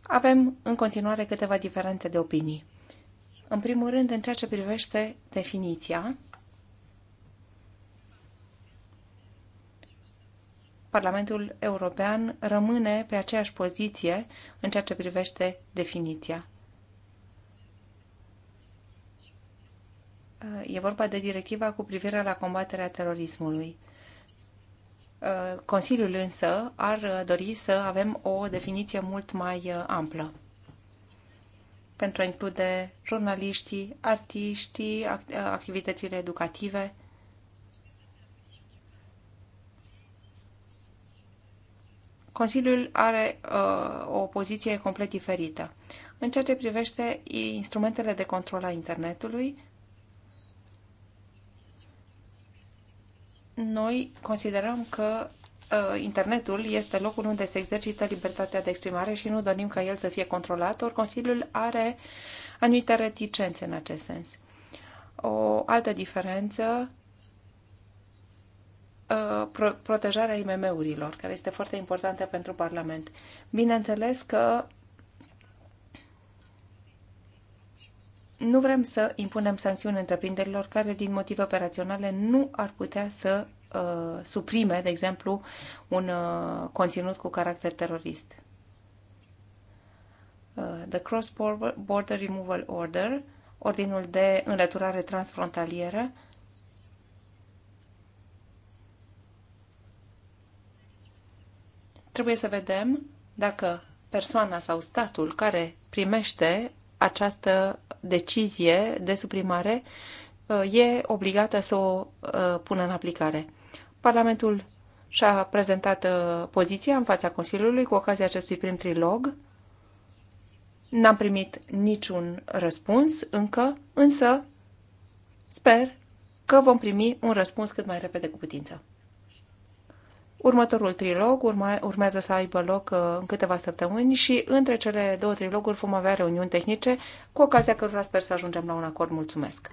avem în continuare câteva diferențe de opinii. În primul rând, în ceea ce privește definiția, Parlamentul European rămâne pe aceeași poziție în ceea ce privește definiția. E vorba de directiva cu privire la combaterea terorismului. Uh, Consiliul însă ar uh, dori să avem o definiție mult mai uh, amplă pentru a include jurnaliștii, artiștii, activitățile educative. Consiliul are uh, o poziție complet diferită. În ceea ce privește instrumentele de control a internetului, noi considerăm că uh, internetul este locul unde se exercită libertatea de exprimare și nu dorim ca el să fie controlat, ori Consiliul are anumite reticențe în acest sens. O altă diferență, uh, protejarea IMM-urilor, care este foarte importantă pentru Parlament. Bineînțeles că nu vrem să impunem sancțiuni întreprinderilor care, din motive operaționale, nu ar putea să uh, suprime, de exemplu, un uh, conținut cu caracter terorist. Uh, the Cross Border Removal Order, ordinul de înlăturare transfrontalieră, trebuie să vedem dacă persoana sau statul care primește această decizie de suprimare uh, e obligată să o uh, pună în aplicare. Parlamentul și-a prezentat uh, poziția în fața Consiliului cu ocazia acestui prim trilog. N-am primit niciun răspuns încă, însă sper că vom primi un răspuns cât mai repede cu putință. Următorul trilog urma, urmează să aibă loc uh, în câteva săptămâni și între cele două triloguri vom avea reuniuni tehnice, cu ocazia cărora sper să ajungem la un acord. Mulțumesc!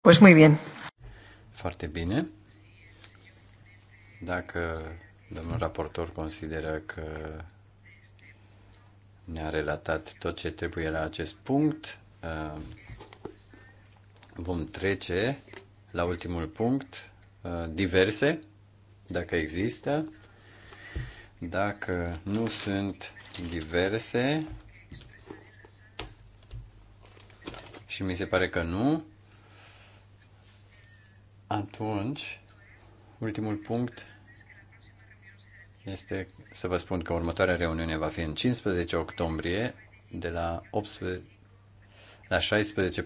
Pues muy bien. Foarte bine. Dacă domnul raportor consideră că ne-a relatat tot ce trebuie la acest punct, uh, Vom trece la ultimul punct, uh, diverse, dacă există. Dacă nu sunt diverse, și mi se pare că nu, atunci, ultimul punct este să vă spun că următoarea reuniune va fi în 15 octombrie de la 18 la 16